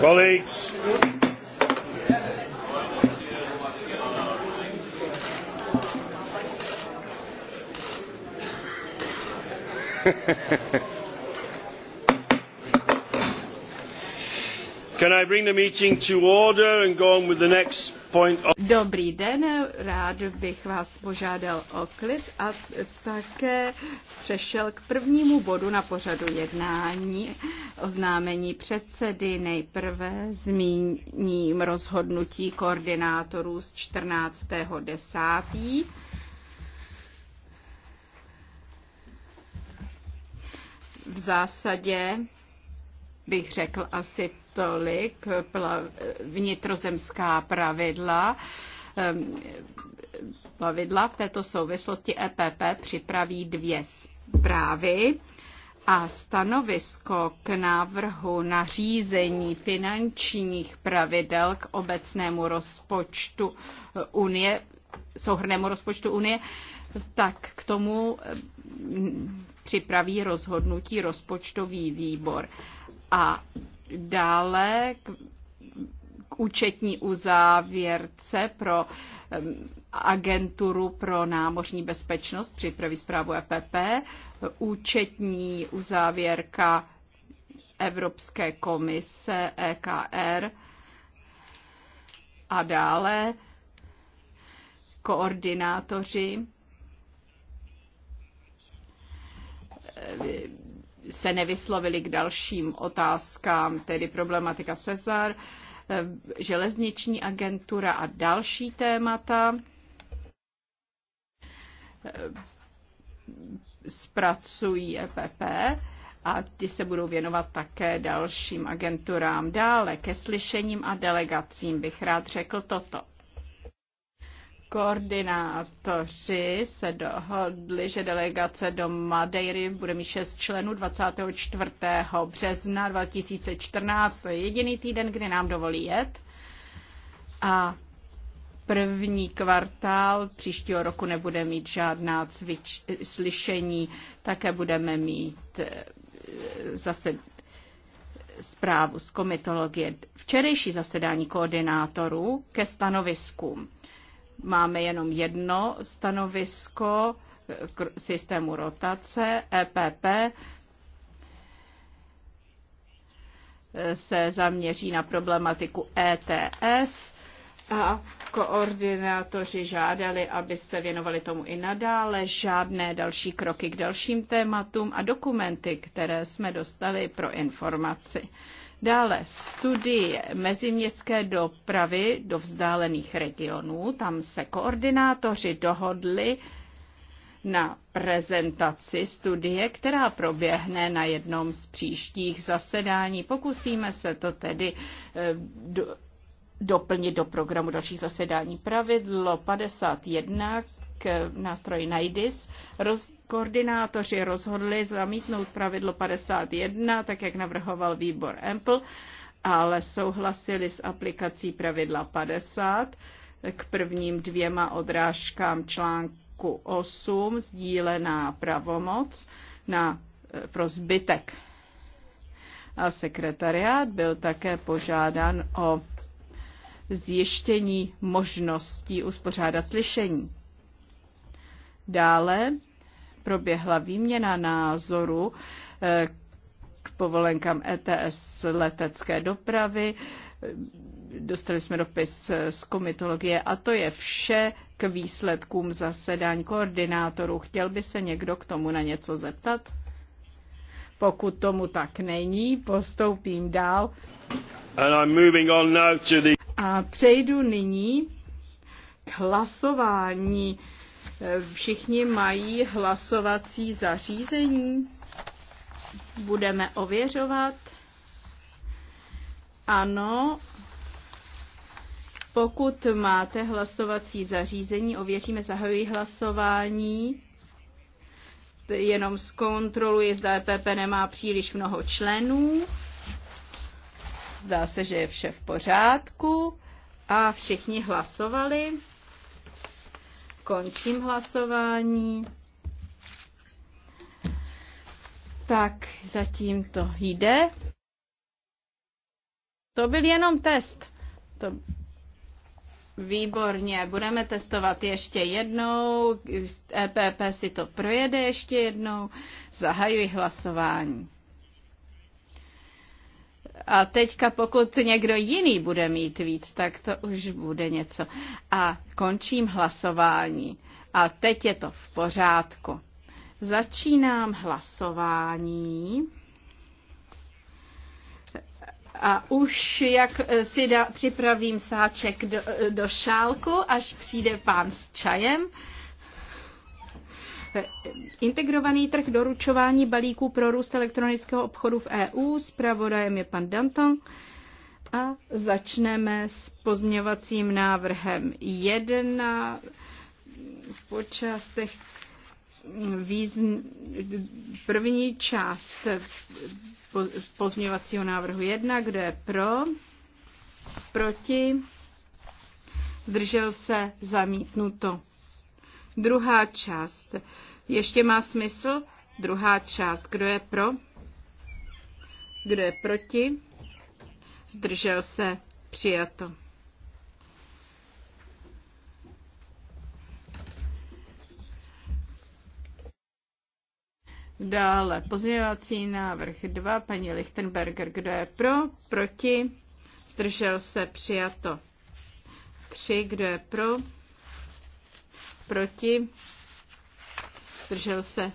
Colleagues. Can I bring the meeting to order and go on with the next point of Dobrý den, rád bych vás požádal o klid a také přešel k prvnímu bodu na pořadu jednání. Oznámení předsedy nejprve zmíním rozhodnutí koordinátorů z 14.10. V zásadě bych řekl asi tolik, vnitrozemská pravidla. pravidla v této souvislosti EPP připraví dvě zprávy a stanovisko k návrhu nařízení finančních pravidel k obecnému rozpočtu Unie, souhrnému rozpočtu Unie, tak k tomu připraví rozhodnutí rozpočtový výbor. A dále k, k účetní uzávěrce pro um, agenturu pro námořní bezpečnost připraví zprávu EPP, účetní uzávěrka Evropské komise EKR a dále koordinátoři se nevyslovili k dalším otázkám, tedy problematika Cezar, eh, železniční agentura a další témata. Eh, zpracují EPP a ti se budou věnovat také dalším agenturám. Dále ke slyšením a delegacím bych rád řekl toto. Koordinátoři se dohodli, že delegace do Madeiry bude mít 6 členů 24. března 2014. To je jediný týden, kdy nám dovolí jet. A první kvartál příštího roku nebude mít žádná cvič, slyšení, také budeme mít eh, zase zprávu z komitologie. Včerejší zasedání koordinátorů ke stanoviskům. Máme jenom jedno stanovisko k systému rotace EPP se zaměří na problematiku ETS a koordinátoři žádali, aby se věnovali tomu i nadále, žádné další kroky k dalším tématům a dokumenty, které jsme dostali pro informaci. Dále studie meziměstské dopravy do vzdálených regionů. Tam se koordinátoři dohodli na prezentaci studie, která proběhne na jednom z příštích zasedání. Pokusíme se to tedy eh, doplnit do programu dalších zasedání. Pravidlo 51 k nástroji NIDIS. Roz, koordinátoři rozhodli zamítnout pravidlo 51, tak jak navrhoval výbor Ample, ale souhlasili s aplikací pravidla 50 k prvním dvěma odrážkám článku 8 sdílená pravomoc na, e, pro zbytek. A sekretariát byl také požádán o zjištění možností uspořádat slyšení. Dále proběhla výměna názoru eh, k povolenkám ETS letecké dopravy. Dostali jsme dopis z komitologie a to je vše k výsledkům zasedání koordinátorů. Chtěl by se někdo k tomu na něco zeptat? Pokud tomu tak není, postoupím dál. A přejdu nyní k hlasování. Všichni mají hlasovací zařízení. Budeme ověřovat. Ano. Pokud máte hlasovací zařízení, ověříme, zahajuji hlasování. Jenom zkontroluji, zda EPP nemá příliš mnoho členů. Zdá se, že je vše v pořádku. A všichni hlasovali. Končím hlasování. Tak zatím to jde. To byl jenom test. To... Výborně, budeme testovat ještě jednou. EPP si to projede ještě jednou. Zahajuji hlasování. A teďka pokud někdo jiný bude mít víc, tak to už bude něco. A končím hlasování. A teď je to v pořádku. Začínám hlasování. A už jak si da, připravím sáček do, do šálku, až přijde pán s čajem, Eh, integrovaný trh doručování balíků pro růst elektronického obchodu v EU. Spravodajem je pan Danton. A začneme s pozměvacím návrhem 1 v počástech mm, význ... první část eh, pozměvacího návrhu 1, kdo je pro, proti, zdržel se, zamítnuto. Druhá část. Ještě má smysl? Druhá část. Kdo je pro? Kdo je proti? Zdržel se. Přijato. Dále pozměňovací návrh 2, paní Lichtenberger, kdo je pro, proti, zdržel se, přijato. 3, kdo je pro, proti, zdržel se.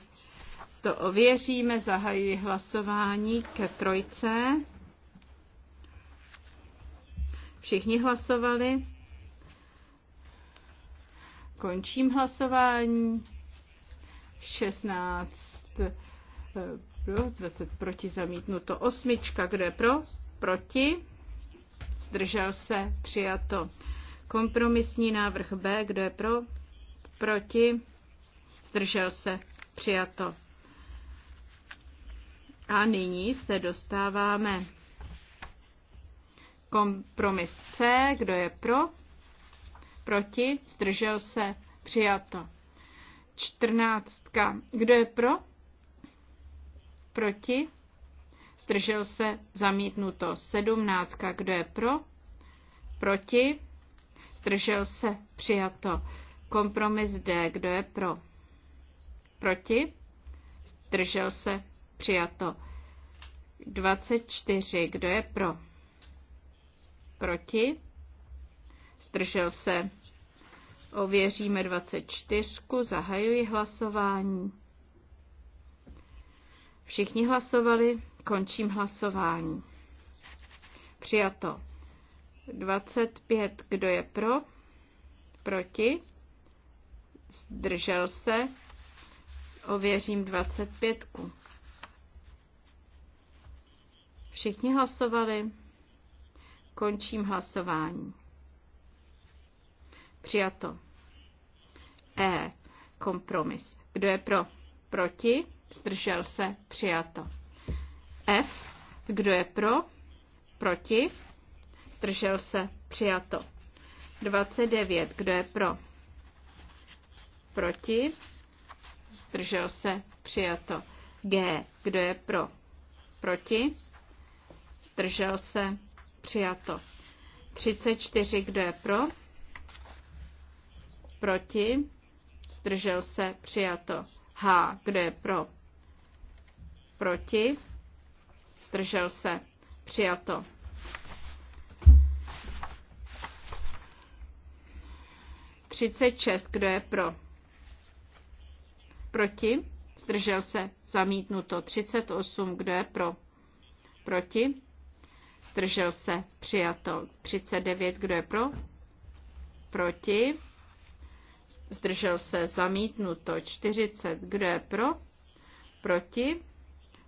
To ověříme, zahajuji hlasování ke trojce. Všichni hlasovali. Končím hlasování. 16 eh, pro, 20 proti zamítnuto. Osmička, kde pro? Proti. Zdržel se, přijato. Kompromisní návrh B, kdo je pro? proti, zdržel se, přijato. A nyní se dostáváme kompromis C, kdo je pro, proti, zdržel se, přijato. Čtrnáctka, kdo je pro, proti, zdržel se, zamítnuto. Sedmnáctka, kdo je pro, proti, zdržel se, přijato. Kompromis D. Kdo je pro? Proti? Zdržel se? Přijato. 24. Kdo je pro? Proti? Zdržel se? Ověříme 24. Zahajuji hlasování. Všichni hlasovali, končím hlasování. Přijato. 25. Kdo je pro? Proti? zdržel se, ověřím 25. Všichni hlasovali, končím hlasování. Přijato. E. Kompromis. Kdo je pro? Proti? Zdržel se? Přijato. F. Kdo je pro? Proti? Zdržel se? Přijato. 29. Kdo je pro? proti, zdržel se, přijato. G, kdo je pro, proti, zdržel se, přijato. 34, kdo je pro, proti, zdržel se, přijato. H, kdo je pro, proti, zdržel se, přijato. Třicet šest, kdo je pro? Proti? Zdržel se? Zamítnuto. 38. Kdo je pro? Proti? Zdržel se? Přijato. 39. Kdo je pro? Proti? Zdržel se? Zamítnuto. 40. Kdo je pro? Proti?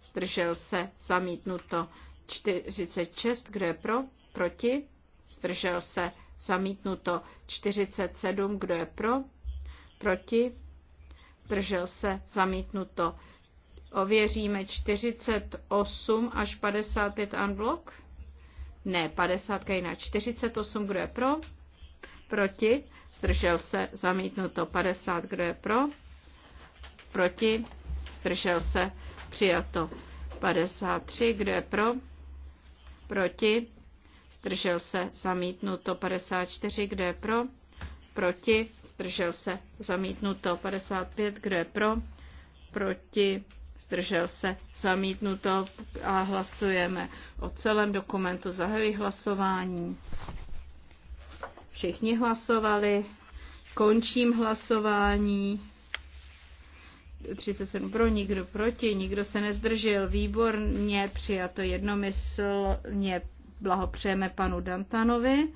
Zdržel se? Zamítnuto. 46. Kdo je pro? Proti? Zdržel se? Zamítnuto. 47. Kdo je pro? Proti? zdržel se, zamítnuto. Ověříme 48 až 55 unblock? Ne, 50 jiná. 48, kdo je pro? Proti, zdržel se, zamítnuto. 50, kdo je pro? Proti, zdržel se, přijato. 53, kdo je pro? Proti, zdržel se, zamítnuto. 54, kdo je pro? proti, zdržel se, zamítnuto 55, kdo je pro, proti, zdržel se, zamítnuto a hlasujeme o celém dokumentu, zahajuji hlasování. Všichni hlasovali, končím hlasování. 37 pro, nikdo proti, nikdo se nezdržel, výborně přijato jednomyslně, blahopřejeme panu Dantanovi.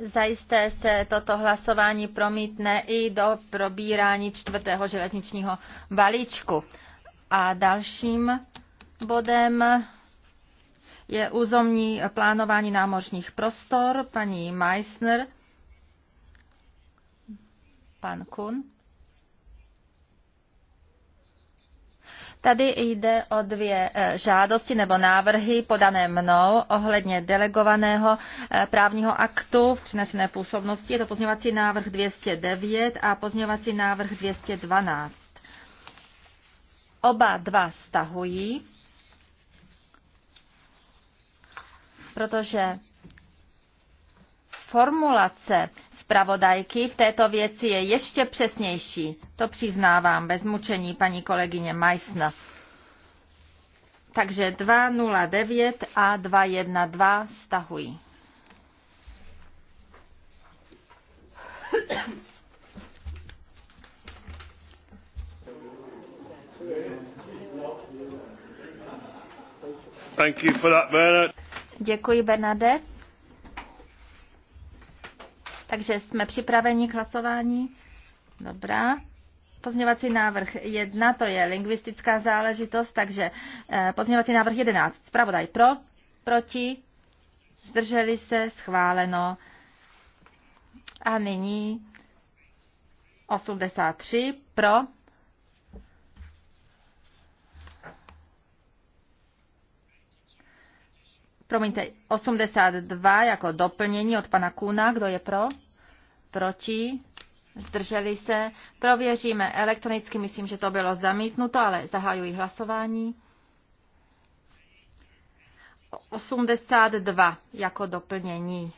Zajisté se toto hlasování promítne i do probírání čtvrtého železničního balíčku. A dalším bodem je územní plánování námořních prostor, paní Meissner, pan Kun. Tady jde o dvě eh, žádosti nebo návrhy podané mnou ohledně delegovaného eh, právního aktu v přinesené působnosti. Je to pozměňovací návrh 209 a pozměňovací návrh 212. Oba dva stahují, protože formulace zpravodajky v této věci je ještě přesnější. To přiznávám bez mučení paní kolegyně Meissner. Takže 209 a 212 stahují. Thank you for that, Bernard. Děkuji, Bernadette. Takže jsme připraveni k hlasování? Dobrá. Pozměňovací návrh 1, to je lingvistická záležitost, takže eh, pozměňovací návrh 11. Spravodaj pro, proti, zdrželi se, schváleno. A nyní 83 pro, promiňte, 82 jako doplnění od pana Kuna, kdo je pro? proti, zdrželi se, prověříme elektronicky, myslím, že to bylo zamítnuto, ale zahajuji hlasování. 82 jako doplnění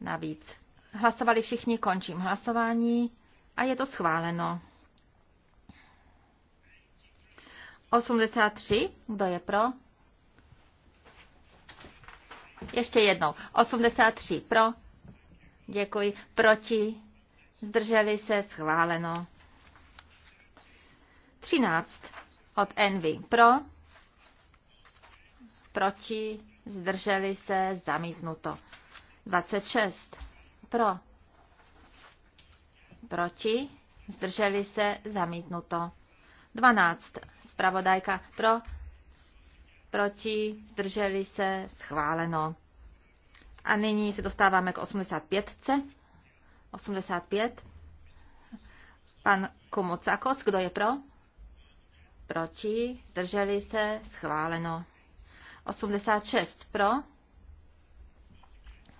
navíc. Hlasovali všichni, končím hlasování a je to schváleno. 83, kdo je pro? Ještě jednou. 83 pro, Děkuji. Proti? Zdrželi se? Schváleno. 13 od Envy. Pro? Proti? Zdrželi se? Zamítnuto. 26. Pro? Proti? Zdrželi se? Zamítnuto. 12. Spravodajka pro? Proti? Zdrželi se? Schváleno. A nyní se dostáváme k 85. 85. Pan Komocakos, kdo je pro? Proti? Zdrželi se? Schváleno. 86 pro?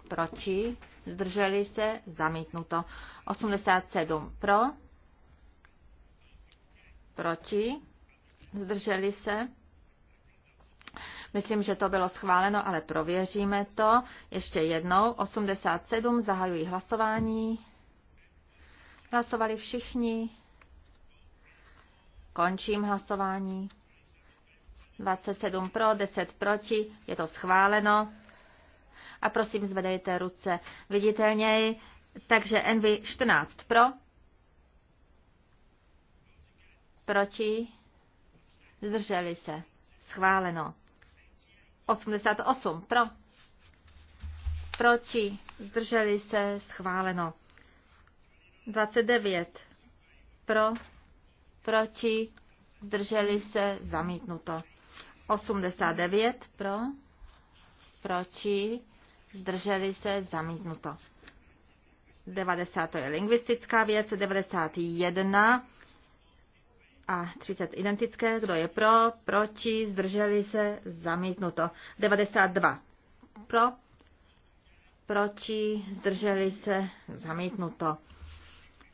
Proti? Zdrželi se? Zamítnuto. 87 pro? Proti? Zdrželi se? Myslím, že to bylo schváleno, ale prověříme to. Ještě jednou. 87. zahajují hlasování. Hlasovali všichni. Končím hlasování. 27 pro, 10 proti. Je to schváleno. A prosím, zvedejte ruce viditelněji. Takže Envy 14 pro. Proti. Zdrželi se. Schváleno. 88 pro, proti, zdrželi se, schváleno. 29 pro, proti, zdrželi se, zamítnuto. 89 pro, proti, zdrželi se, zamítnuto. 90 to je lingvistická věc, 91 a 30 identické. Kdo je pro, proti, zdrželi se, zamítnuto. 92 pro, proti, zdrželi se, zamítnuto.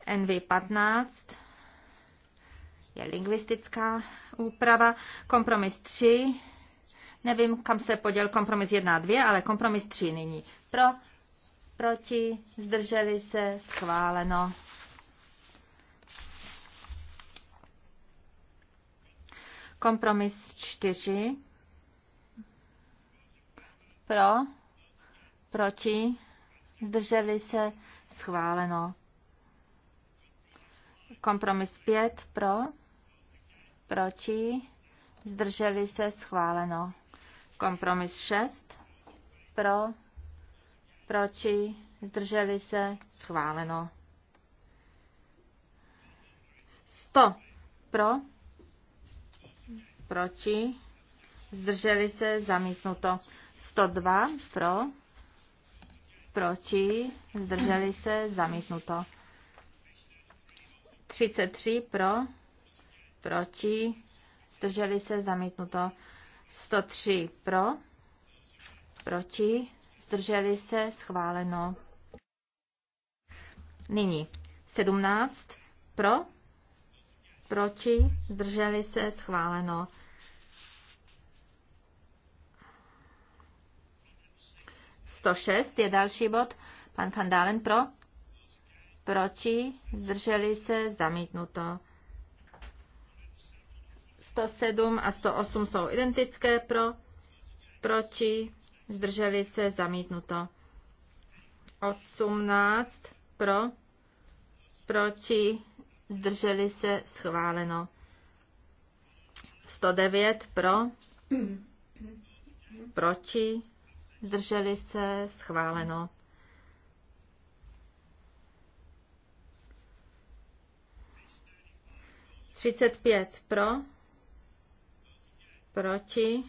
NV15 je lingvistická úprava. Kompromis 3, nevím, kam se poděl kompromis 1 a 2, ale kompromis 3 nyní. Pro, proti, zdrželi se, schváleno. Kompromis 4. Pro, proti, zdrželi se, schváleno. Kompromis 5. Pro, proti, zdrželi se, schváleno. Kompromis 6. Pro, proti, zdrželi se, schváleno. 100. Pro, proti, zdrželi se, zamítnuto. 102 pro, proti, zdrželi se, zamítnuto. 33 pro, proti, zdrželi se, zamítnuto. 103 pro, proti, zdrželi se, schváleno. Nyní 17 pro, proti, zdrželi se, schváleno. 106 je další bod. Pan Van Dalen pro. Proti. Zdrželi se. Zamítnuto. 107 a 108 jsou identické pro. Proti. Zdrželi se. Zamítnuto. 18 pro. Proti. Zdrželi se. Schváleno. 109 pro. Proti zdrželi se, schváleno. Třicet pět pro, proti,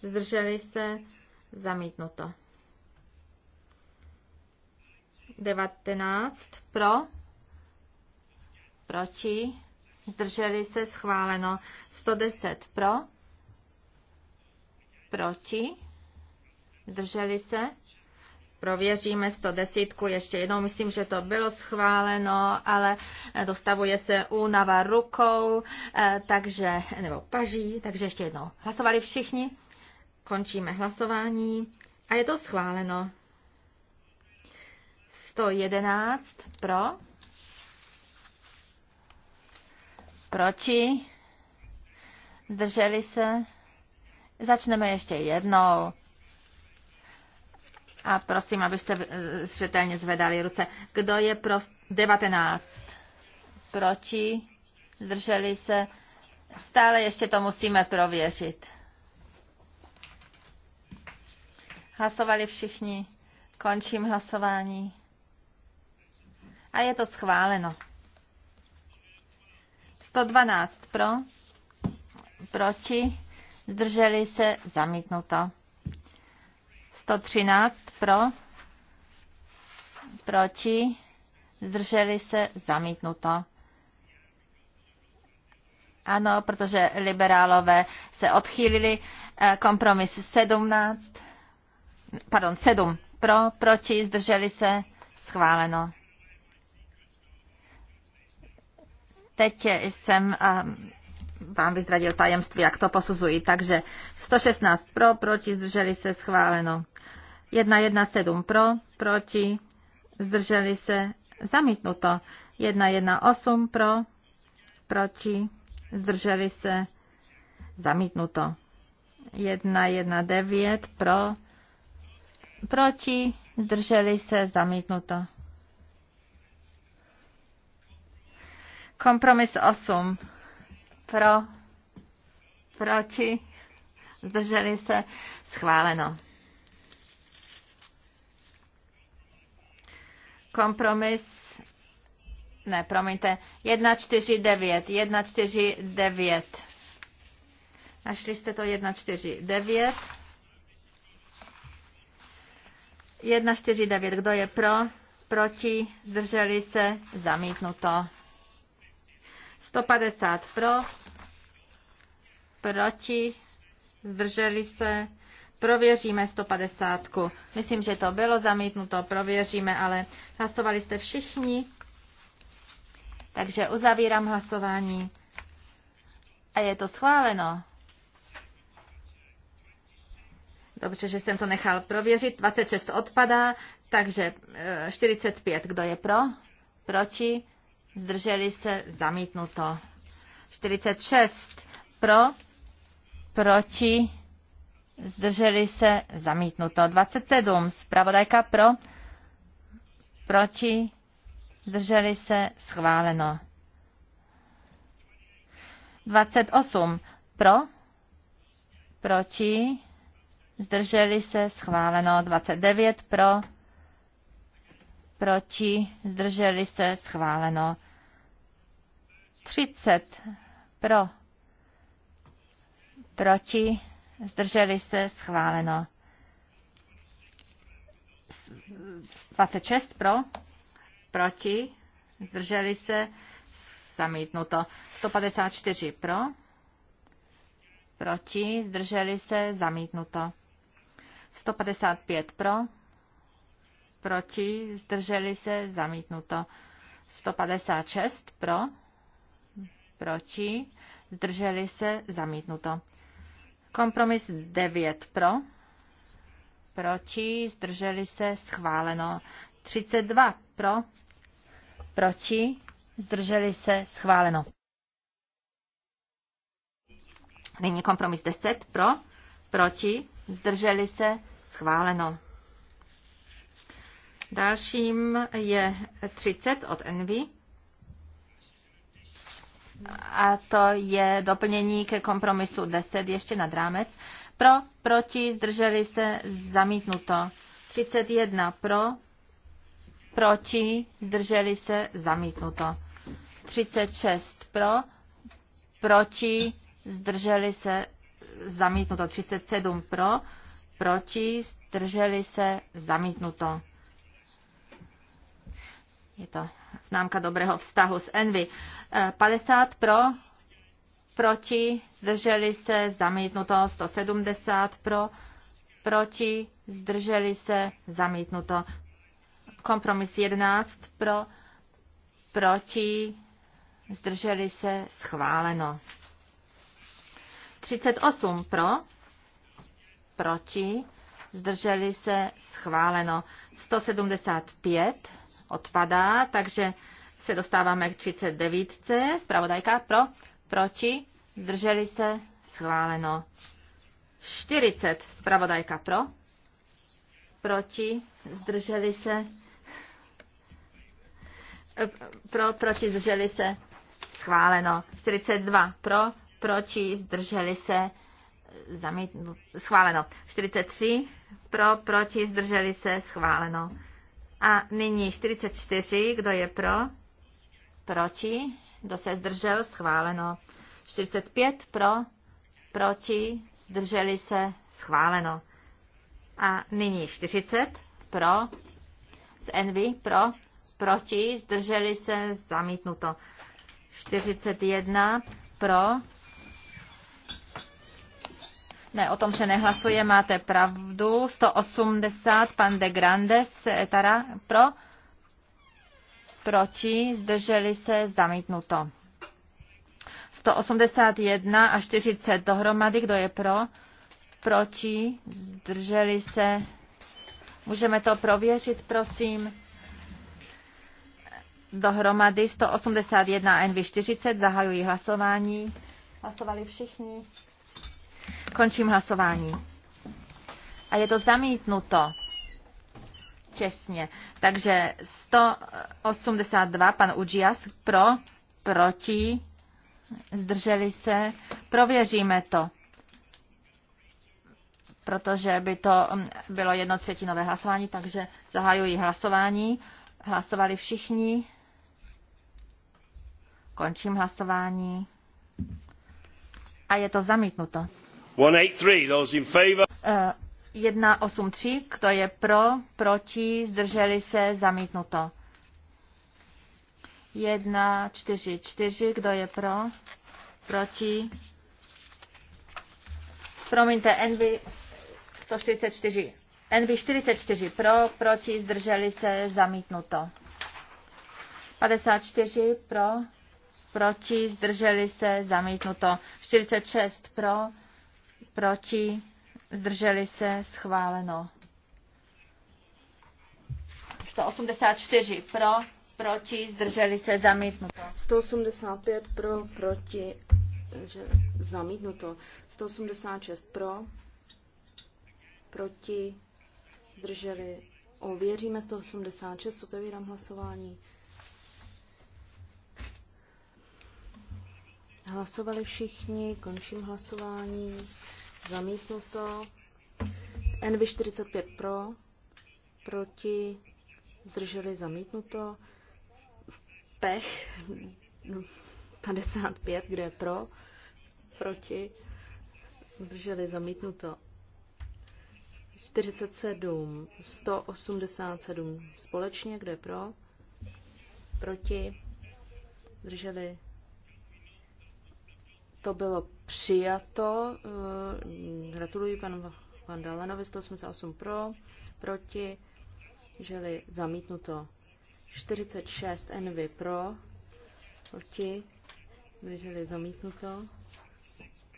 zdrželi se, zamítnuto. Devatenáct pro, proti, zdrželi se, schváleno. Sto deset pro, proti, zdrželi se. Prověříme 110 ještě jednou. Myslím, že to bylo schváleno, ale dostavuje se únava rukou, eh, takže, nebo paží, takže ještě jednou. Hlasovali všichni? Končíme hlasování a je to schváleno. 111 pro, proti, zdrželi se. Začneme ještě jednou. A prosím, abyste eh, zřetelně zvedali ruce. Kdo je pro 19? Proti? Zdrželi se? Stále ještě to musíme prověřit. Hlasovali všichni. Končím hlasování. A je to schváleno. 112 pro, proti, zdrželi se, zamítnuto. 113 pro, proti, zdrželi se, zamítnuto. Ano, protože liberálové se odchýlili. Eh, kompromis 17, pardon, 7 pro, proti, zdrželi se, schváleno. Teď jsem eh, vám vyzradil tajemství, jak to posuzuji. Takže 116 pro, proti, zdrželi se, schváleno. 117 pro, proti, zdrželi se, zamítnuto. 118 pro, proti, zdrželi se, zamítnuto. 119 pro, proti, zdrželi se, zamítnuto. Kompromis 8 pro, proti, zdrželi se, schváleno. Kompromis, ne, promiňte, 149, 149. Našli jste to 149. 149, kdo je pro, proti, zdrželi se, zamítnuto. 150 pro, proti, zdrželi se, prověříme 150. Myslím, že to bylo zamítnuto, prověříme, ale hlasovali jste všichni, takže uzavírám hlasování a je to schváleno. Dobře, že jsem to nechal prověřit. 26 odpadá, takže 45. Eh, Kdo je pro? Proti? Zdrželi se? Zamítnuto. 46. Pro? proti, zdrželi se, zamítnuto. 27, zpravodajka pro, proti, zdrželi se, schváleno. 28, pro, proti, zdrželi se, schváleno. 29, pro, proti, zdrželi se, schváleno. 30, pro, proti, zdrželi se, schváleno. 26 pro, proti, zdrželi se, zamítnuto. 154 pro, proti, zdrželi se, zamítnuto. 155 pro, proti, zdrželi se, zamítnuto. 156 pro, proti, zdrželi se, zamítnuto. Kompromis 9 pro, proti, zdrželi se, schváleno. 32 pro, proti, zdrželi se, schváleno. Nyní kompromis 10 pro, proti, zdrželi se, schváleno. Dalším je 30 od Envy a to je doplnění ke kompromisu 10 ještě nad rámec. Pro, proti, zdrželi se, zamítnuto. 31 pro, proti, zdrželi se, zamítnuto. 36 pro, proti, zdrželi se, zamítnuto. 37 pro, proti, zdrželi se, zamítnuto. Je to známka dobrého vztahu s Envy. 50 eh, pro, proti, zdrželi se, zamítnuto 170 pro, proti, zdrželi se, zamítnuto. Kompromis 11 pro, proti, zdrželi se, schváleno. 38 pro, proti, zdrželi se, schváleno. 175 odpadá, takže se dostáváme k 39. Spravodajka pro, proti, zdrželi se, schváleno. 40. Spravodajka pro, proti, zdrželi se, pro, proti, zdrželi se, schváleno. 42. Pro, proti, zdrželi se, zamít, schváleno. 43. Pro, proti, zdrželi se, schváleno. A nyní 44, kdo je pro? Proti? Kdo se zdržel? Schváleno. 45 pro? Proti? Zdrželi se? Schváleno. A nyní 40 pro? Z Envy pro? Proti? Zdrželi se? Zamítnuto. 41 pro? Ne, o tom se nehlasuje, máte pravdu. 180, pan de Grandes, etara, pro, proti, zdrželi se, zamítnuto. 181 a 40 dohromady, kdo je pro, proti, zdrželi se. Můžeme to prověřit, prosím. Dohromady 181 a NV40, zahajují hlasování. Hlasovali všichni. Končím hlasování. A je to zamítnuto. Česně. Takže 182, pan Ujias pro, proti, zdrželi se. Prověříme to protože by to mm, bylo jedno třetinové hlasování, takže zahajuji hlasování. Hlasovali všichni. Končím hlasování. A je to zamítnuto. 183, eh, kdo je pro, proti, zdrželi se, zamítnuto. 144, kdo je pro, proti. Promiňte, NB 144. NB 44 pro, proti, zdrželi se, zamítnuto. 54 pro, proti, zdrželi se, zamítnuto. 46 pro, proti, zdrželi se, schváleno. 184 pro, proti, zdrželi se, zamítnuto. 185 pro, proti, zamítnuto. 186 pro, proti, zdrželi. Ověříme 186, otevírám hlasování. Hlasovali všichni, končím hlasování. Zamítnuto. NV45 pro, proti, zdrželi zamítnuto. Pech 55, kde je pro, proti, zdrželi zamítnuto. 47, 187 společně, kde je pro, proti, zdrželi to bylo přijato. Eh, gratuluji panu Vandalenovi, 188 pro, proti, želi zamítnuto 46 NV pro, proti, drželi zamítnuto,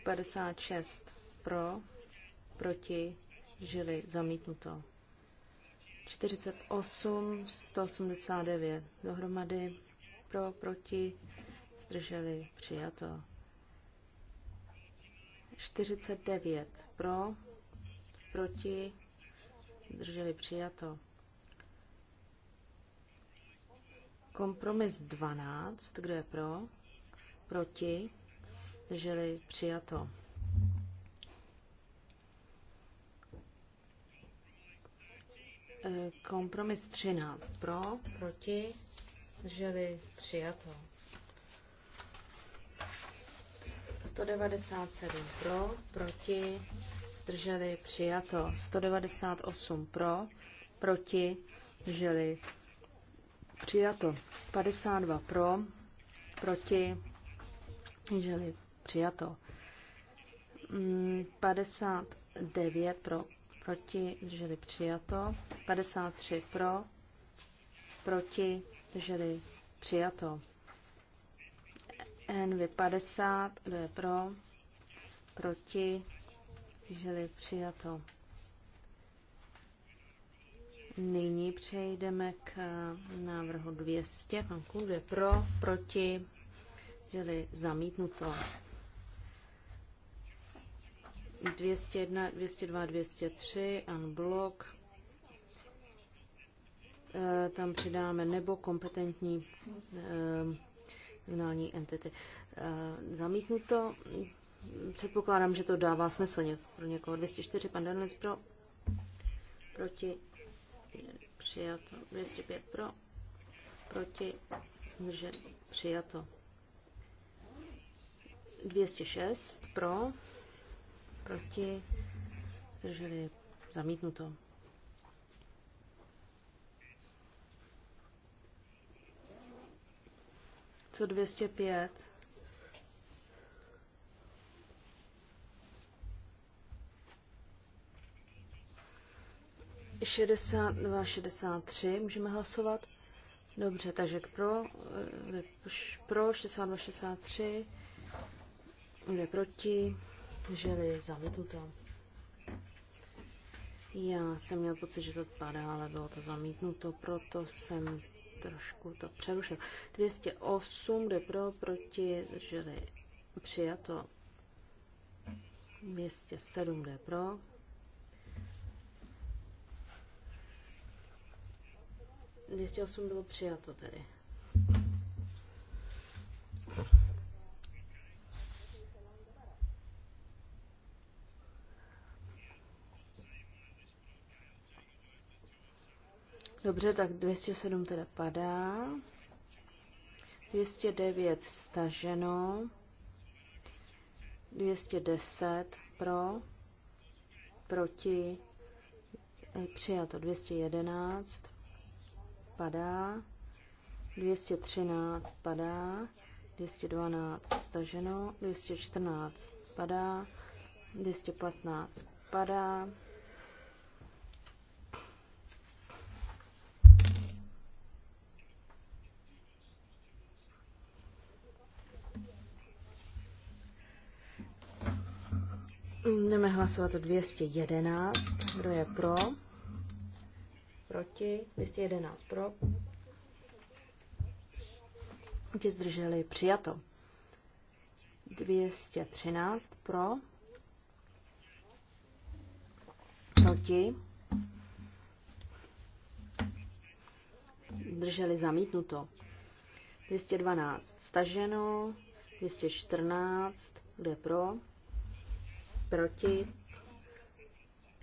56 pro, proti, žili zamítnuto. 48, 189 dohromady, pro, proti, zdrželi, přijato. 49 pro, proti, drželi přijato. Kompromis 12, kdo je pro, proti, drželi přijato. E, kompromis 13 pro, proti, drželi přijato. 197 pro, proti, zdrželi, přijato. 198 pro, proti, zdrželi, přijato. 52 pro, proti, zdrželi, přijato. 59 mm, pro, proti, zdrželi, přijato. 53 pro, proti, zdrželi, přijato. NV50, kdo je pro, proti, žili přijato. Nyní přejdeme k návrhu 200. Pan Kůl je pro, proti, žili zamítnuto. 201, 202, 203, unblock. Eh, tam přidáme nebo kompetentní eh, regionální entity. Eh, to. předpokládám, že to dává smysl pro někoho. 204, pan Denlis pro, proti, přijato, 205 pro, proti, že přijato. 206 pro, proti, zamítnu zamítnuto. co 205. Šedesát dva, šedesát tři, můžeme hlasovat. Dobře, takže pro, eh, pro 62, tři, kde proti, je zamítnuto. Já jsem měl pocit, že to padá, ale bylo to zamítnuto, proto jsem trošku to přerušil. 208, kde pro, proti, drželi přijato. 207, kde pro. Dvěstě osm bylo přijato tedy. Dobře, tak 207 teda padá. 209 staženo. 210 pro, proti, eh, přijato 211, padá, 213 padá, 212 staženo, 214 padá, 215 padá, Jdeme hlasovat o 211. Kdo je pro? Proti? 211 pro. Ti zdrželi přijato. 213 pro. Proti? Drželi zamítnuto. 212 staženo. 214 kde pro proti,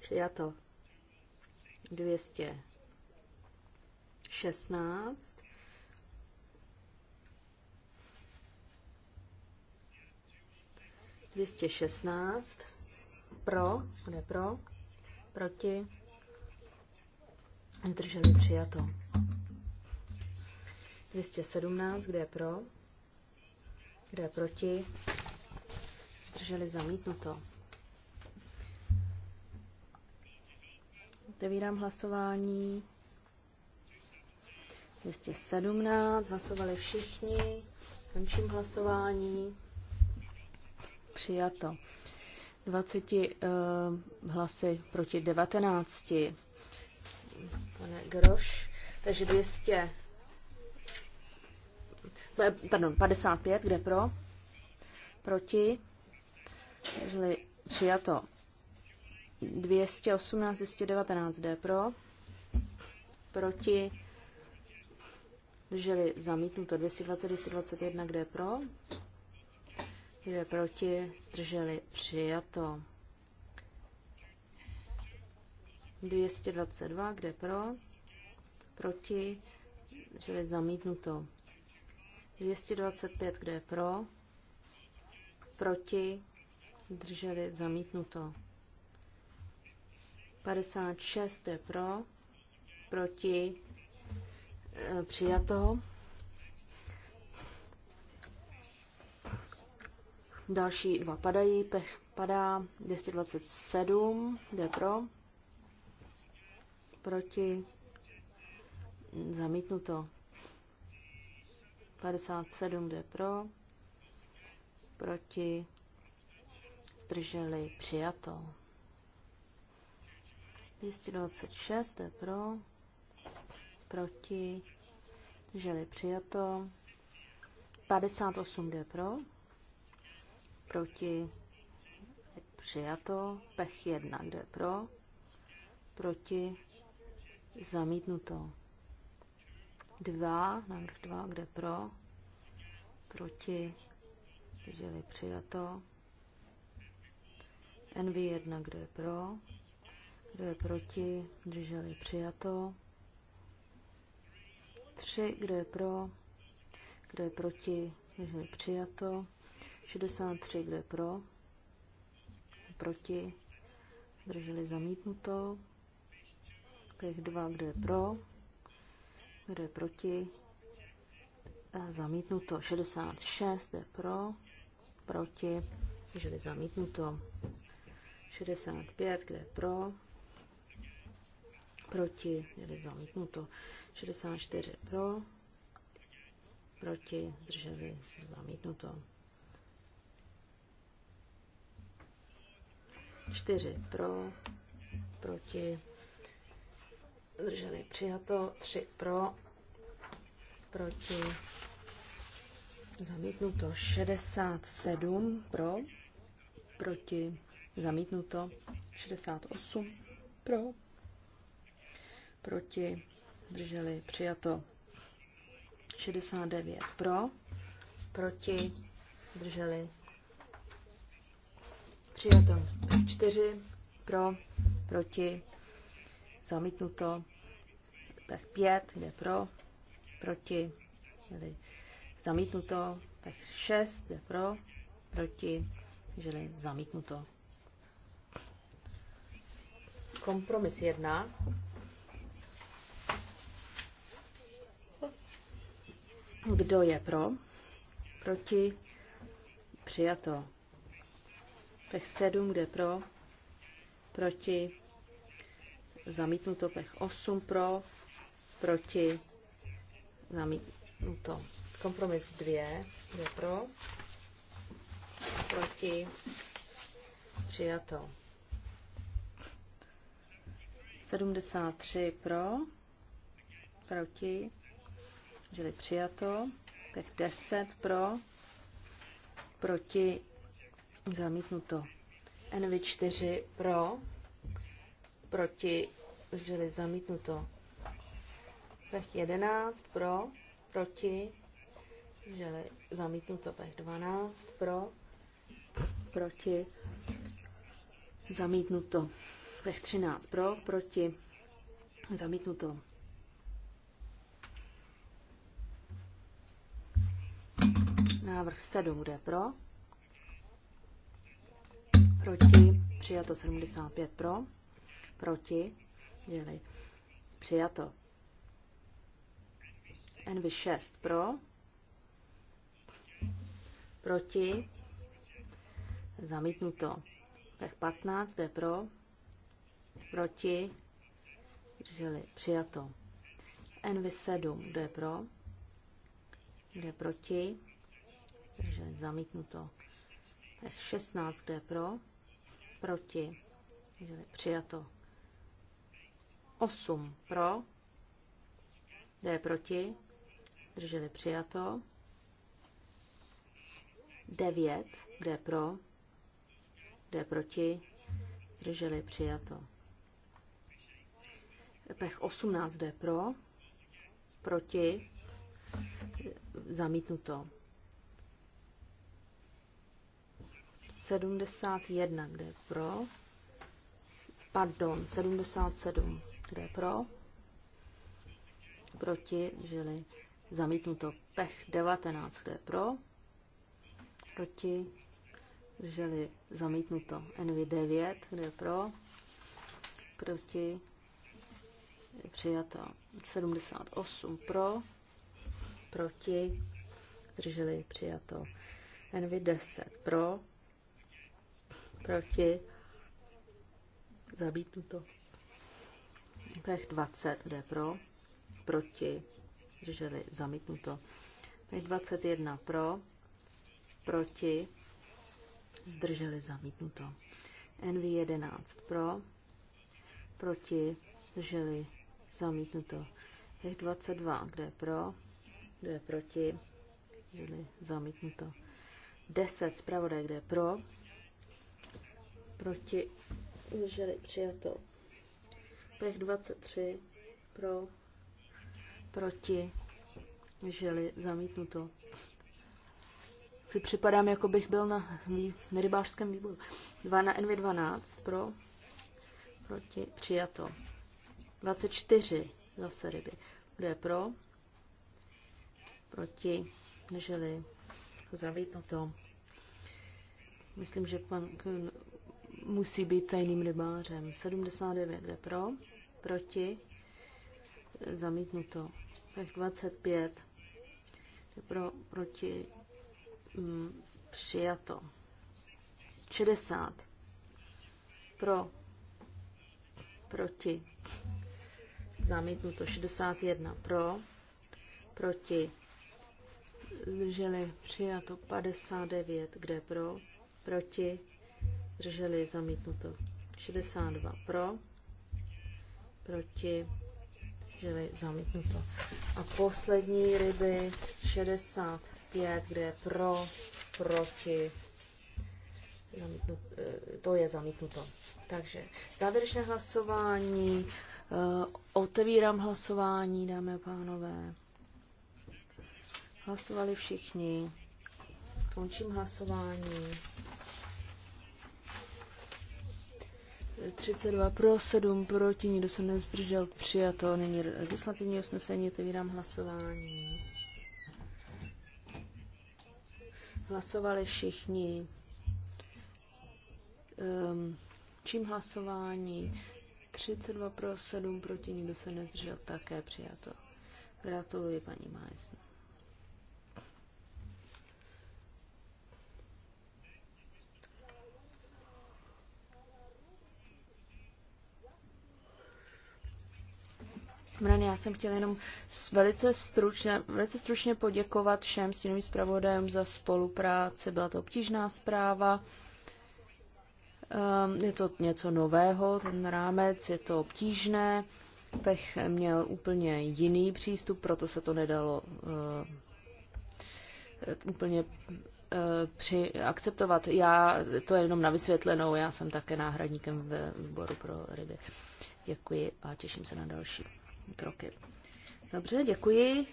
přijato 216, Dvěstě šestnáct. Pro. Bude pro. Proti. Drželi přijato. Dvěstě sedmnáct. kde je pro, kde je proti, drželi zamítnuto. Otevírám hlasování. 217, hlasovali všichni. Končím hlasování. Přijato. 20 uh, eh, hlasy proti 19. Pane Groš. Takže 200. Eh, pardon, 55, kde pro? Proti. Takže přijato. 218, 219 D pro, proti, drželi zamítnuto 220, 221 D pro, proti, zdrželi přijato. 222, kde pro, proti, zdrželi zamítnuto. 225, kde pro, proti, drželi zamítnuto. 56 je pro, proti, eh, přijato. Další dva padají, pech padá 227, jde pro, proti, zamítnuto. 57 jde pro, proti, zdrželi, přijato. 226, to je pro, proti, želi přijato. 58, kde pro, proti, přijato. Pech 1, kde pro, proti, zamítnuto. 2, návrh 2, kde pro, proti, želi přijato. NV1, kde je pro, kdo je proti? Drželi přijato. Tři. Kdo je pro? Kdo je proti? Drželi přijato. 63. Kdo je pro? Proti? Drželi zamítnuto. Pěch dva Kdo je pro? Kdo je proti? Eh, zamítnuto. 66. Kdo je pro? Proti? Drželi zamítnuto. 65. Kdo je pro? proti, byli zamítnuto. 64 pro, proti, drželi zamítnuto. 4 pro, proti, drželi přijato, 3 pro, proti, zamítnuto 67 pro, proti, zamítnuto 68 pro, proti, drželi přijato 69 pro, proti, drželi přijato 4 pro, proti, zamítnuto, tak 5 jde pro, proti, tedy zamítnuto, tak 6 jde pro, proti, drželi zamítnuto. Kompromis 1 Kdo je pro? Proti? Přijato. Pech 7, kde pro? Proti? Zamítnuto. Pech 8 pro? Proti? Zamítnuto. Kompromis 2, kde pro? Proti? Přijato. 73 pro? Proti? čili přijato. tak 10 pro. Proti. Zamítnuto. NV4 pro. Proti. Zdrželi zamítnuto. Pech 11 pro. Proti. Zdrželi zamítnuto. Pech 12 pro. Proti. Zamítnuto. Pech 13 pro. Proti. Zamítnuto. Návrh 7, kde pro? Proti. Přijato 75 pro. Proti. Děli. Přijato. NV 6 pro. Proti. Zamítnuto. Pech 15 jde pro. Proti. Drželi. Přijato. NV 7 jde pro. Jde proti. Zdrželi zamítnuto. 16, kde je pro? Proti. Zdrželi přijato. 8 pro. D je proti? drželi přijato. 9, kde je pro? Kde je proti? drželi přijato. Pech 18 jde pro, proti, zamítnuto. 71, kde je pro. Pardon, 77, kde je pro. Proti, žili zamítnuto. Pech 19, kde je pro. Proti, žili zamítnuto. NV 9, kde je pro. Proti, je přijato 78 pro, proti, drželi přijato NV 10 pro, proti, zabít to Pech 20, kde pro, proti, drželi, zamítnuto. Pech 21 pro, proti, zdrželi, zamítnuto. NV 11 pro, proti, zdrželi, zamítnuto. Pech 22, kde pro, kde proti, zdrželi, zamítnuto. 10 zpravodaj, kde pro, proti, zdrželi přijato. Pech 23 pro, proti, zdrželi zamítnuto. Si připadám, jako bych byl na, na rybářském výboru. 2 na NV12 pro, proti, přijato. 24 zase ryby. Kdo je pro? Proti, zdrželi zamítnuto. Myslím, že pan musí být tajným rybářem. 79 je pro, proti, zamítnuto. Tak 25 je pro, proti, m, mm, přijato. 60 pro, proti, zamítnuto. 61 pro, proti, zdrželi přijato. 59 kde pro, proti, zdrželi, zamítnuto. 62 pro, proti, zdrželi, zamítnuto. A poslední ryby 65, kde je pro, proti, eh, to je zamítnuto. Takže závěrečné hlasování, eh, otevírám hlasování, dámy a pánové. Hlasovali všichni. Končím hlasování. 32 pro, 7 proti, nikdo se nezdržel, přijato. Není legislativní usnesení, otevírám hlasování. Hlasovali všichni. Um, čím hlasování? 32 pro, 7 proti, nikdo se nezdržel, také přijato. Gratuluji paní Majsner. Mrany, já jsem chtěla jenom velice stručně, velice stručně poděkovat všem stínovým zpravodajům za spolupráci. Byla to obtížná zpráva. Ehm, je to něco nového, ten rámec, je to obtížné. Pech měl úplně jiný přístup, proto se to nedalo ehm, úplně ehm, při akceptovat. Já, to je jenom na vysvětlenou, já jsem také náhradníkem ve výboru pro ryby. Děkuji a těším se na další kroky. Dobře, děkuji.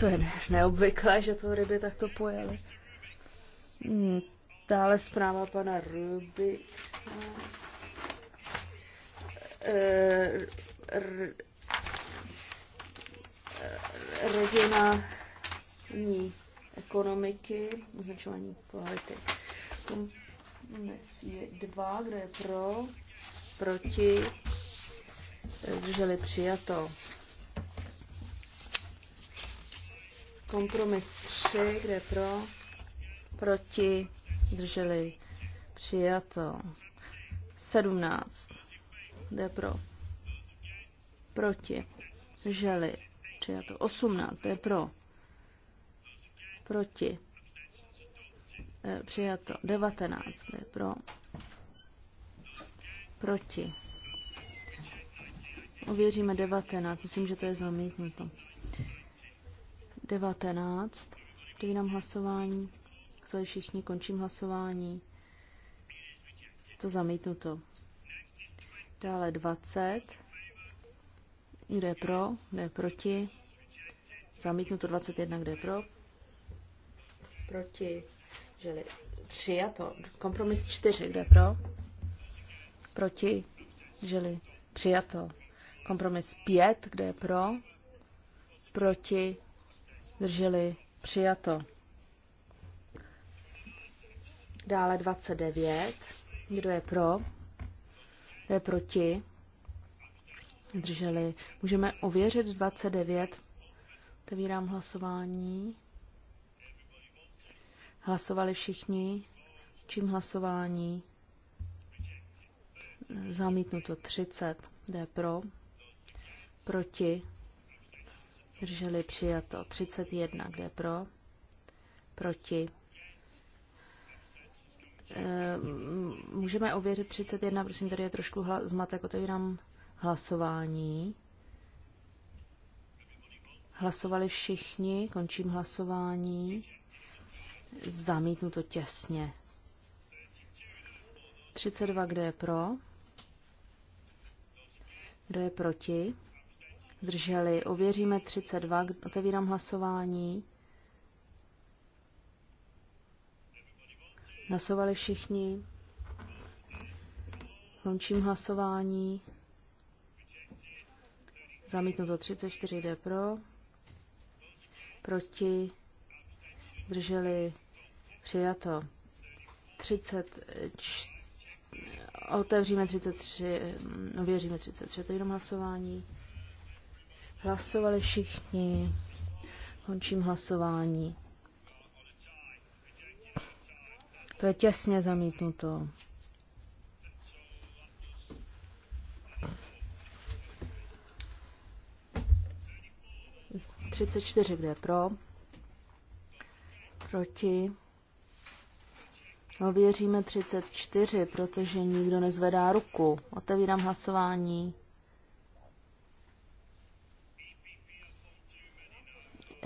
To je neobvyklé, že to ryby takto pojeli. Hmm, dále zpráva pana eh, Regina ní ekonomiky, označování kvality. Dnes je dva, kde je pro, proti, drželi přijato. Kompromis 3, kde pro, proti, drželi přijato. 17, kde pro, proti, drželi přijato. 18, kde pro, proti, eh, přijato. 19, kde pro, proti Uvěříme 19. Myslím, že to je zamítnuto. 19. Otevírám hlasování. Zali všichni, končím hlasování. To zamítnuto. Dále 20. Kde je pro, kde je proti. Zamítnuto 21, kde je pro. Proti. Žili. to. Kompromis 4, kde je pro. Proti. Žili. Přijato. Kompromis 5, kde je pro, proti, drželi, přijato. Dále 29, kdo je pro, kdo je proti, drželi. Můžeme ověřit 29. Otevírám hlasování. Hlasovali všichni. Čím hlasování? Zamítnuto 30. jde pro proti, drželi přijato 31, kde pro, proti. Eh, můžeme ověřit 31, prosím, tady je trošku hla, zmatek, otevírám hlasování. Hlasovali všichni, končím hlasování. Zamítnu to těsně. 32, kde je pro? Kdo je proti? zdrželi. Ověříme 32, otevírám hlasování. Hlasovali všichni. Končím hlasování. Zamítnuto 34 jde pro. Proti. Drželi. Přijato. 30. Otevříme 33. Ověříme 33. To jenom hlasování. Hlasovali všichni. Končím hlasování. To je těsně zamítnuto. Třicet čtyři, kde je pro? Proti? Ověříme no, 34, protože nikdo nezvedá ruku. Otevírám hlasování.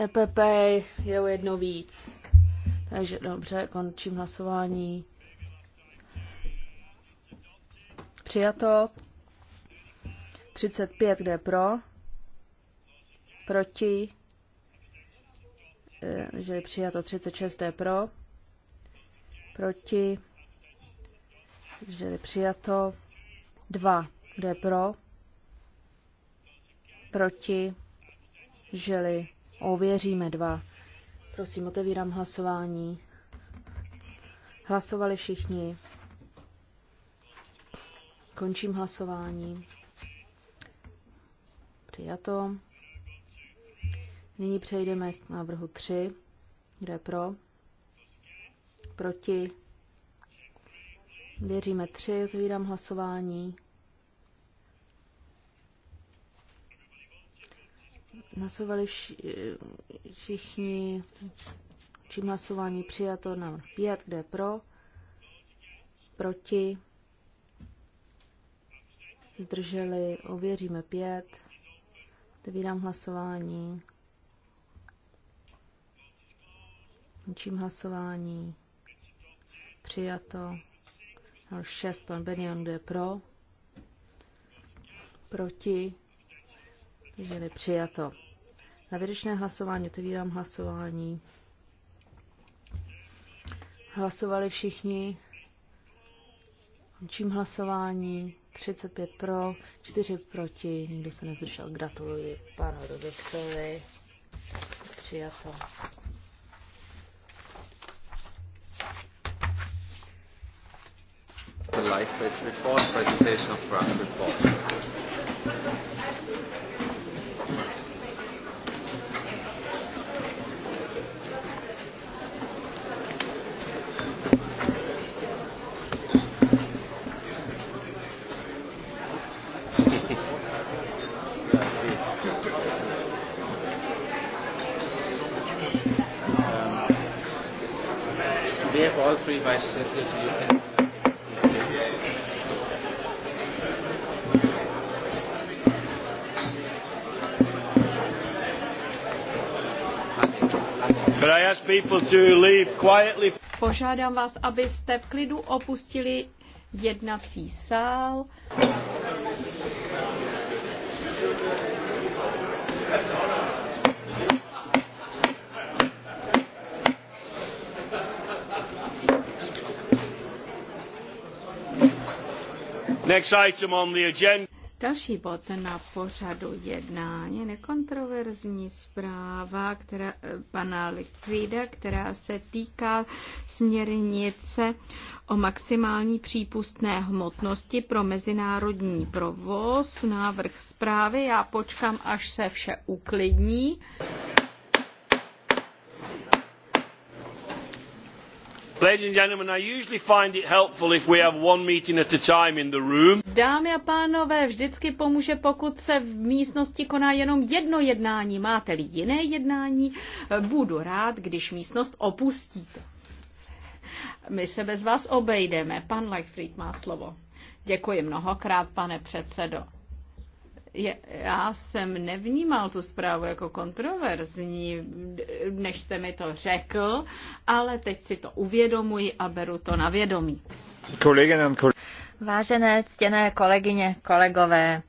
EPP je o jedno víc. Takže dobře, končím hlasování. Přijato. 35, e, kde je pro? Proti? Že je přijato 36, kde je pro? Proti? Že je přijato 2, kde je pro? Proti? Žili Ověříme dva. Prosím, otevírám hlasování. Hlasovali všichni. Končím hlasování. Přijato. Nyní přejdeme k návrhu 3. Kde pro? Proti? Věříme 3. Otevírám hlasování. Hlasovali všichni, čím hlasování přijato, na 5, kde je pro, proti, zdrželi, ověříme 5, otevírám hlasování, čím hlasování přijato, na 6, pan Benion, kde je pro, proti, Zdrželi přijato. Závěrečné hlasování, otevírám hlasování. Hlasovali všichni. Končím hlasování. 35 pro, 4 proti, nikdo se nezdržel. Gratuluji panu Rodovcovi. Přijato. The life report, presentation of report. have all three vice chancellors, so you can. I ask people to leave quietly? Požádám vás, abyste v klidu opustili jednací sál. That's all Next item on the agenda. Další bod na pořadu jednání, nekontroverzní zpráva která, eh, pana Likvida, která se týká směrnice o maximální přípustné hmotnosti pro mezinárodní provoz. Návrh zprávy, já počkám, až se vše uklidní. Ladies and gentlemen, I usually find it helpful if we have one meeting at a time in the room. Dámy a pánové, vždycky pomůže, pokud se v místnosti koná jenom jedno jednání. Máte-li jiné jednání, budu rád, když místnost opustíte. My se bez vás obejdeme. Pan Leichfried má slovo. Děkuji mnohokrát, pane předsedo já jsem nevnímal tu zprávu jako kontroverzní, než jste mi to řekl, ale teď si to uvědomuji a beru to na vědomí. Vážené ctěné kolegyně, kolegové,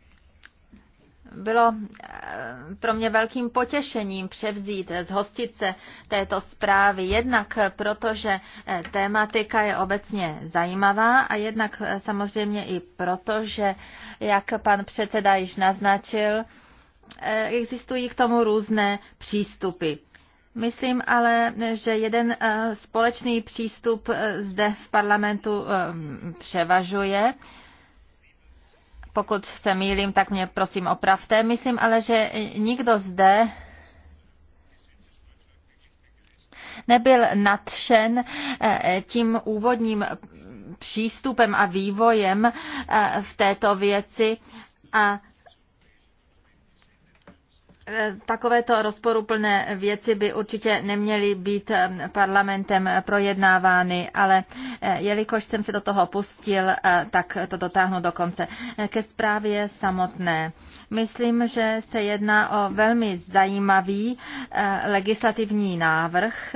bylo eh, pro mě velkým potěšením převzít eh, z hostice této zprávy, jednak eh, protože tématika je obecně zajímavá a jednak samozřejmě i proto, že, jak pan předseda již naznačil, existují k tomu různé přístupy. Myslím ale, že jeden společný přístup zde v parlamentu převažuje pokud se mýlím, tak mě prosím opravte. Myslím ale, že nikdo zde nebyl nadšen eh, tím úvodním přístupem a vývojem eh, v této věci a Eh, takovéto rozporuplné věci by určitě neměly být eh, parlamentem projednávány, ale eh, jelikož jsem se do toho pustil, tak to dotáhnu do konce. Ke zprávě samotné. Myslím, že se jedná o velmi zajímavý legislativní návrh,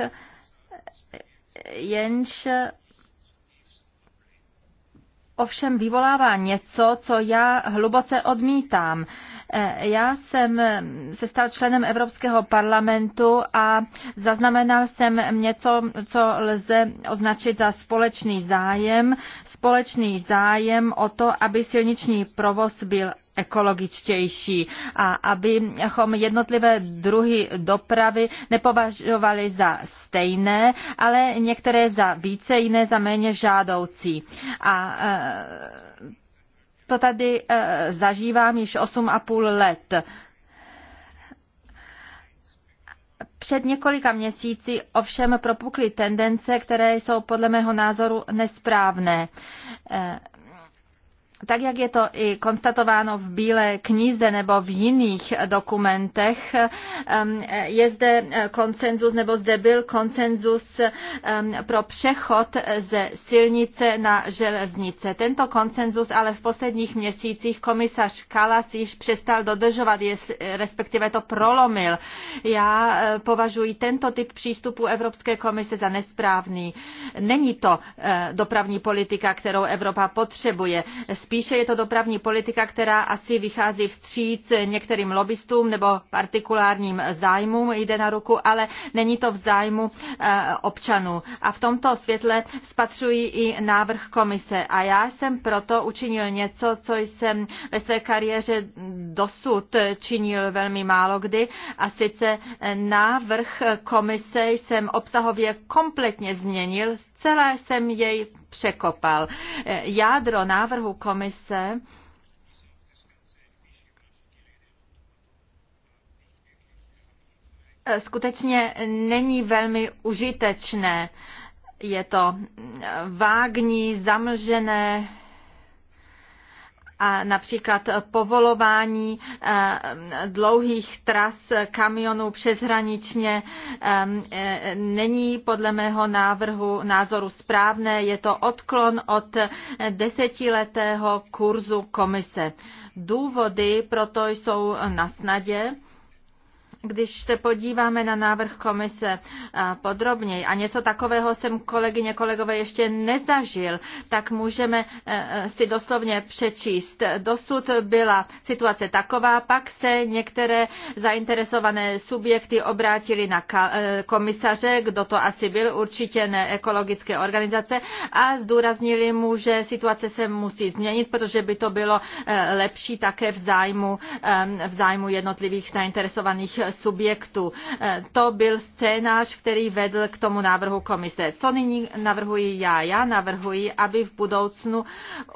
jenž ovšem vyvolává něco, co já hluboce odmítám. Eh, já jsem eh, se stal členem Evropského parlamentu a zaznamenal jsem něco, co lze označit za společný zájem. Společný zájem o to, aby silniční provoz byl ekologičtější a abychom jednotlivé druhy dopravy nepovažovali za stejné, ale některé za více, jiné za méně žádoucí. A eh, to tady eh, zažívám již 8,5 let. Před několika měsíci ovšem propukly tendence, které jsou podle mého názoru nesprávné. Eh, tak jak je to i konstatováno v Bílé knize nebo v jiných dokumentech, ehm, je zde koncenzus, nebo zde byl koncenzus ehm, pro přechod ze silnice na železnice. Tento koncenzus ale v posledních měsících komisař Kalas již přestal dodržovat, respektive to prolomil. Já eh, považuji tento typ přístupu Evropské komise za nesprávný. Není to eh, dopravní politika, kterou Evropa potřebuje Spíše je to dopravní politika, která asi vychází vstříc některým lobbystům nebo partikulárním zájmům, jde na ruku, ale není to v zájmu eh, občanů. A v tomto světle spatřují i návrh komise. A já jsem proto učinil něco, co jsem ve své kariéře dosud činil velmi málo kdy. A sice eh, návrh komise jsem obsahově kompletně změnil celé jsem jej překopal. Jádro návrhu komise skutečně není velmi užitečné. Je to vágní, zamlžené, a například povolování eh, dlouhých tras kamionů přeshraničně ehm, eh, není podle mého návrhu názoru správné. Je to odklon od desetiletého kurzu komise. Důvody proto jsou na snadě. Když se podíváme na návrh komise eh, podrobněji a něco takového jsem kolegyně kolegové ještě nezažil, tak můžeme eh, si doslovně přečíst. Dosud byla situace taková, pak se některé zainteresované subjekty obrátili na eh, komisaře, kdo to asi byl, určitě ne ekologické organizace a zdůraznili mu, že situace se musí změnit, protože by to bylo lepší také v zájmu, v zájmu jednotlivých zainteresovaných subjektů. Eh, to byl scénář, který vedl k tomu návrhu komise. Co nyní navrhuji já? Já navrhuji, aby v budoucnu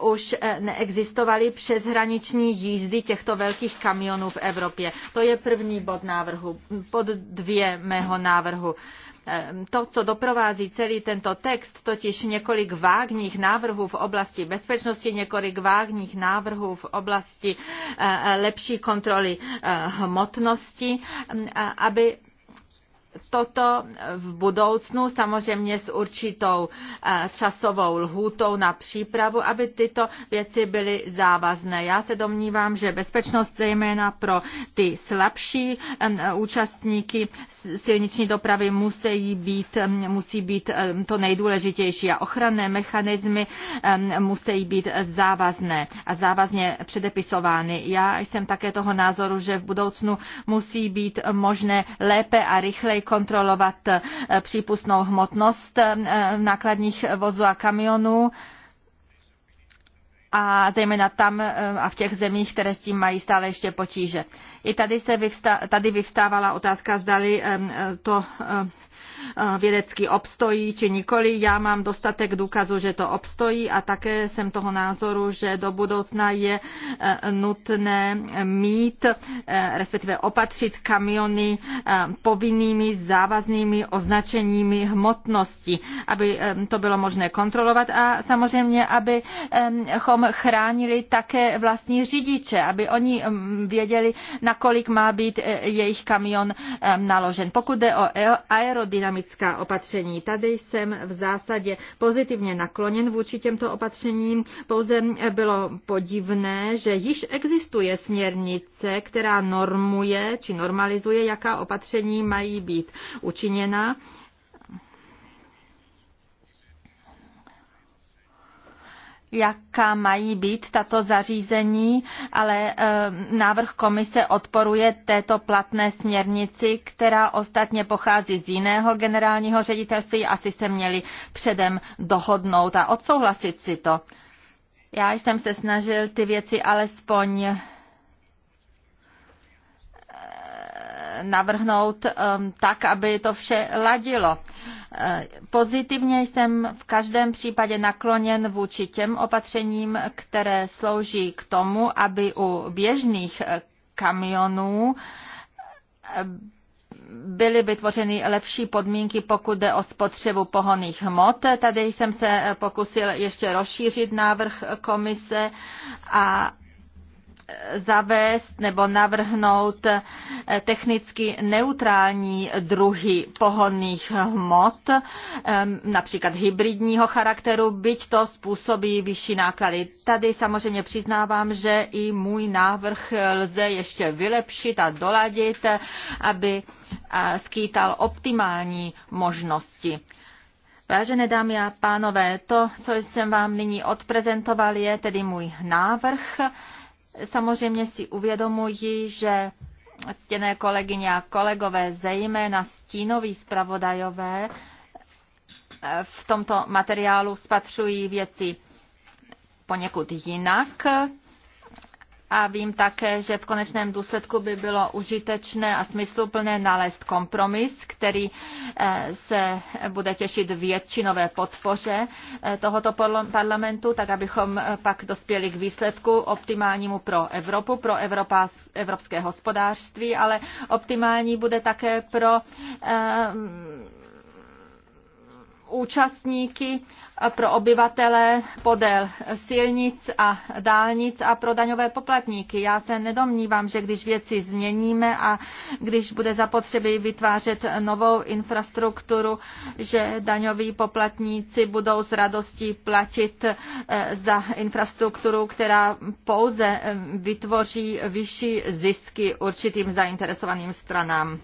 už eh, neexistovaly přeshraniční jízdy těchto velkých kamionů v Evropě. To je první bod návrhu, Pod dvě mého návrhu to, co doprovází celý tento text, totiž několik vágních návrhů v oblasti bezpečnosti, několik vágních návrhů v oblasti eh, lepší kontroly eh, hmotnosti, aby toto v budoucnu, samozřejmě s určitou eh, časovou lhůtou na přípravu, aby tyto věci byly závazné. Já se domnívám, že bezpečnost zejména pro ty slabší eh, účastníky silniční dopravy musí být, musí být to nejdůležitější a ochranné mechanismy musí být závazné a závazně předepisovány. Já jsem také toho názoru, že v budoucnu musí být možné lépe a rychleji kontrolovat eh, přípustnou hmotnost eh, nákladních vozů a kamionů a zejména tam eh, a v těch zemích, které s tím mají stále ještě potíže. I tady, se vyvstá, tady vyvstávala otázka, zdali to vědecky obstojí či nikoli. Já mám dostatek důkazu, že to obstojí a také jsem toho názoru, že do budoucna je e, nutné mít, e, respektive opatřit kamiony e, povinnými závaznými označeními hmotnosti, aby to bylo možné kontrolovat a samozřejmě, abychom chránili také vlastní řidiče, aby oni věděli, nakolik má být jejich kamion naložen. Pokud jde o aerodynamiku, dynamická opatření. Tady jsem v zásadě pozitivně nakloněn vůči těmto opatřením. Pouze bylo podivné, že již existuje směrnice, která normuje či normalizuje, jaká opatření mají být učiněna jaká mají být tato zařízení, ale eh, návrh komise odporuje této platné směrnici, která ostatně pochází z jiného generálního ředitelství. Asi se měli předem dohodnout a odsouhlasit si to. Já jsem se snažil ty věci alespoň navrhnout um, tak, aby to vše ladilo. Uh, pozitivně jsem v každém případě nakloněn vůči těm opatřením, které slouží k tomu, aby u běžných uh, kamionů uh, byly vytvořeny lepší podmínky, pokud jde o spotřebu pohoných hmot. Tady jsem se pokusil ještě rozšířit návrh komise a zavést nebo navrhnout technicky neutrální druhy pohonných hmot, například hybridního charakteru, byť to způsobí vyšší náklady. Tady samozřejmě přiznávám, že i můj návrh lze ještě vylepšit a doladit, aby skýtal optimální možnosti. Vážené dámy a pánové, to, co jsem vám nyní odprezentoval, je tedy můj návrh. Samozřejmě si uvědomuji, že ctěné kolegyně a kolegové, zejména stínoví zpravodajové, eh, v tomto materiálu spatřují věci poněkud jinak, a vím také, že v konečném důsledku by bylo užitečné a smysluplné nalézt kompromis, který eh, se bude těšit většinové podpoře eh, tohoto parlamentu, tak abychom eh, pak dospěli k výsledku optimálnímu pro Evropu, pro Evropa, evropské hospodářství, ale optimální bude také pro účastníky eh, pro obyvatele podél silnic a dálnic a pro daňové poplatníky. Já se nedomnívám, že když věci změníme a když bude zapotřebí vytvářet novou infrastrukturu, že daňoví poplatníci budou s radostí platit eh, za infrastrukturu, která pouze eh, vytvoří vyšší zisky určitým zainteresovaným stranám.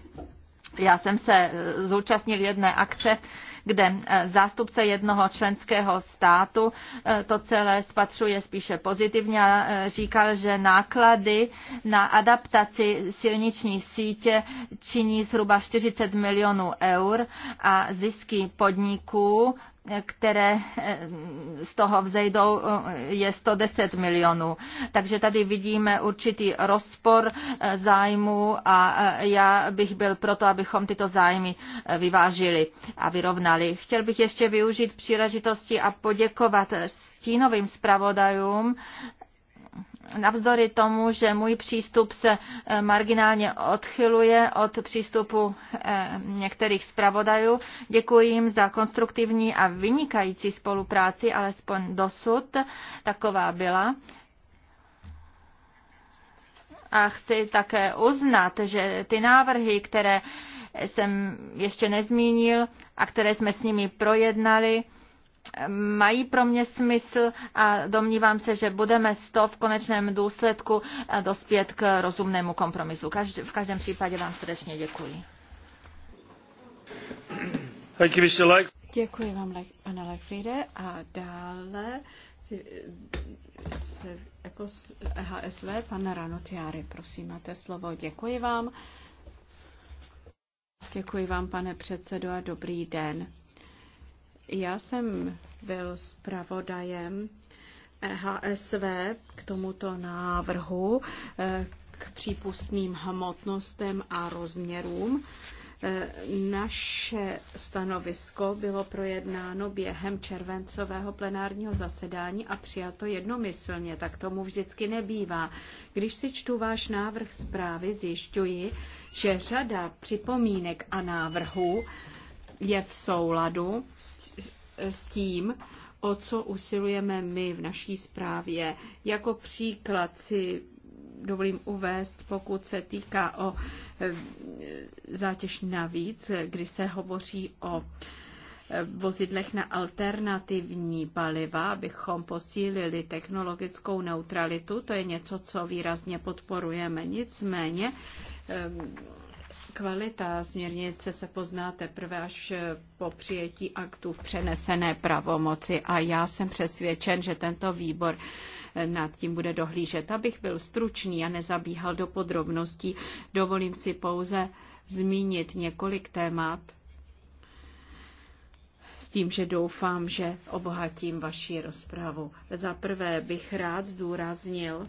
Já jsem se zúčastnil jedné akce, kde eh, zástupce jednoho členského státu eh, to celé spatřuje spíše pozitivně a eh, říkal, že náklady na adaptaci silniční sítě činí zhruba 40 milionů eur a zisky podniků které eh, z toho vzejdou, eh, je 110 milionů. Takže tady vidíme určitý rozpor eh, zájmu a já bych byl proto, abychom tyto zájmy vyvážili a vyrovnali. Chtěl bych ještě využít příležitosti a poděkovat stínovým zpravodajům navzdory tomu, že můj přístup se eh, marginálně odchyluje od přístupu eh, některých zpravodajů. Děkuji jim za konstruktivní a vynikající spolupráci, alespoň dosud taková byla. A chci také uznat, že ty návrhy, které jsem ještě nezmínil a které jsme s nimi projednali, mají pro mě smysl a domnívám se, že budeme z to v konečném důsledku dospět k rozumnému kompromisu. V každém případě vám srdečně děkuji. Děkuji vám, pane Lechfriede. A dále se jako HSV, pan Ranotiary, prosím, máte slovo. Děkuji vám. Děkuji vám, pane předsedo, a dobrý den. Já jsem byl zpravodajem HSV k tomuto návrhu, eh, k přípustným hmotnostem a rozměrům. Eh, naše stanovisko bylo projednáno během červencového plenárního zasedání a přijato jednomyslně, tak tomu vždycky nebývá. Když si čtu váš návrh zprávy, zjišťuji, že řada připomínek a návrhů je v souladu s s tím, o co usilujeme my v naší zprávě. Jako příklad si dovolím uvést, pokud se týká o e, zátěž navíc, kdy se hovoří o e, vozidlech na alternativní paliva, abychom posílili technologickou neutralitu. To je něco, co výrazně podporujeme. Nicméně e, Kvalita směrnice se pozná teprve až po přijetí aktů v přenesené pravomoci a já jsem přesvědčen, že tento výbor nad tím bude dohlížet. Abych byl stručný a nezabíhal do podrobností, dovolím si pouze zmínit několik témat s tím, že doufám, že obohatím vaši rozpravu. Za prvé bych rád zdůraznil,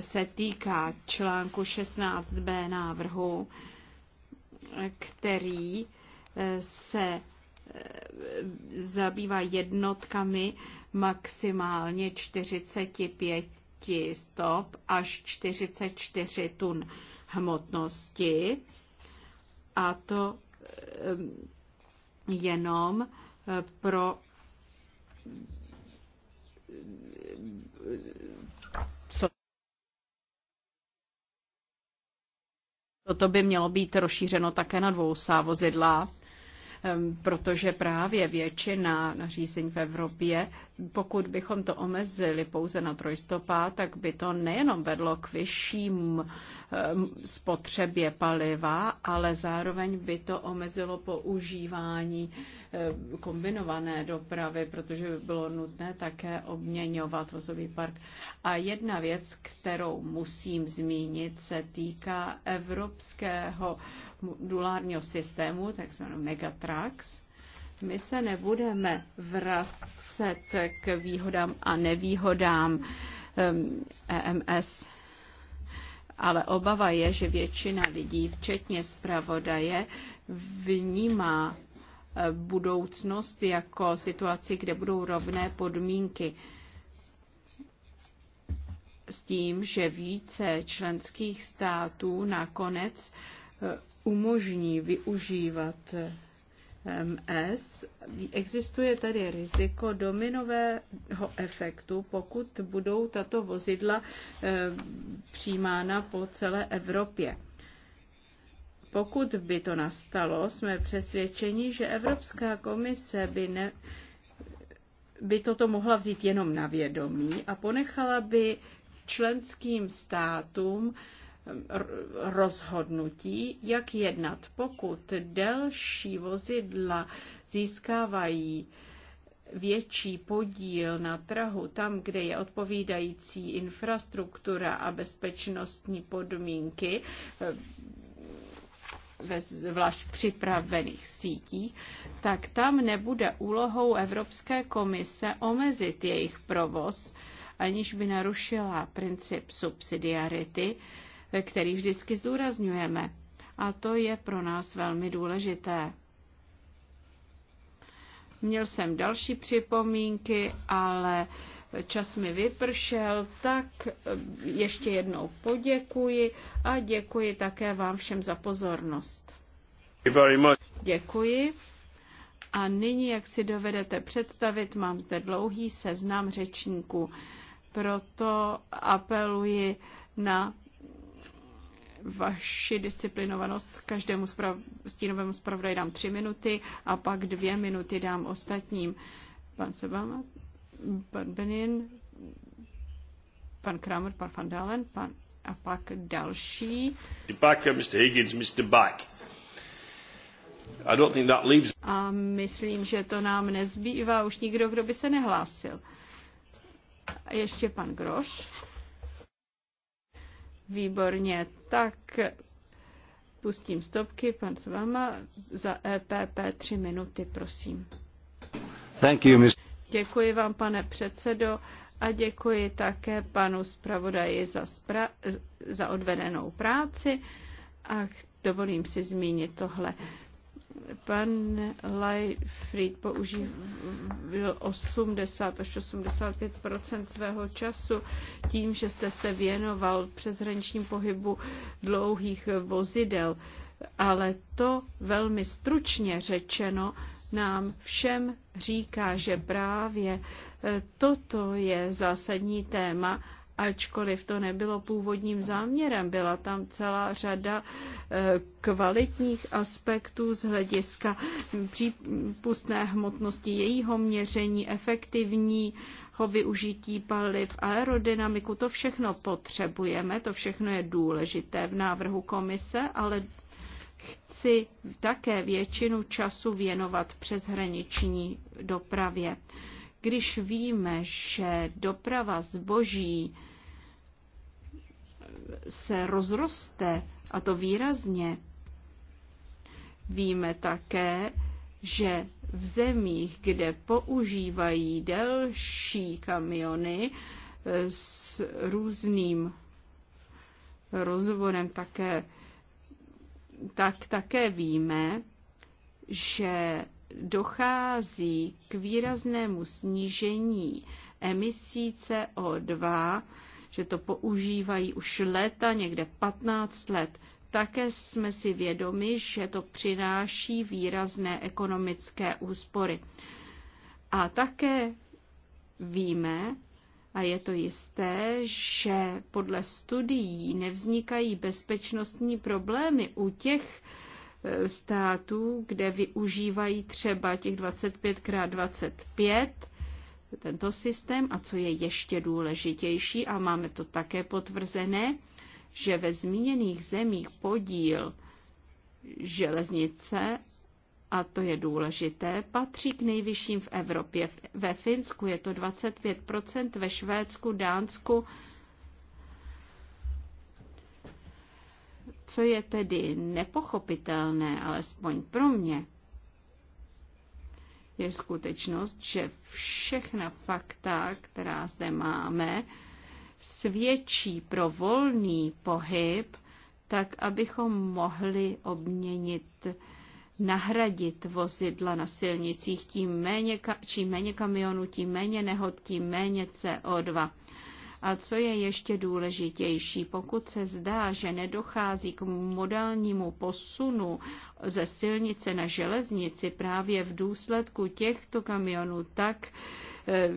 se týká článku 16b návrhu, který eh, se eh, zabývá jednotkami maximálně 45 stop až 44 tun hmotnosti a to eh, jenom pro Toto by mělo být rozšířeno také na dvousá vozidla protože právě většina nařízení v Evropě, pokud bychom to omezili pouze na trojstopá, tak by to nejenom vedlo k vyšším spotřebě paliva, ale zároveň by to omezilo používání kombinované dopravy, protože by bylo nutné také obměňovat vozový park. A jedna věc, kterou musím zmínit, se týká evropského modulárního systému, takzvanou Megatrax. My se nebudeme vracet k výhodám a nevýhodám um, EMS, ale obava je, že většina lidí, včetně zpravodaje, vnímá eh, budoucnost jako situaci, kde budou rovné podmínky s tím, že více členských států nakonec eh, umožní využívat eh, MS, existuje tady riziko dominového efektu, pokud budou tato vozidla eh, přijímána po celé Evropě. Pokud by to nastalo, jsme přesvědčeni, že Evropská komise by ne, by toto mohla vzít jenom na vědomí a ponechala by členským státům eh, rozhodnutí, jak jednat. Pokud delší vozidla získávají větší podíl na trhu tam, kde je odpovídající infrastruktura a bezpečnostní podmínky eh, ve zvlášť připravených sítích, tak tam nebude úlohou Evropské komise omezit jejich provoz, aniž by narušila princip subsidiarity, který vždycky zdůrazňujeme. A to je pro nás velmi důležité. Měl jsem další připomínky, ale čas mi vypršel, tak eh, ještě jednou poděkuji a děkuji také vám všem za pozornost. Děkuji. A nyní, jak si dovedete představit, mám zde dlouhý seznam řečníků. Proto apeluji na vaši disciplinovanost. Každému sprav, stínovému zpravodaji dám tři minuty a pak dvě minuty dám ostatním. Pan Sebama, pan Benin, pan Kramer, pan Van Dalen, pan, a pak další. Backer, Mr. Higgins, Mr. Back. I don't think that leaves... A myslím, že to nám nezbývá už nikdo, kdo by se nehlásil. Ještě pan Groš. Výborně, tak pustím stopky, pan s váma, za EPP tři minuty, prosím. Thank you, Ms. Děkuji vám, pane předsedo, a děkuji také panu zpravodaji za, spra- za odvedenou práci a dovolím si zmínit tohle pan Leifried použil 80 až 85 svého času tím, že jste se věnoval přeshraničním pohybu dlouhých vozidel. Ale to velmi stručně řečeno nám všem říká, že právě toto je zásadní téma ačkoliv to nebylo původním záměrem. Byla tam celá řada eh, kvalitních aspektů z hlediska přípustné hmotnosti jejího měření, efektivního využití paliv, aerodynamiku. To všechno potřebujeme, to všechno je důležité v návrhu komise, ale chci také většinu času věnovat přeshraniční dopravě. Když víme, že doprava zboží se rozroste, a to výrazně, víme také, že v zemích, kde používají delší kamiony eh, s různým rozvodem také, tak také víme, že dochází k výraznému snížení emisí CO2, že to používají už léta, někde 15 let. Také jsme si vědomi, že to přináší výrazné ekonomické úspory. A také víme, a je to jisté, že podle studií nevznikají bezpečnostní problémy u těch Eh, států, kde využívají třeba těch 25x25 tento systém a co je ještě důležitější a máme to také potvrzené, že ve zmíněných zemích podíl železnice, a to je důležité, patří k nejvyšším v Evropě. Ve Finsku je to 25%, ve Švédsku, Dánsku Co je tedy nepochopitelné, alespoň pro mě, je skutečnost, že všechna fakta, která zde máme, svědčí pro volný pohyb, tak abychom mohli obměnit, nahradit vozidla na silnicích tím méně, čím méně kamionů, tím méně nehod, tím méně CO2. A co je ještě důležitější, pokud se zdá, že nedochází k modálnímu posunu ze silnice na železnici právě v důsledku těchto kamionů, tak eh,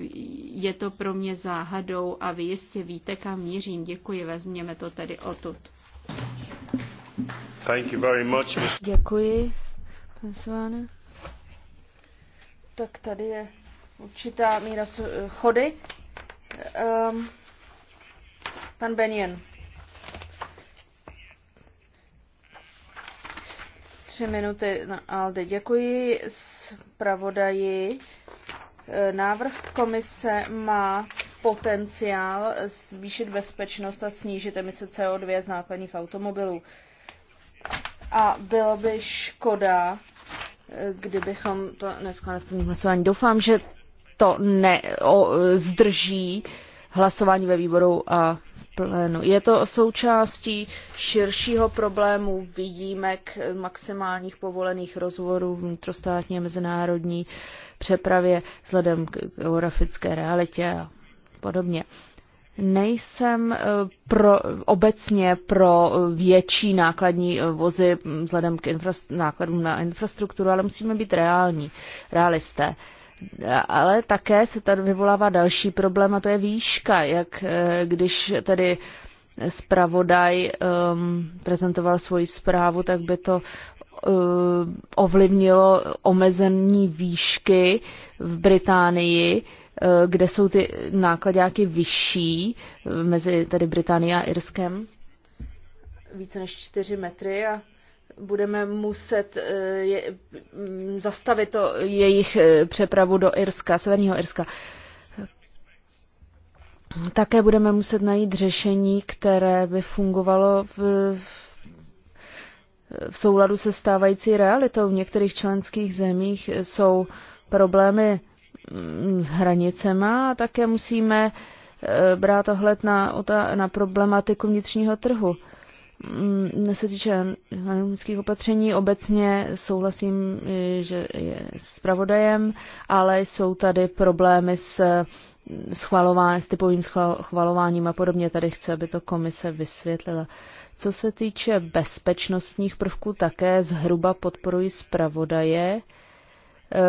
je to pro mě záhadou a vy jistě víte, kam mířím. Děkuji, vezměme to tedy odtud. Thank you very much. Děkuji, pane Tak tady je určitá míra eh, chody. Um, Pan Benjen. Tři minuty na Alde. Děkuji zpravodaji. Návrh komise má potenciál zvýšit bezpečnost a snížit emise CO2 z nákladních automobilů. A bylo by škoda, kdybychom to neskonali hlasování. Doufám, že to ne, o, zdrží hlasování ve výboru a plénu. Je to součástí širšího problému výjimek maximálních povolených rozvorů vnitrostátní a mezinárodní přepravě vzhledem k geografické realitě a podobně. Nejsem eh, pro, obecně pro větší nákladní eh, vozy vzhledem k infra, nákladům na infrastrukturu, ale musíme být reální, realisté ale také se tady vyvolává další problém a to je výška, jak eh, když tedy zpravodaj um, prezentoval svoji zprávu, tak by to um, ovlivnilo omezení výšky v Británii, eh, kde jsou ty nákladáky vyšší mezi tady Británií a Irskem, více než 4 metry a budeme muset eh, je, mm, zastavit to jejich eh, přepravu do Irska, severního Irska. Také budeme muset najít řešení, které by fungovalo v, v souladu se stávající realitou. V některých členských zemích jsou problémy mm, s hranicema a také musíme eh, brát ohled na, na problematiku vnitřního trhu. Mm, se týče ekonomických opatření, obecně souhlasím, eh, že je zpravodajem, ale jsou tady problémy s mm, schvalování, s typovým schvalováním a podobně. Tady chci, aby to komise vysvětlila. Co se týče bezpečnostních prvků, také zhruba podporuji zpravodaje. Eh,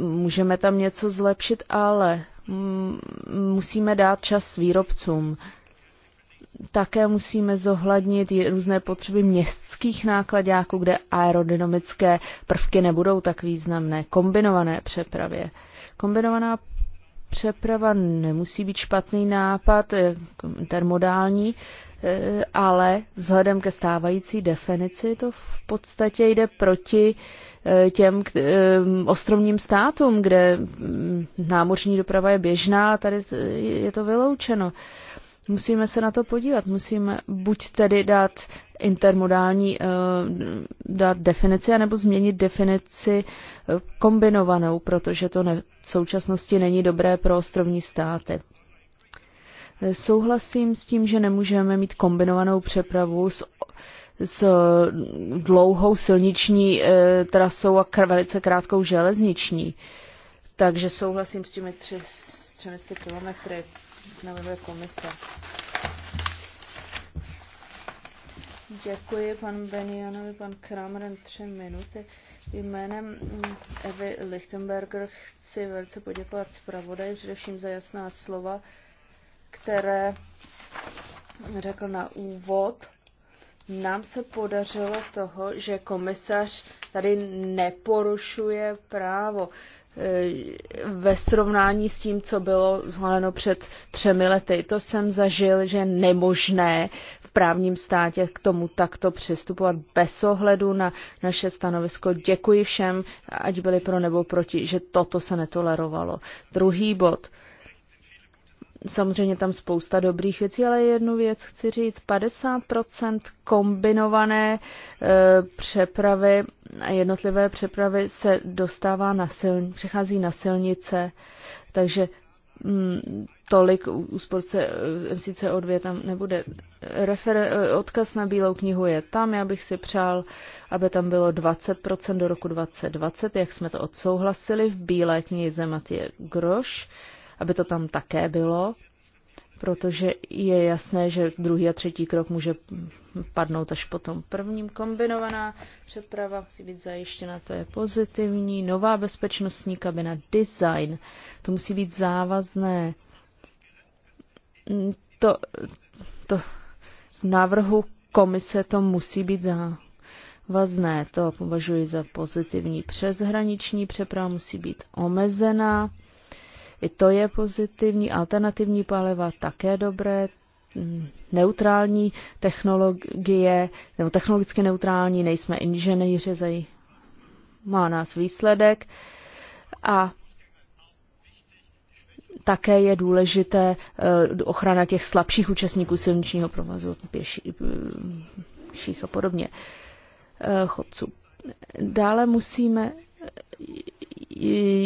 můžeme tam něco zlepšit, ale mm, musíme dát čas výrobcům. Také musíme zohlednit různé potřeby městských nákladáků, kde aerodynamické prvky nebudou tak významné. Kombinované přepravě. Kombinovaná přeprava nemusí být špatný nápad, eh, termodální, eh, ale vzhledem ke stávající definici to v podstatě jde proti eh, těm ostrovním státům, kde mm, námořní doprava je běžná a tady je to vyloučeno. Musíme se na to podívat. Musíme buď tedy dát intermodální eh, dát definici, anebo změnit definici eh, kombinovanou, protože to ne, v současnosti není dobré pro ostrovní státy. Eh, souhlasím s tím, že nemůžeme mít kombinovanou přepravu s, s dlouhou silniční e, trasou a kr, velice krátkou železniční. Takže souhlasím s těmi tři, 300 kilometry navrhuje komise. Děkuji pan Benianovi, pan Kramerem, tři minuty. Jménem Evy Lichtenberger chci velice poděkovat zpravodaji, především za jasná slova, které řekl na úvod. Nám se podařilo toho, že komisař tady neporušuje právo. Eh, ve srovnání s tím, co bylo zvoleno před třemi lety. To jsem zažil, že nemožné v právním státě k tomu takto přistupovat bez ohledu na naše stanovisko. Děkuji všem, ať byli pro nebo proti, že toto se netolerovalo. Druhý bod samozřejmě tam spousta dobrých věcí, ale jednu věc chci říct. 50% kombinované e, přepravy a jednotlivé přepravy se dostává na silnice, přechází na silnice, takže mm, tolik úsporce e, o dvě tam nebude. Refer, e, odkaz na Bílou knihu je tam, já bych si přál, aby tam bylo 20% do roku 2020, jak jsme to odsouhlasili v Bílé knize Matěje Groš aby to tam také bylo, protože je jasné, že druhý a třetí krok může padnout až potom prvním. Kombinovaná přeprava musí být zajištěna, to je pozitivní. Nová bezpečnostní kabina, design, to musí být závazné. To, to v návrhu komise to musí být závazné, to považuji za pozitivní. Přeshraniční přeprava musí být omezená i to je pozitivní. Alternativní paliva také dobré. Mm, neutrální technologie, nebo technologicky neutrální, nejsme inženýři, má nás výsledek. A také je důležité eh, ochrana těch slabších účastníků silničního provozu, eh, pěších a podobně, eh, chodců. Dále musíme eh,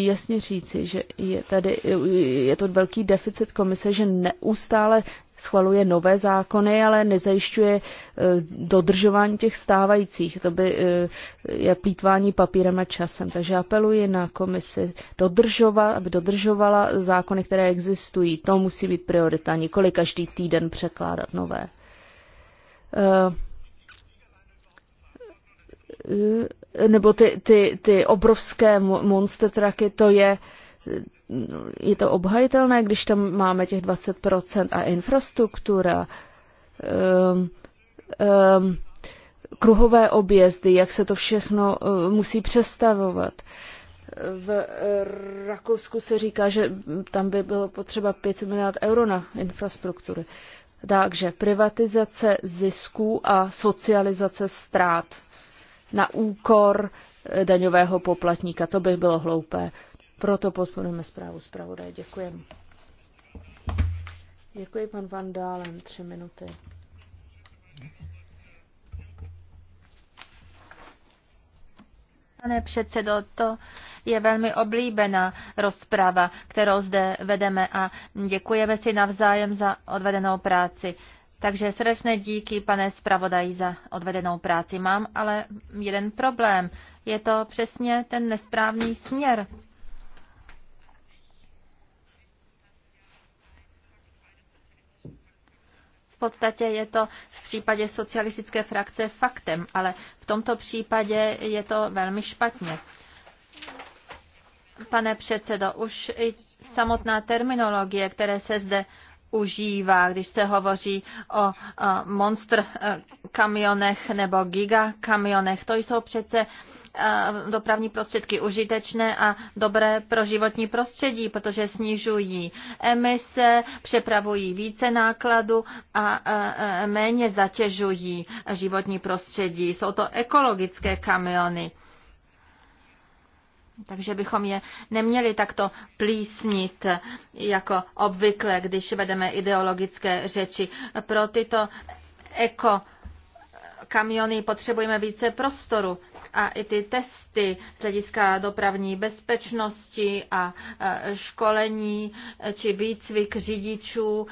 jasně říci, že je tady eh, je to velký deficit komise, že neustále schvaluje nové zákony, ale nezajišťuje eh, dodržování těch stávajících. To by je plítvání papírem a časem. Takže apeluji na komisi, dodržovat, aby dodržovala zákony, které existují. To musí být priorita, nikoli každý týden překládat nové. Eh, nebo ty, ty, ty obrovské monster traky, to je, eh, je to obhajitelné, když tam máme těch 20% a infrastruktura, um, um, kruhové objezdy, jak se to všechno uh, musí přestavovat. V Rakousku se říká, že tam by bylo potřeba 500 miliard euro na infrastruktury. Takže privatizace zisků a socializace ztrát na úkor eh, daňového poplatníka. To by bylo hloupé. Proto podporujeme zprávu zpravodaje. Děkuji. Děkuji pan Van Dálen. Tři minuty. Pane předsedo, to je velmi oblíbená rozprava, kterou zde vedeme a děkujeme si navzájem za odvedenou práci. Takže srdečné díky, pane zpravodaji, za odvedenou práci. Mám ale jeden problém. Je to přesně ten nesprávný směr. V podstatě je to v případě socialistické frakce faktem, ale v tomto případě je to velmi špatně. Pane předsedo, už i samotná terminologie, které se zde užívá, když se hovoří o monster e, kamionech nebo giga kamionech, To jsou přece e, dopravní prostředky užitečné a dobré pro životní prostředí, protože snižují emise, přepravují více nákladu a e, méně zatěžují životní prostředí. Jsou to ekologické kamiony. Takže bychom je neměli takto plísnit jako obvykle, když vedeme ideologické řeči. Pro tyto eko kamiony potřebujeme více prostoru a i ty testy z hlediska dopravní bezpečnosti a e, školení e, či výcvik řidičů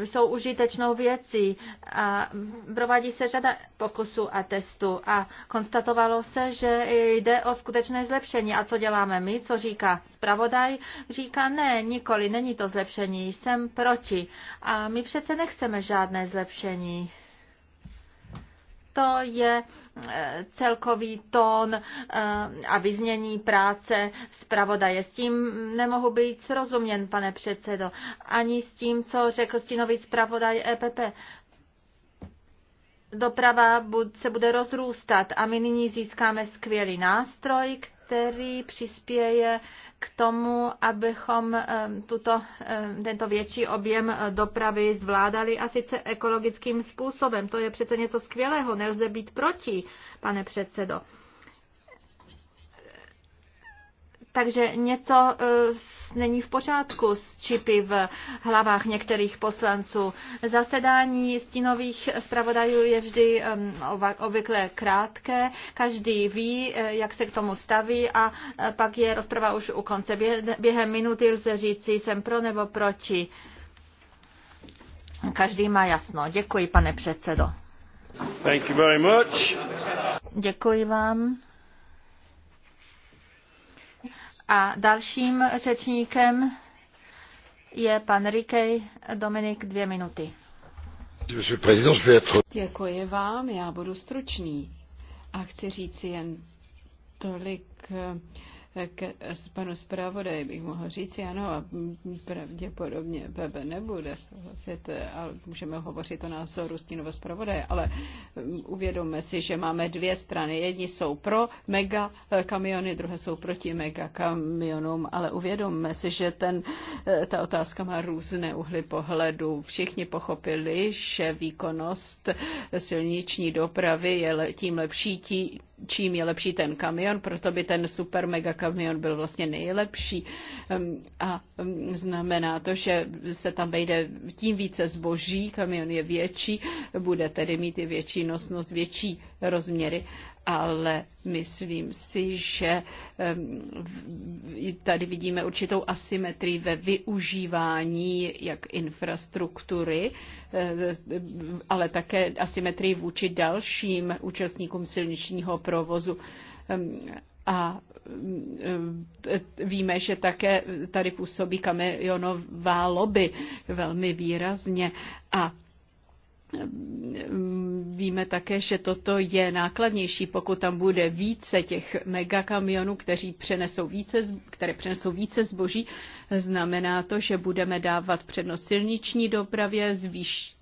e, jsou užitečnou věcí. A provádí se řada pokusů a testů a konstatovalo se, že jde o skutečné zlepšení. A co děláme my? Co říká zpravodaj? Říká ne, nikoli, není to zlepšení, jsem proti. A my přece nechceme žádné zlepšení. To je eh, celkový tón eh, a vyznění práce zpravodaje. S tím nemohu být srozuměn, pane předsedo, ani s tím, co řekl stínový zpravodaj EPP doprava se bude rozrůstat a my nyní získáme skvělý nástroj, který přispěje k tomu, abychom eh, tuto, eh, tento větší objem eh, dopravy zvládali a sice ekologickým způsobem. To je přece něco skvělého, nelze být proti, pane předsedo. Takže něco není v pořádku s čipy v hlavách některých poslanců. Zasedání stínových zpravodajů je vždy um, obvykle krátké, každý ví, eh, jak se k tomu staví a eh, pak je rozprava už u konce. Během minuty lze říct, jsem pro nebo proti. Každý má jasno. Děkuji, pane předsedo. Thank you very much. Děkuji vám. A dalším řečníkem je pan Rikej Dominik, dvě minuty. Děkuji vám, já budu stručný. A chci říci jen tolik, eh, k panu zpravodaji bych mohl říct, ano, a pravděpodobně Pepe nebude souhlasit, ale můžeme hovořit o názoru stínové zpravodaje, ale mm, uvědomme si, že máme dvě strany. Jedni jsou pro mega eh, kamiony, druhé jsou proti mega kamionům, ale uvědomme si, že ten, eh, ta otázka má různé uhly pohledu. Všichni pochopili, že výkonnost silniční dopravy je tím lepší, tím, čím je lepší ten kamion, proto by ten super mega kamion byl vlastně nejlepší. A znamená to, že se tam vejde tím více zboží, kamion je větší, bude tedy mít i větší nosnost, větší rozměry ale myslím si, že tady vidíme určitou asymetrii ve využívání jak infrastruktury, eh, ale také asymetrii vůči dalším účastníkům silničního provozu. A eh, víme, že také tady působí kamionová lobby velmi výrazně a Víme také, že toto je nákladnější, pokud tam bude více těch megakamionů, kteří přenesou více, které přenesou více zboží, Znamená to, že budeme dávat přednost silniční dopravě, zvýš...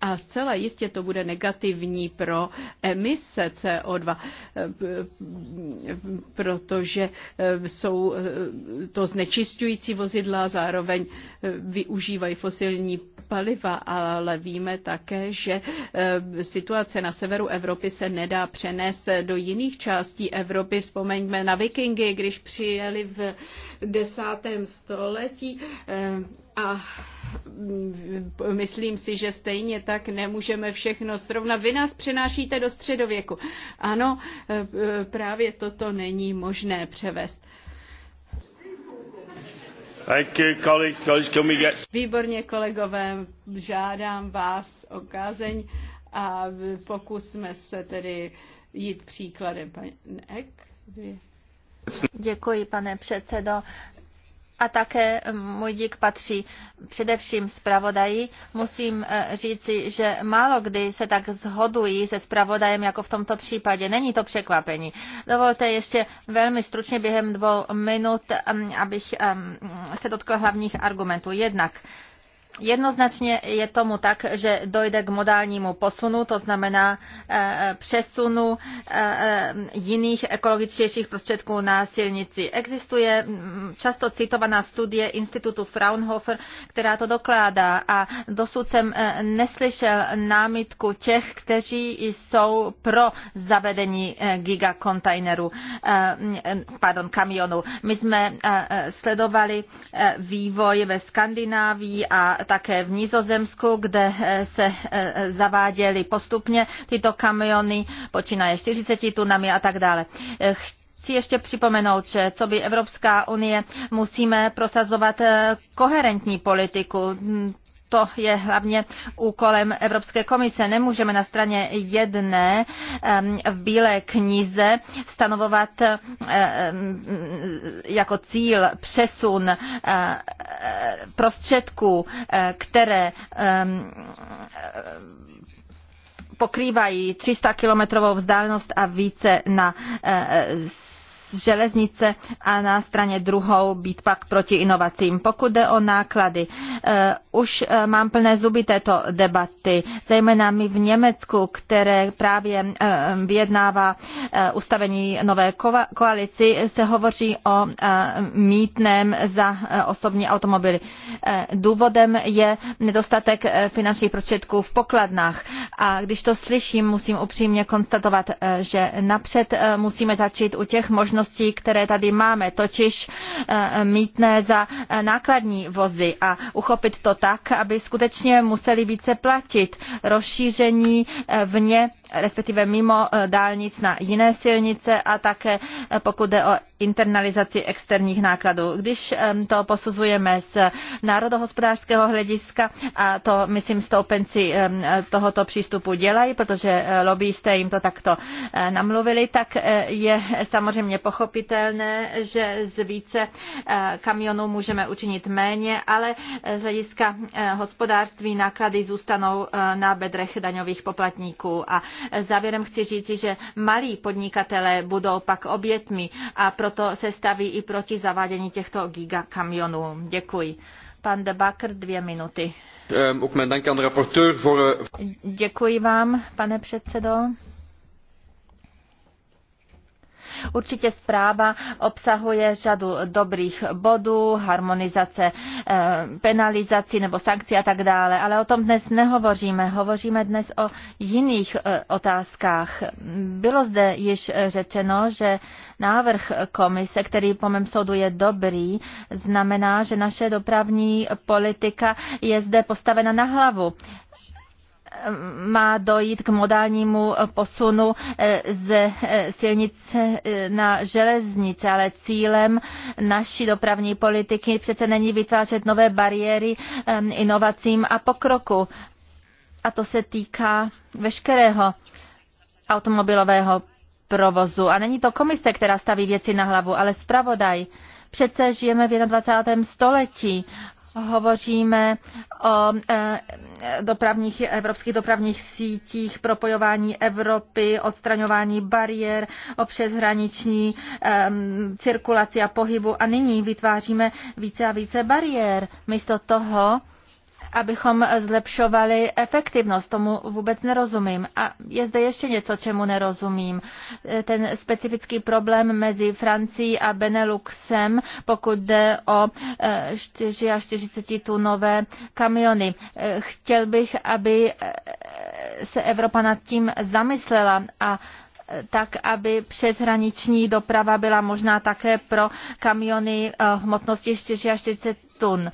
a zcela jistě to bude negativní pro emise CO2, eh, protože eh, jsou eh, to znečistující vozidla, zároveň využívají fosilní paliva, ale víme také, že situace na severu Evropy se nedá přenést do jiných částí Evropy. Vzpomeňme na vikingy, když přijeli v desátém století století eh, a mm, myslím si, že stejně tak nemůžeme všechno srovnat. Vy nás přenášíte do středověku. Ano, eh, právě toto není možné převést. Výborně, kolegové, žádám vás o kázeň a pokusme se tedy jít příkladem. Pan Ek, dvě. Děkuji, pane předsedo a také můj dík patří především zpravodaji. Musím eh, říci, že málo kdy se tak zhodují se zpravodajem jako v tomto případě. Není to překvapení. Dovolte ještě velmi stručně během dvou minut, mm, abych mm, se dotkl hlavních argumentů. Jednak Jednoznačně je tomu tak, že dojde k modálnímu posunu, to znamená e, e, přesunu e, jiných ekologičtějších prostředků na silnici. Existuje mm, často citovaná studie Institutu Fraunhofer, která to dokládá a dosud jsem neslyšel námitku těch, kteří jsou pro zavedení gigakontajneru, pardon, kamionu. My jsme sledovali vývoj ve Skandinávii a také v Nizozemsku, kde eh, se eh, zaváděly postupně tyto kamiony, počínaje 40 tunami a tak dále eh, chci ještě připomenout, že co by Evropská unie musíme prosazovat koherentní politiku to je hlavně úkolem Evropské komise. Nemůžeme na straně jedné v Bílé knize stanovovat jako cíl přesun prostředků, které pokrývají 300 kilometrovou vzdálenost a více na eh, z železnice a na straně druhou být pak proti inovacím. Pokud jde o náklady, eh, už eh, mám plné zuby této debaty, zejména mi v Německu, které právě eh, vyjednává ustavení nové koalici, se hovoří o mítném za osobní automobily. Důvodem je nedostatek finančních prostředků v pokladnách. A když to slyším, musím upřímně konstatovat, že napřed musíme začít u těch možností, možností, které tady máme, totiž eh, mítné za eh, nákladní vozy a uchopit to tak, aby skutečně museli více platit. Rozšíření eh, vně respektive mimo eh, dálnic na jiné silnice a také eh, pokud jde o internalizaci externích nákladů. Když to posuzujeme z národohospodářského hlediska, a to myslím stoupenci tohoto přístupu dělají, protože eh, lobbyisté jim to takto namluvili, tak je samozřejmě pochopitelné, že z více kamionů můžeme učinit méně, ale z hlediska hospodářství náklady zůstanou na bedrech daňových poplatníků a Závěrem chci říci, že malí podnikatelé budou pak obětmi a proto se staví i proti zavádění těchto gigakamionů. Děkuji. Pan de Bakr, dvě minuty. Eh, eh, Děkuji vám, pane předsedo. Určitě zpráva obsahuje řadu dobrých bodů, harmonizace eh, penalizací nebo sankcí a tak dále, ale o tom dnes nehovoříme. Hovoříme dnes o jiných eh, otázkách. Bylo zde již řečeno, že návrh komise, který po mém soudu je dobrý, znamená, že naše dopravní politika je zde postavena na hlavu má dojít k modálnímu posunu eh, z eh, silnice eh, na železnice, ale cílem naší dopravní politiky přece není vytvářet nové bariéry inovacím a pokroku. A to se týká veškerého automobilového provozu. A není to komise, která staví věci na hlavu, ale zpravodaj. Přece žijeme v 21. století hovoříme o e, dopravních, evropských dopravních sítích, propojování Evropy, odstraňování bariér, o přeshraniční e, cirkulaci a pohybu. A nyní vytváříme více a více bariér. Místo toho, abychom zlepšovali efektivnost. Tomu vůbec nerozumím. A je zde ještě něco, čemu nerozumím. E, ten specifický problém mezi Francií a Beneluxem, pokud jde o 44 e, tunové kamiony. E, chtěl bych, aby se Evropa nad tím zamyslela a tak, aby přeshraniční doprava byla možná také pro kamiony hmotnosti 44 tun.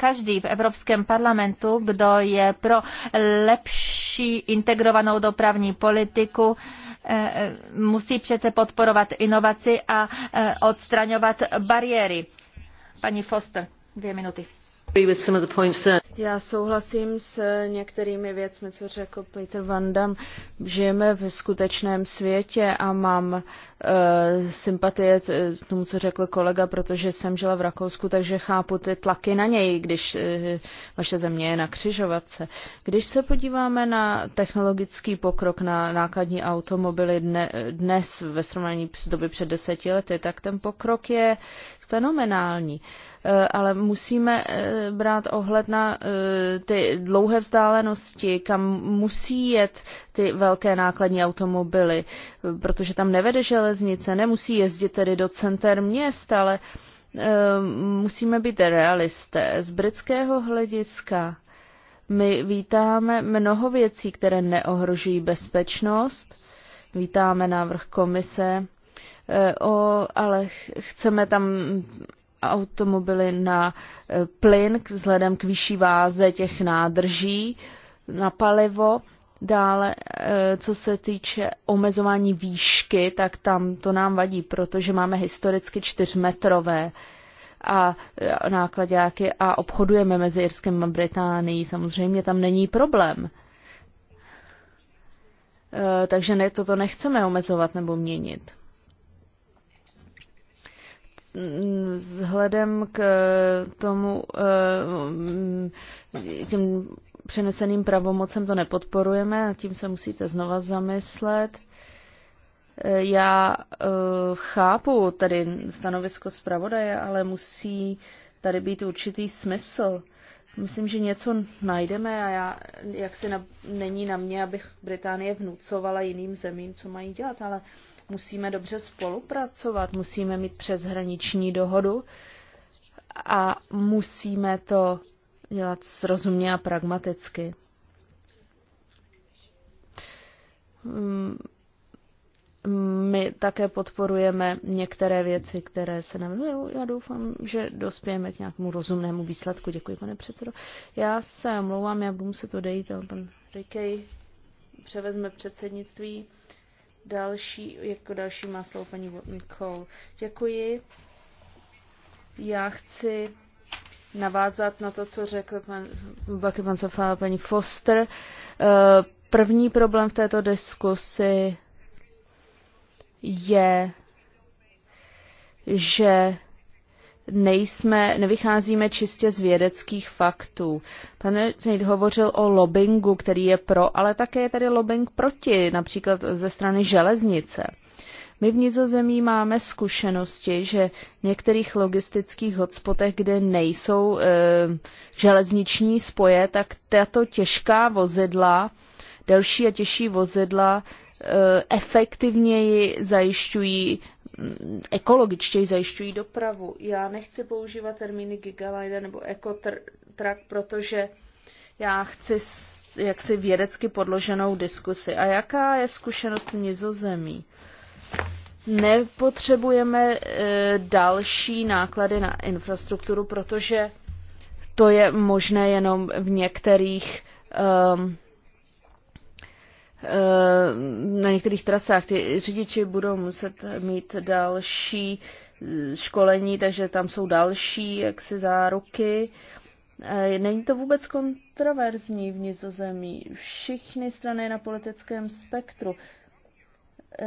každý v Evropském parlamentu, kdo je pro lepší integrovanou dopravní politiku, eh, eh, musí přece podporovat inovaci a eh, odstraňovat bariéry. Paní Foster, dvě minuty. Já souhlasím s některými věcmi, co řekl Peter Van Damme. Žijeme v skutečném světě a mám uh, sympatie k tomu, co řekl kolega, protože jsem žila v Rakousku, takže chápu ty tlaky na něj, když uh, vaše země je na křižovatce. Když se podíváme na technologický pokrok na nákladní automobily dne, dnes ve srovnání s doby před deseti lety, tak ten pokrok je fenomenální. Uh, Eh, ale musíme eh, brát ohled na eh, ty dlouhé vzdálenosti, kam musí jet ty velké nákladní automobily, protože tam nevede železnice, nemusí jezdit tedy do center měst, ale musíme být realisté. Z britského hlediska my vítáme mnoho věcí, které neohrožují bezpečnost. Vítáme návrh komise, o, ale chceme tam automobily na e, plyn vzhledem k vyšší váze těch nádrží na palivo. Dále, e, co se týče omezování výšky, tak tam to nám vadí, protože máme historicky čtyřmetrové a e, nákladáky a obchodujeme mezi Irskem a Británií. Samozřejmě tam není problém. Takže ne, toto nechceme omezovat nebo měnit vzhledem k eh, tomu eh, těm přeneseným pravomocem to nepodporujeme, nad tím se musíte znova zamyslet. Eh, já chápu tady stanovisko zpravodaje, ale musí tady být určitý smysl. Myslím, že něco najdeme a já, jak si na, není na mě, abych Británie vnucovala jiným zemím, co mají dělat, ale uh, Musíme dobře spolupracovat, musíme mít přeshraniční dohodu a musíme to dělat srozumně a pragmaticky. Mm, mm, my také podporujeme některé věci, které se nám... Já doufám, že dospějeme k nějakému rozumnému výsledku. Děkuji, pane předsedo. Já se omlouvám, já budu muset odejít, ale pan Rikej převezme předsednictví. Další, jako další má slovo paní Nicole. Děkuji. Já chci navázat na to, co řekl pan Baky Pancofá a paní Foster. Eh, první problém v této diskusi je, že nejsme, nevycházíme čistě z vědeckých faktů. Pan Neid hovořil o lobbingu, který je pro, ale také je tady lobbying proti, například ze strany železnice. My v Nizozemí máme zkušenosti, že v některých logistických hotspotech, kde nejsou e, železniční spoje, tak tato těžká vozidla, delší a těžší vozidla, e, efektivněji zajišťují ekologičtěji zajišťují dopravu. Já nechci používat termíny gigalider nebo ekotrak, protože já chci jaksi vědecky podloženou diskusi. A jaká je zkušenost nizozemí? Nepotřebujeme e, další náklady na infrastrukturu, protože to je možné jenom v některých Eh, na některých trasách ty řidiči budou muset mít další eh, školení, takže tam jsou další jaksi záruky. Eh, není to vůbec kontroverzní v Nizozemí. Všichni strany na politickém spektru.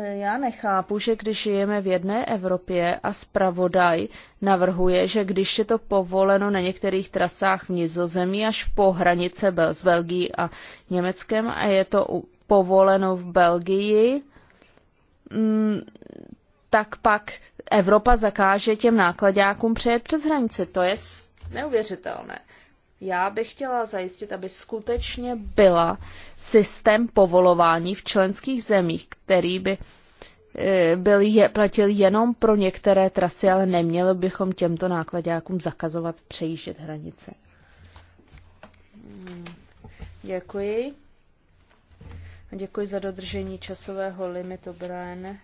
Já nechápu, že když žijeme v jedné Evropě a zpravodaj navrhuje, že když je to povoleno na některých trasách v Nizozemí až po hranice s Belgií a Německem a je to povoleno v Belgii, mm, tak pak Evropa zakáže těm nákladňákům přejet přes hranici. To je neuvěřitelné. Já bych chtěla zajistit, aby skutečně byla systém povolování v členských zemích, který by e, byl je, platil jenom pro některé trasy, ale neměli bychom těmto nákladňákům zakazovat přejíždět hranice. Hmm. Děkuji děkuji za dodržení časového limitu, Brian.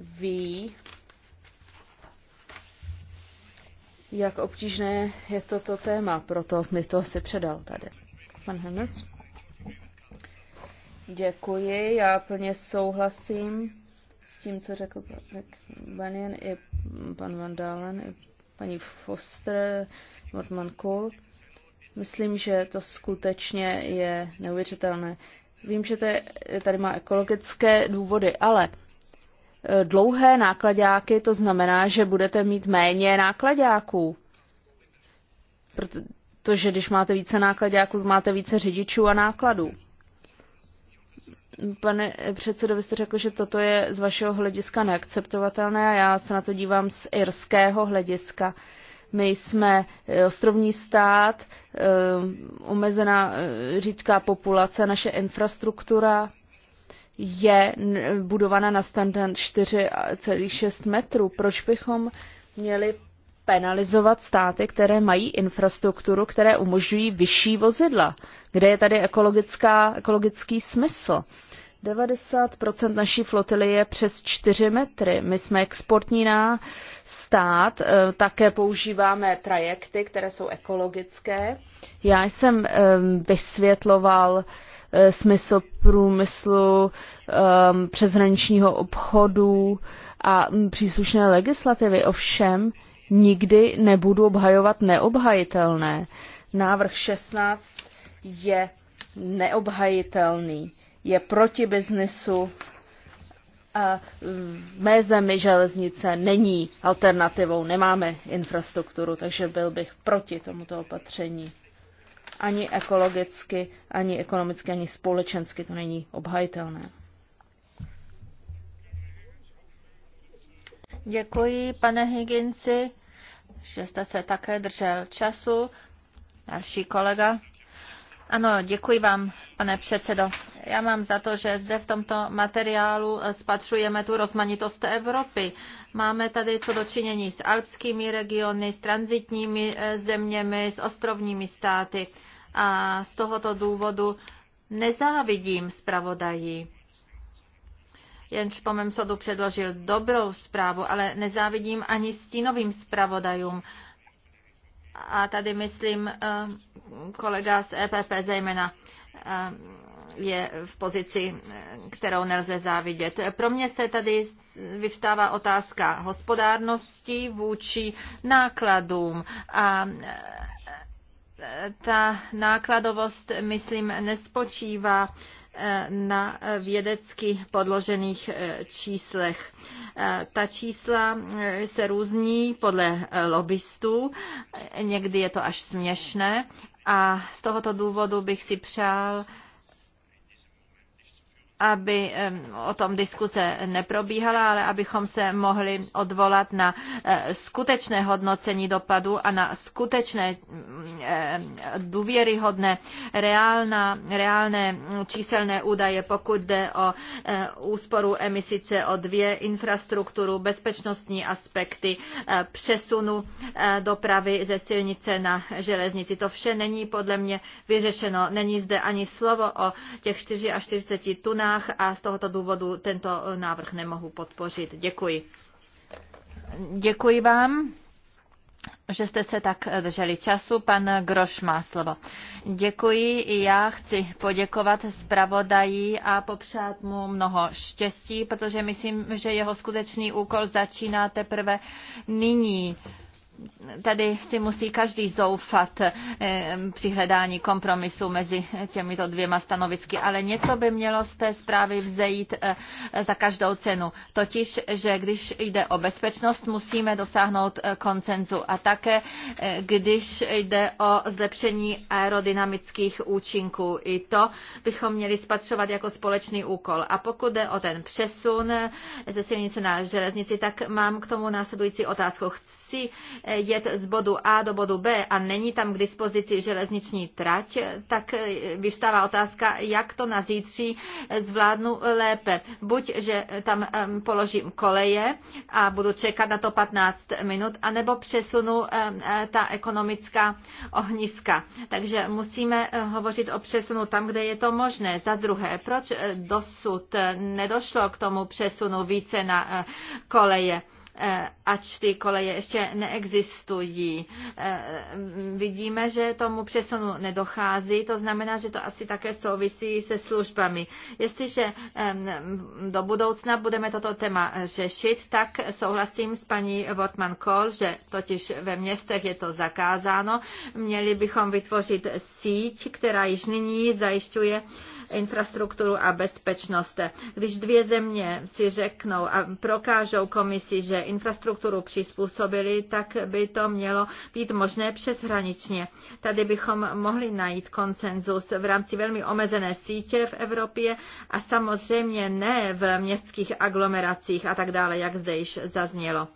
Ví, jak obtížné je toto téma, proto mi to asi předal tady. Pan Henec. Děkuji, já plně souhlasím s tím, co řekl pan Jan i pan Van Dalen, i paní Foster, Mortman Kohl. Myslím, že to skutečně je neuvěřitelné. Vím, že to je, tady má ekologické důvody, ale e, dlouhé nákladáky, to znamená, že budete mít méně nákladáků. Protože když máte více nákladáků, máte více řidičů a nákladů. Pane předsedo, vy jste řekl, že toto je z vašeho hlediska neakceptovatelné a já se na to dívám z irského hlediska. Uh, my jsme eh, ostrovní stát, eh, omezená eh, řídká populace, naše infrastruktura je budovaná na standard 4,6 metrů. Proč bychom měli penalizovat státy, které mají infrastrukturu, které umožňují vyšší vozidla? Kde je tady ekologická, ekologický smysl? 90% naší flotily je přes 4 metry. My jsme exportní na stát, eh, také používáme trajekty, které jsou ekologické. Já jsem ehm, vysvětloval eh, smysl průmyslu, ehm, přeshraničního obchodu a hm, příslušné legislativy. Ovšem nikdy nebudu obhajovat neobhajitelné. Návrh 16 je neobhajitelný je proti biznesu a v mé zemi železnice není alternativou, nemáme infrastrukturu, takže byl bych proti tomuto opatření. Ani ekologicky, ani ekonomicky, ani společensky to není obhajitelné. Děkuji, pane Higginsi, že jste se také držel času. Další kolega. Ano, děkuji vám, pane předsedo. Já mám za to, že zde v tomto materiálu spatřujeme tu rozmanitost Evropy. Máme tady co dočinění s alpskými regiony, s transitními eh, zeměmi, s ostrovními státy. A z tohoto důvodu nezávidím zpravodají. Jenž po mém sodu předložil dobrou zprávu, ale nezávidím ani stínovým zpravodajům. A tady myslím eh, kolega z EPP zejména eh, je v pozici, kterou nelze závidět. Pro mě se tady vyvstává otázka hospodárnosti vůči nákladům a e, ta nákladovost, myslím, nespočívá e, na vědecky podložených e, číslech. Ta čísla se různí podle lobbystů, někdy je to až směšné a z tohoto důvodu bych si přál aby o tom diskuse neprobíhala, ale abychom se mohli odvolat na e, skutečné hodnocení dopadu a na skutečné důvěryhodné reálna, reálné číselné údaje, pokud jde o e, úsporu emisí CO2, infrastrukturu, bezpečnostní aspekty, e, přesunu dopravy ze silnice na železnici. To vše není podle mě vyřešeno. Není zde ani slovo o těch 44 tunách rodinách a z tohoto důvodu tento eh, návrh nemohu podpořit. Děkuji. Děkuji vám že jste se tak eh, drželi času. Pan Groš má slovo. Děkuji i já chci poděkovat zpravodaji a popřát mu mnoho štěstí, protože myslím, že jeho skutečný úkol začíná teprve nyní tady si musí každý zoufat eh, při hledání kompromisu mezi těmito dvěma stanovisky, ale něco by mělo z té zprávy vzejít eh, za každou cenu. Totiž, že když jde o bezpečnost, musíme dosáhnout eh, koncenzu a také, když jde o zlepšení aerodynamických účinků. I to bychom měli spatřovat jako společný úkol. A pokud jde o ten přesun ze silnice na železnici, tak mám k tomu následující otázku. Chci chci eh, jet z bodu A do bodu B a není tam k dispozici železniční trať, tak eh, vyvstává otázka, jak to na zítří eh, zvládnu lépe. Buď, že tam položím koleje a budu čekat na to 15 minut, anebo přesunu ta ekonomická ohniska. Takže musíme hovořit o přesunu tam, kde je to možné. Za druhé, proč dosud nedošlo k tomu přesunu více na koleje? Eh, ač ty koleje ještě neexistují. Eh, vidíme, že tomu přesunu nedochází, to znamená, že to asi také souvisí se službami. Jestliže do budoucna budeme toto téma řešit, tak souhlasím s paní Wortman Kohl, že totiž ve městech je to zakázáno. Měli bychom vytvořit síť, která již nyní zajišťuje infrastrukturu a bezpečnost. Když dvě země si řeknou a prokážou komisi, že infrastrukturu přizpůsobili, tak by to mělo být možné přeshraničně. Tady bychom mohli najít konsenzus v rámci velmi omezené sítě v Evropě a samozřejmě ne v městských aglomeracích a tak dále, jak zde již zaznělo.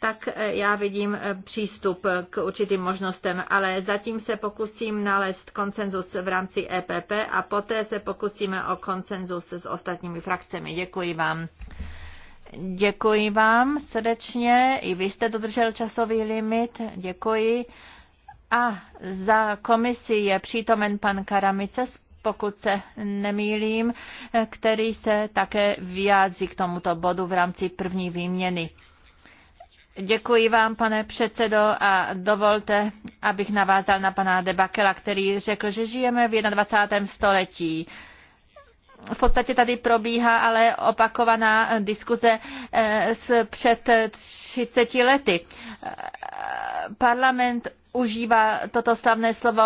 Tak eh, já vidím eh, přístup k určitým možnostem, ale zatím se pokusím nalézt konsenzus v rámci EPP a poté se pokusím pokusíme o konsenzus s ostatními frakcemi. Děkuji vám. Děkuji vám srdečně. I vy jste dodržel časový limit. Děkuji. A za komisi je přítomen pan Karamice, pokud se nemýlím, který se také vyjádří k tomuto bodu v rámci první výměny. Děkuji vám, pane předsedo, a dovolte, abych navázal na pana Debakela, který řekl, že žijeme v 21. století. V podstatě tady probíhá ale opakovaná diskuze z eh, před 30 lety. Eh, parlament užívá toto slavné slovo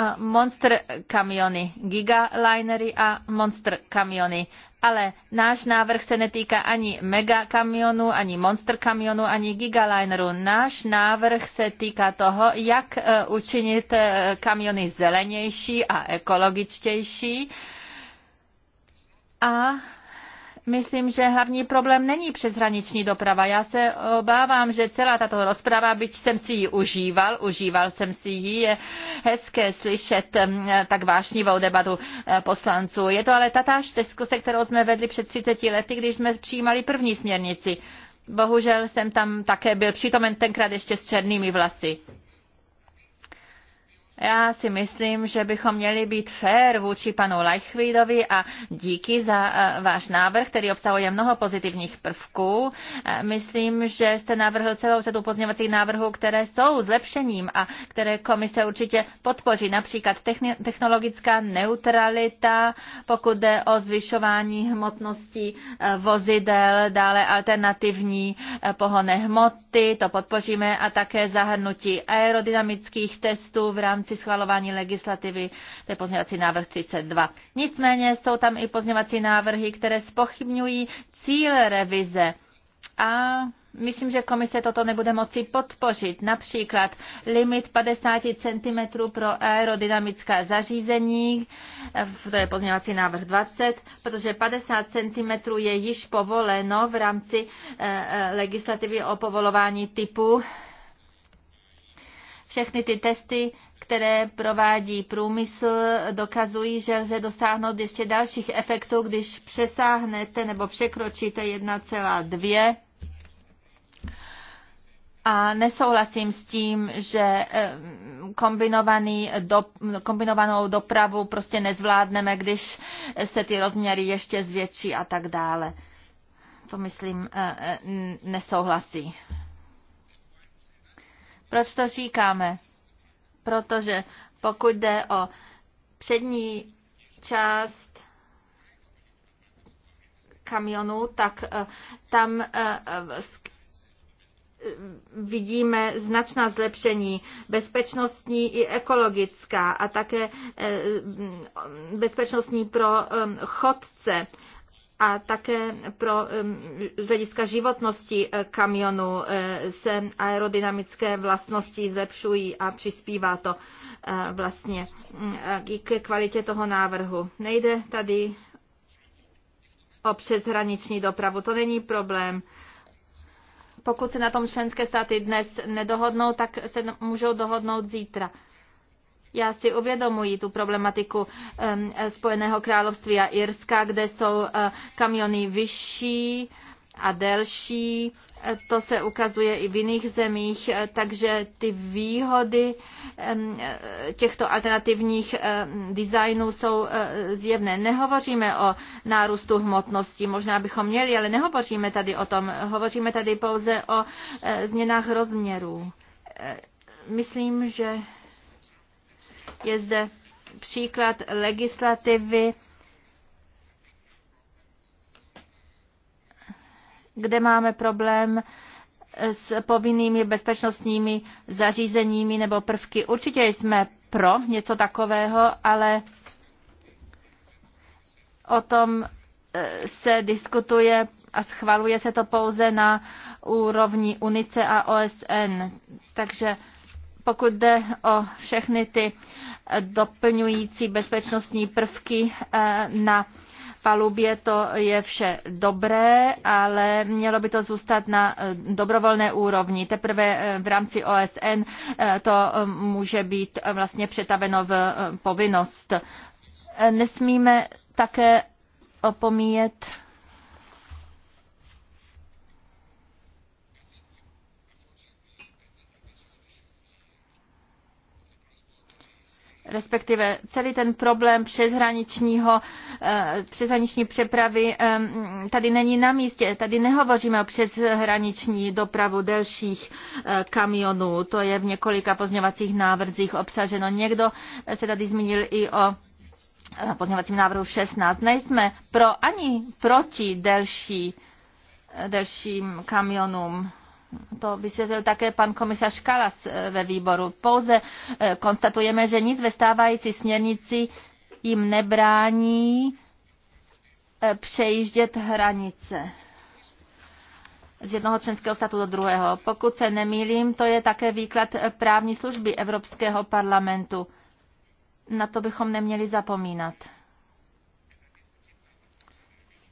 Eh, monster kamiony, gigalinery a monster kamiony. Ale náš návrh se netýká ani mega kamionu, ani monster kamionu, ani gigalineru. Náš návrh se týká toho, jak eh, učinit eh, kamiony zelenější a ekologičtější. A Myslím, že hlavní problém není přeshraniční doprava. Já se obávám, že celá tato rozprava, byť jsem si ji užíval, užíval jsem si ji, je hezké slyšet mm, tak vášnivou debatu eh, poslanců. Je to ale tatáž diskuse, kterou jsme vedli před 30 lety, když jsme přijímali první směrnici. Bohužel jsem tam také byl přítomen tenkrát ještě s černými vlasy. Já si myslím, že bychom měli být fair vůči panu Leichvídovi a díky za eh, váš návrh, který obsahuje mnoho pozitivních prvků. Eh, myslím, že jste navrhl celou řadu pozměňovacích návrhů, které jsou zlepšením a které komise určitě podpoří. Například technologická neutralita, pokud jde o zvyšování hmotnosti eh, vozidel, dále alternativní pohonné hmoty, to podpoříme a také zahrnutí aerodynamických testů v rámci rámci schvalování legislativy, to je pozměvací návrh 32. Nicméně jsou tam i pozměvací návrhy, které spochybňují cíl revize a myslím, že komise toto nebude moci podpořit. Například limit 50 cm pro aerodynamická zařízení, to je pozměňovací návrh 20, protože 50 cm je již povoleno v rámci e, e, legislativy o povolování typu všechny ty testy které provádí průmysl, dokazují, že lze dosáhnout ještě dalších efektů, když přesáhnete nebo překročíte 1,2 a nesouhlasím s tím, že eh, kombinovaný do, kombinovanou dopravu prostě nezvládneme, když se ty rozměry ještě zvětší a tak dále. To myslím eh, eh, nesouhlasí. Proč to říkáme? protože pokud jde o přední část kamionu, tak eh, tam eh, eh, vidíme značná zlepšení bezpečnostní i ekologická a také bezpečnostní pro chodce a také pro z hlediska životnosti eh, kamionu eh, se aerodynamické vlastnosti zlepšují a přispívá to eh, vlastně mm, ke kvalitě toho návrhu. Nejde tady o přeshraniční dopravu. To není problém. Pokud se na tom členské státy dnes nedohodnou, tak se můžou dohodnout zítra. Já si uvědomuji tu problematiku Spojeného království a Irska, kde jsou eh, kamiony vyšší a delší. Eh, to se ukazuje i v jiných zemích, eh, takže ty výhody těchto alternativních designů jsou zjevné. Nehovoříme o nárůstu hmotnosti, možná bychom měli, ale nehovoříme tady o tom. Hovoříme tady pouze o změnách rozměrů. Myslím, že je zde příklad legislativy, kde máme problém s povinnými bezpečnostními zařízeními nebo prvky. Určitě jsme pro něco takového, ale o tom eh, se diskutuje a schvaluje se to pouze na úrovni UNICE a OSN. Takže pokud jde o všechny ty eh, doplňující bezpečnostní prvky eh, na palubě, to je vše dobré, ale mělo by to zůstat na eh, dobrovolné úrovni. Teprve v rámci OSN to může být vlastně přetaveno v povinnost. Nesmíme také opomíjet respektive celý ten problém přeshraničního, eh, přeshraniční přepravy eh, tady není na místě. Tady nehovoříme o přeshraniční dopravu delších eh, kamionů, to je v několika pozměvacích návrzích obsaženo. Někdo se tady zmínil i o pozměvacím návrhu 16. Nejsme pro ani proti delší, delším kamionům to vysvětlil také pan komisař Kalas eh, ve výboru. Pouze eh, konstatujeme, že nic ve stávající směrnici jim nebrání eh, přejíždět hranice z jednoho členského státu do druhého. Pokud se nemýlím, to je také výklad právní služby Evropského parlamentu. Na to bychom neměli zapomínat.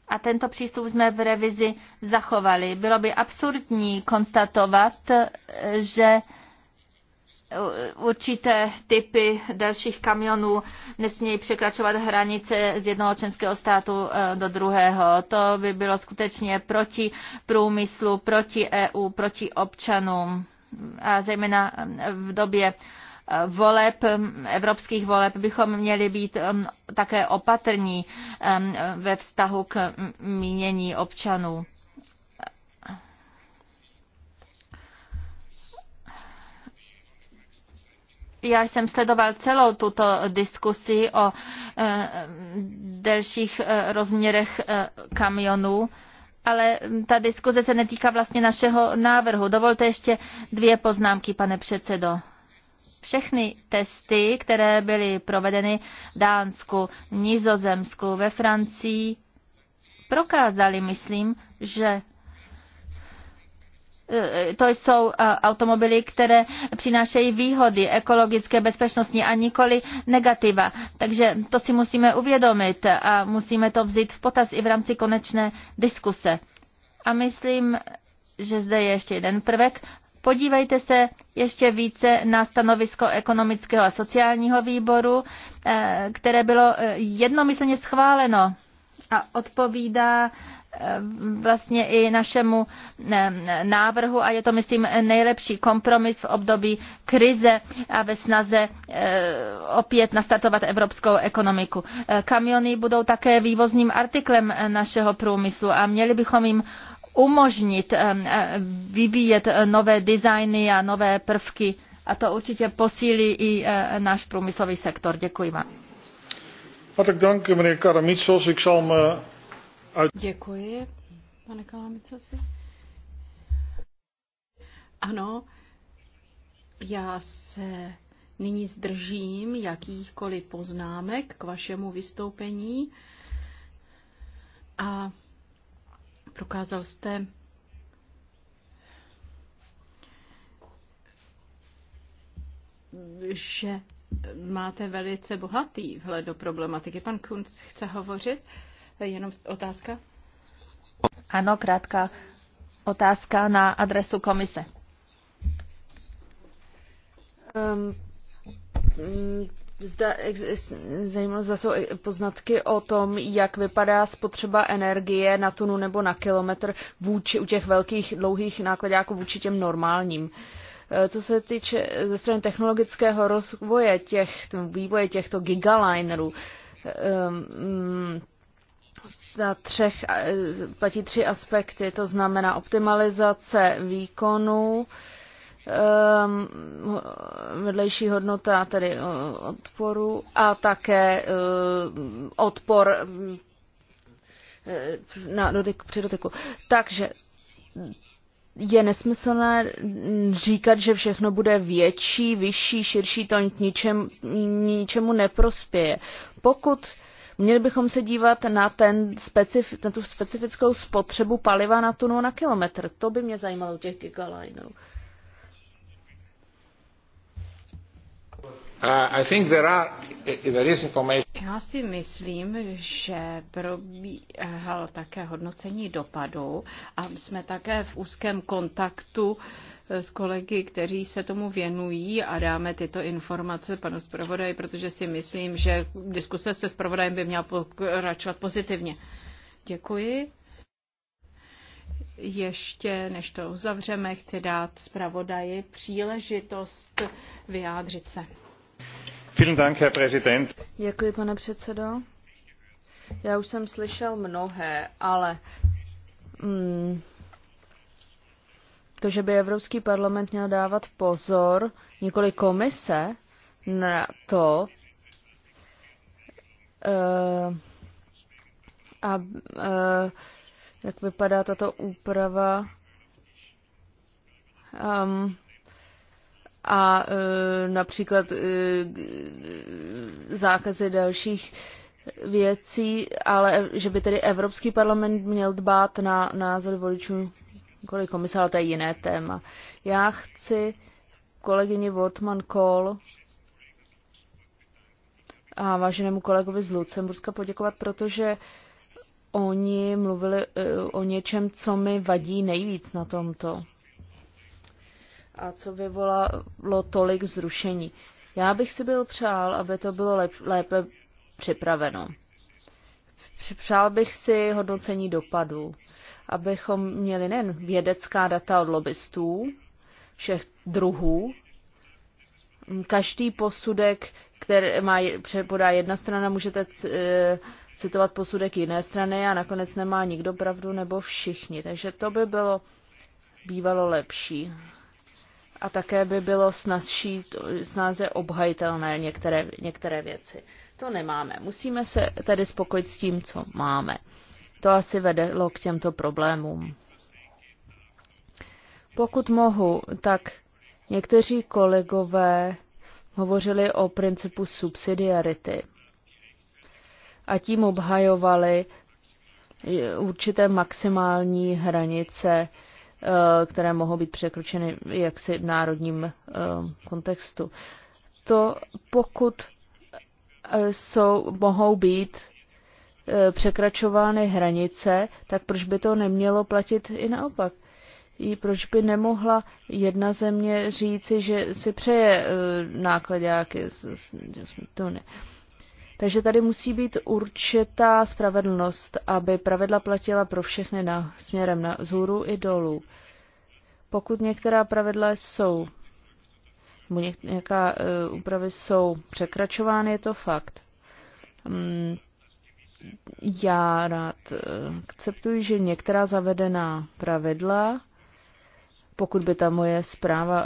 A tento přístup jsme v revizi zachovali. Bylo by absurdní konstatovat, eh, že eh, určité typy dalších kamionů nesmějí překračovat hranice z jednoho členského státu eh, do druhého. To by bylo skutečně proti průmyslu, proti EU, proti občanům a zejména v době voleb, evropských voleb, bychom měli být také opatrní ve vztahu k mínění občanů. Já jsem sledoval celou tuto diskusi o e, delších e, rozměrech e, kamionů, ale ta diskuze se netýká vlastně našeho návrhu. Dovolte ještě dvě poznámky, pane předsedo všechny testy, které byly provedeny v Dánsku, Nizozemsku, ve Francii, prokázaly, myslím, že e, to jsou e, automobily, které přinášejí výhody ekologické, bezpečnostní a nikoli negativa. Takže to si musíme uvědomit a musíme to vzít v potaz i v rámci konečné diskuse. A myslím, že zde je ještě jeden prvek, Podívejte se ještě více na stanovisko ekonomického a sociálního výboru, eh, které bylo eh, jednomyslně schváleno a odpovídá eh, vlastně i našemu návrhu a je to, myslím, nejlepší kompromis v období krize a ve snaze opět nastartovat evropskou ekonomiku. Kamiony budou také vývozním artiklem našeho průmyslu a měli bychom jim umožnit eh, eh, vyvíjet eh, nové designy a nové prvky a to určitě posílí i náš průmyslový sektor. Děkuji vám. Karamitsos. Děkuji, pane Kalamicosi. Ano, já se nyní zdržím jakýchkoliv poznámek k vašemu vystoupení a Prokázal jste že máte velice bohatý vhled do problematiky. Pan Kunc chce hovořit? Jenom otázka? Ano, krátká otázka na adresu komise. Um, Zda, zajímalo, zda jsou poznatky o tom, jak vypadá spotřeba energie na tunu nebo na kilometr vůči u těch velkých dlouhých nákladáků vůči těm normálním. E, co se týče ze strany technologického rozvoje těch, vývoje těchto gigalinerů, um, za třech, e, platí tři aspekty, to znamená optimalizace výkonu, Ehm, vedlejší hodnota tedy eh, odporu a také eh, odpor eh, na dotyk, při dotyku. Takže je nesmyslné říkat, že všechno bude větší, vyšší, širší, to ničem, ničemu neprospěje. Pokud měli bychom se dívat na, ten specif, na tu specifickou spotřebu paliva na tunu na kilometr, to by mě zajímalo u těch gigalinerů. Uh, Já si myslím, že probíhalo také hodnocení dopadu a jsme také v úzkém kontaktu uh, s kolegy, kteří se tomu věnují a dáme tyto informace panu zpravodaji, protože si myslím, že diskuse se zpravodajem by měla pokračovat pozitivně. Děkuji. Ještě než to uzavřeme, chci dát zpravodaji příležitost vyjádřit se. Děkuji, pane předsedo. Já už jsem slyšel mnohé, ale mm, to, že by Evropský parlament měl dávat pozor, nikoli komise, na to, uh, a uh, jak vypadá tato úprava. Um, a e, například e, zákazy dalších věcí, ale že by tedy Evropský parlament měl dbát na názor voličů kolik komise, ale to je jiné téma. Já chci kolegyni Wortman Kohl a váženému kolegovi z Lucemburska poděkovat, protože oni mluvili e, o něčem, co mi vadí nejvíc na tomto a co vyvolalo tolik zrušení. Já bych si byl přál, aby to bylo lep, lépe připraveno. Přál bych si hodnocení dopadů, abychom měli nejen vědecká data od lobbystů všech druhů, každý posudek, který má, podá jedna strana, můžete e, citovat posudek jiné strany a nakonec nemá nikdo pravdu nebo všichni. Takže to by bylo bývalo lepší a také by bylo snazší, snáze obhajitelné některé, některé věci. To nemáme. Musíme se tedy spokojit s tím, co máme. To asi vedelo k těmto problémům. Pokud mohu, tak někteří kolegové hovořili o principu subsidiarity a tím obhajovali určité maximální hranice které mohou být překročeny jaksi v národním kontextu. To pokud jsou, mohou být překračovány hranice, tak proč by to nemělo platit i naopak? I proč by nemohla jedna země říci, že si přeje nákladáky z, z, z, z, z, z, z, z, z, z takže tady musí být určitá spravedlnost, aby pravidla platila pro všechny na, směrem na zhůru i dolů. Pokud některá pravidla jsou, nebo nějaká uh, úpravy jsou překračovány, je to fakt. Um, já rád e, akceptuji, že některá zavedená pravidla, pokud by ta moje zpráva,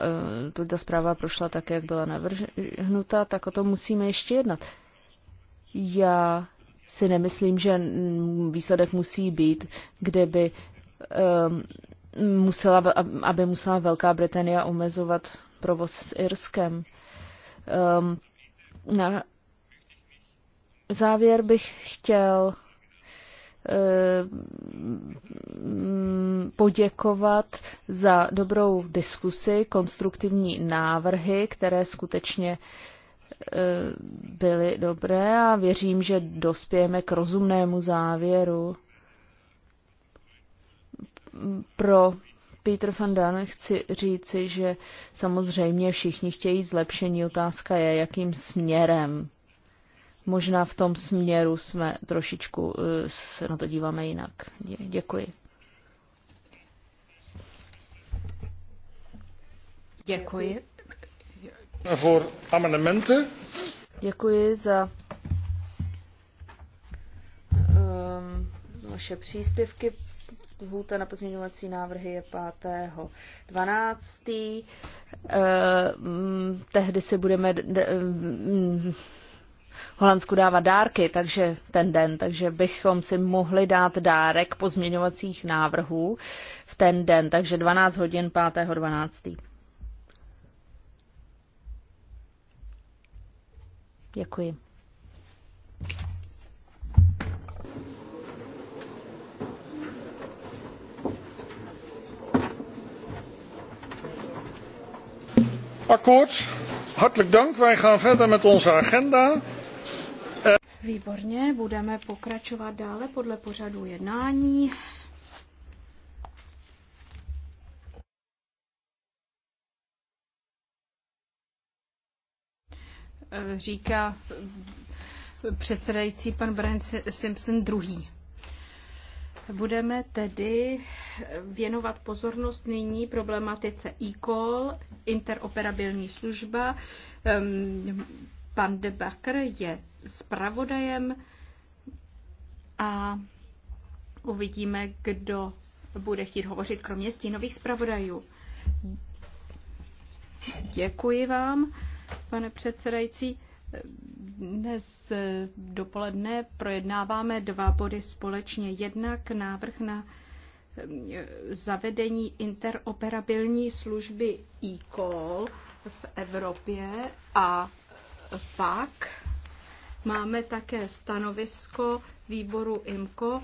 e, ta zpráva prošla tak, jak byla navrhnuta, tak o tom musíme ještě jednat. Já si nemyslím, že výsledek musí být, kde by um, ehm, musela, aby musela Velká Británie omezovat provoz s Irskem. Um, na závěr bych chtěl ehm, poděkovat za dobrou diskusi, konstruktivní návrhy, které skutečně Eh, byly dobré a věřím, že dospějeme k rozumnému závěru. Pro Peter van Dan chci říci, že samozřejmě všichni chtějí zlepšení. Otázka je, jakým směrem. Možná v tom směru jsme trošičku eh, se na to díváme jinak. Děkuji. Děkuji. Děkuji za um, vaše příspěvky. Lhůta na pozměňovací návrhy je 5.12. Uh, ehm, tehdy si budeme ehm, Holandsku dávat dárky, takže ten den, takže bychom si mohli dát dárek pozměňovacích návrhů v ten den, takže 12 hodin 5.12. Děkuji. akkoord. Hartelijk dank. Wij gaan verder met onze agenda. Výborně, budeme pokračovat dále podle pořadu jednání. Eh, říká předsedající pan Brian Simpson druhý. Budeme tedy věnovat pozornost nyní problematice e-call, interoperabilní služba. Pan Debacker je zpravodajem a uvidíme, kdo bude chtít hovořit kromě stínových zpravodajů. Děkuji vám pane předsedající. Dnes dopoledne projednáváme dva body společně. Jednak návrh na eh, zavedení interoperabilní služby e-call v Evropě a pak máme také stanovisko výboru IMCO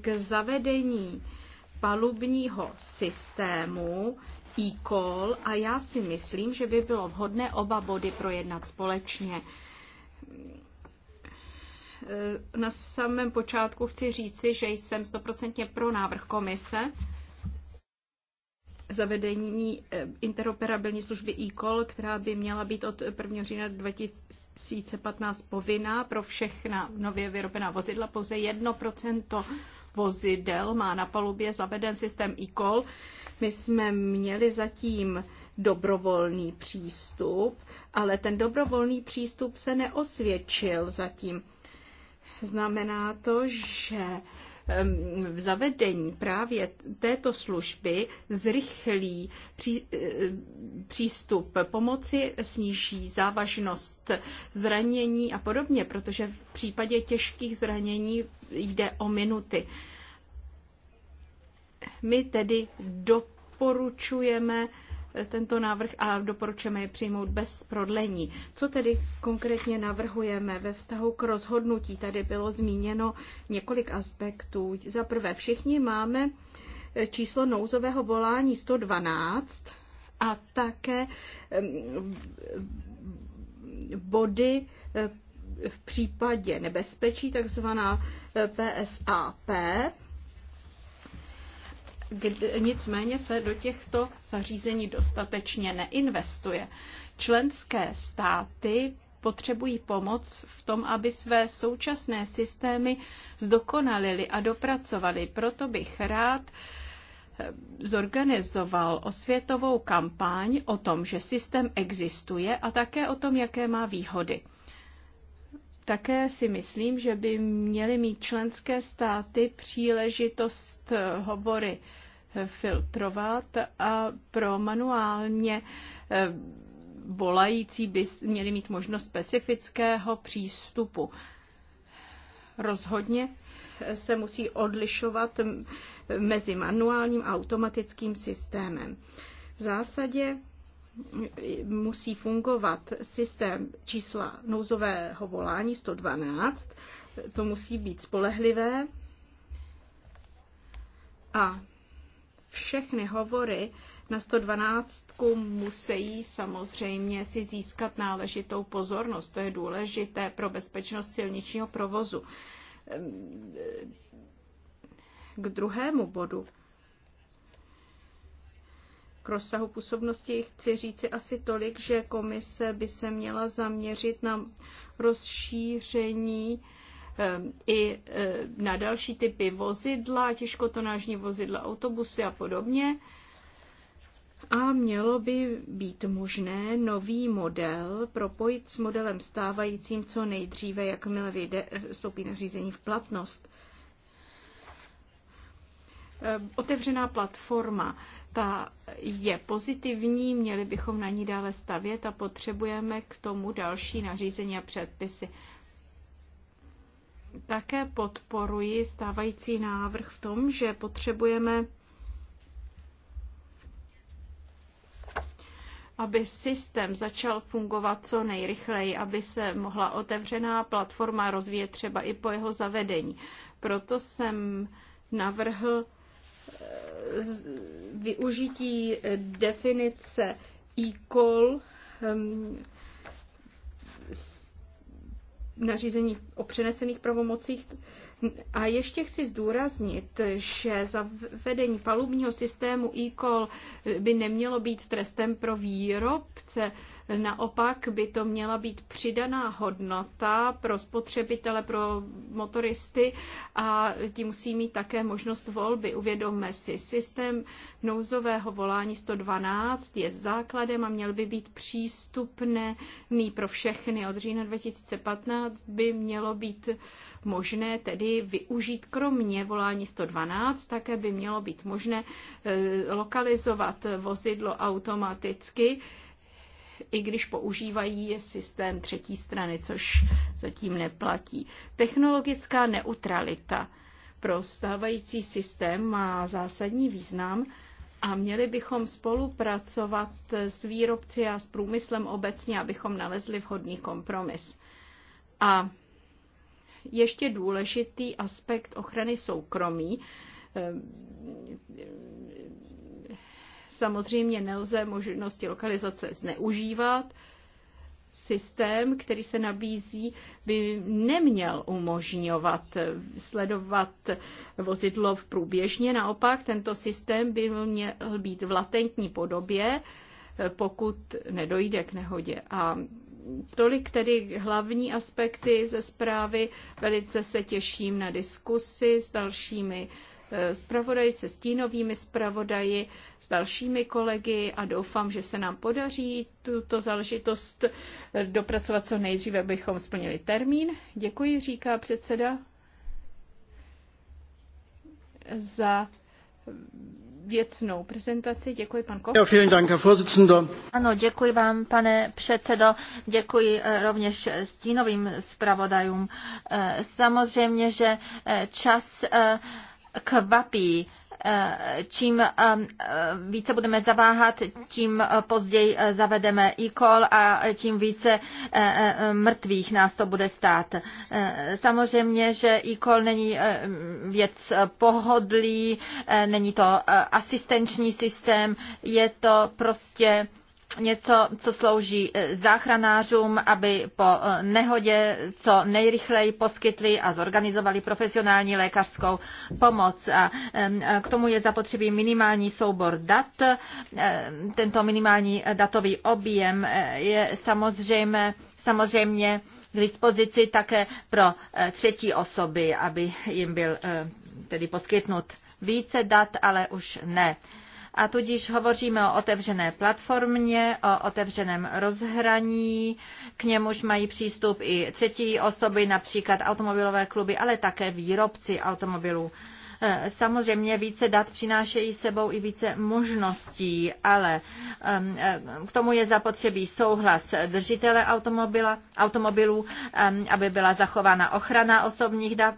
k zavedení palubního systému e-call a já si myslím, že by bylo vhodné oba body projednat společně. E, na samém počátku chci říci, že jsem stoprocentně pro návrh komise zavedení e, interoperabilní služby e-call, která by měla být od 1. října 2015 povinná pro všechna nově vyrobená vozidla. Pouze 1% vozidel má na palubě zaveden systém e-call my jsme měli zatím dobrovolný přístup, ale ten dobrovolný přístup se neosvědčil zatím. Znamená to, že v zavedení právě této služby zrychlí e, přístup pomoci, sníží závažnost zranění a podobně, protože v případě těžkých zranění jde o minuty. My tedy doporučujeme eh, tento návrh a doporučujeme je přijmout bez prodlení. Co tedy konkrétně navrhujeme ve vztahu k rozhodnutí? Tady bylo zmíněno několik aspektů. Za prvé, všichni máme eh, číslo nouzového volání 112 a také body eh, v případě nebezpečí, takzvaná PSAP, nicméně se do těchto zařízení dostatečně neinvestuje. Členské státy potřebují pomoc v tom, aby své současné systémy zdokonalili a dopracovali. Proto bych rád eh, zorganizoval osvětovou kampaň o tom, že systém existuje a také o tom, jaké má výhody. Také si myslím, že by měly mít členské státy příležitost eh, hovory filtrovat a pro manuálně eh, volající by měli mít možnost specifického přístupu. Rozhodně eh, se musí odlišovat mezi manuálním a automatickým systémem. V zásadě eh, musí fungovat systém čísla nouzového volání 112, to musí být spolehlivé a všechny hovory na 112 musí samozřejmě si získat náležitou pozornost. To je důležité pro bezpečnost silničního provozu. K druhému bodu. K rozsahu působnosti chci říci asi tolik, že komise by se měla zaměřit na rozšíření Ehm, i ehm, na další typy vozidla, těžkotonážní vozidla, autobusy a podobně. A mělo by být možné nový model propojit s modelem stávajícím co nejdříve, jakmile vyjde, eh, vstoupí nařízení v platnost. Ehm, otevřená platforma, ta je pozitivní, měli bychom na ní dále stavět a potřebujeme k tomu další nařízení a předpisy. Také podporuji stávající návrh v tom, že potřebujeme, aby systém začal fungovat co nejrychleji, aby se mohla otevřená platforma rozvíjet třeba i po jeho zavedení. Proto jsem navrhl eh, využití eh, definice e-call ehm, nařízení o přenesených pravomocích a ještě chci zdůraznit, že zavedení palubního systému e-call by nemělo být trestem pro výrobce, naopak by to měla být přidaná hodnota pro spotřebitele, pro motoristy a ti musí mít také možnost volby. Uvědomme si, systém nouzového volání 112 je základem a měl by být přístupný pro všechny. Od října 2015 by mělo být možné tedy využít kromě volání 112, také by mělo být možné eh, lokalizovat vozidlo automaticky, i když používají systém třetí strany, což zatím neplatí. Technologická neutralita pro stávající systém má zásadní význam a měli bychom spolupracovat s výrobci a s průmyslem obecně, abychom nalezli vhodný kompromis. A ještě důležitý aspekt ochrany soukromí. Ehm, samozřejmě nelze možnosti lokalizace zneužívat. Systém, který se nabízí, by neměl umožňovat sledovat vozidlo v průběžně. Naopak, tento systém by měl být v latentní podobě, pokud nedojde k nehodě. A tolik tedy hlavní aspekty ze zprávy. Velice se těším na diskusi s dalšími eh, zpravodaji, se stínovými zpravodaji, s dalšími kolegy a doufám, že se nám podaří tuto záležitost eh, dopracovat co nejdříve, abychom splnili termín. Děkuji, říká předseda, za věcnou prezentaci. Děkuji, pan Koch. Ano, děkuji vám, pane předsedo. Děkuji eh, rovněž stínovým zpravodajům. Eh, samozřejmě, že eh, čas kvapí čím eh, eh, více budeme zaváhat, tím eh, později zavedeme e-call a tím více mrtvých nás to bude stát. Samozřejmě, že e-call není věc pohodlí, není to asistenční systém, je to prostě něco, co slouží e, záchranářům, aby po e, nehodě co nejrychleji poskytli a zorganizovali profesionální lékařskou pomoc. A k tomu je zapotřebí minimální soubor dat. E, tento minimální datový objem je samozřejmě, samozřejmě k dispozici také pro třetí osoby, aby jim byl tedy poskytnut více dat, ale už ne a tudíž hovoříme o otevřené platformě, o otevřeném rozhraní, k němuž mají přístup i třetí osoby, například automobilové kluby, ale také výrobci automobilů. E, samozřejmě více dat přinášejí sebou i více možností, ale e, k tomu je zapotřebí souhlas držitele automobila, automobilů, aby byla zachována ochrana osobních dat.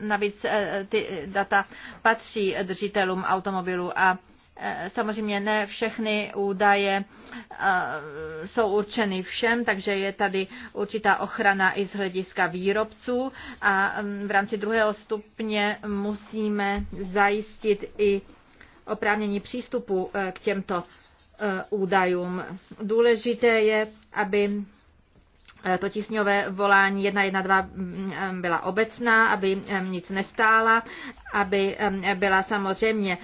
Navíc e, ty data patří držitelům automobilů a Eh, samozřejmě ne všechny údaje eh, jsou určeny všem, takže je tady určitá ochrana i z hlediska výrobců a mm, v rámci druhého stupně musíme zajistit i oprávnění přístupu eh, k těmto údajům. Důležité je, aby to tisňové volání 112 mm, byla obecná, aby nic nestála aby byla samozřejmě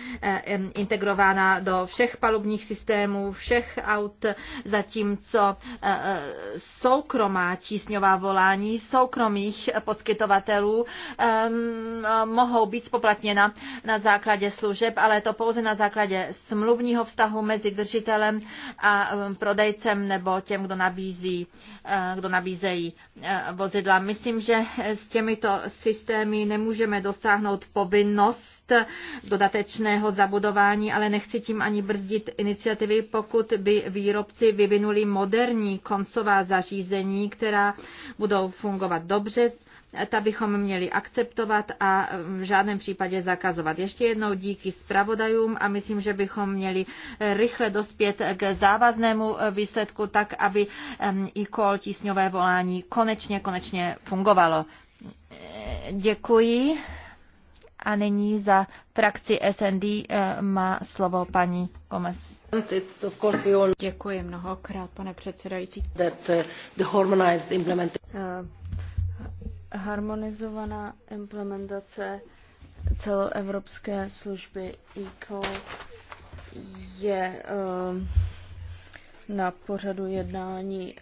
integrována do všech palubních systémů, všech aut, zatímco e, e, soukromá tísňová volání soukromých poskytovatelů mohou být spoplatněna na základě služeb, ale to pouze na základě smluvního vztahu mezi držitelem a prodejcem nebo těm, kdo nabízí, e, kdo nabízejí vozidla. Myslím, že s těmito systémy nemůžeme dosáhnout pobyt povinnost dodatečného zabudování, ale nechci tím ani brzdit iniciativy, pokud by výrobci vyvinuli moderní koncová zařízení, která budou fungovat dobře, ta bychom měli akceptovat a v žádném případě zakazovat. Ještě jednou díky zpravodajům a myslím, že bychom měli rychle dospět k závaznému výsledku, tak aby i kol tísňové volání konečně, konečně fungovalo. Děkuji. A nyní za frakci SND eh, má slovo paní Gomez. Děkuji mnohokrát, pane předsedající. That eh, the implement- uh, harmonizovaná implementace celoevropské služby ECO je na pořadu jednání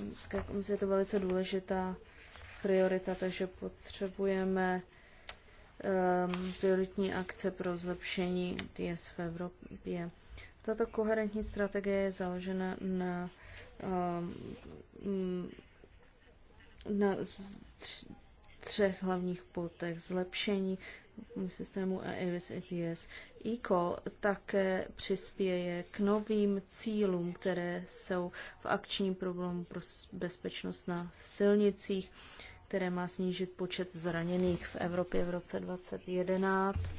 Evropské komise je to velice důležitá priorita, takže potřebujeme um, prioritní akce pro zlepšení TS v Evropě. Tato koherentní strategie je založena na, um, na třech hlavních potech zlepšení systému EIVIS EPS. ECOL také přispěje k novým cílům, které jsou v akčním problému pro bezpečnost na silnicích které má snížit počet zraněných v Evropě v roce 2011,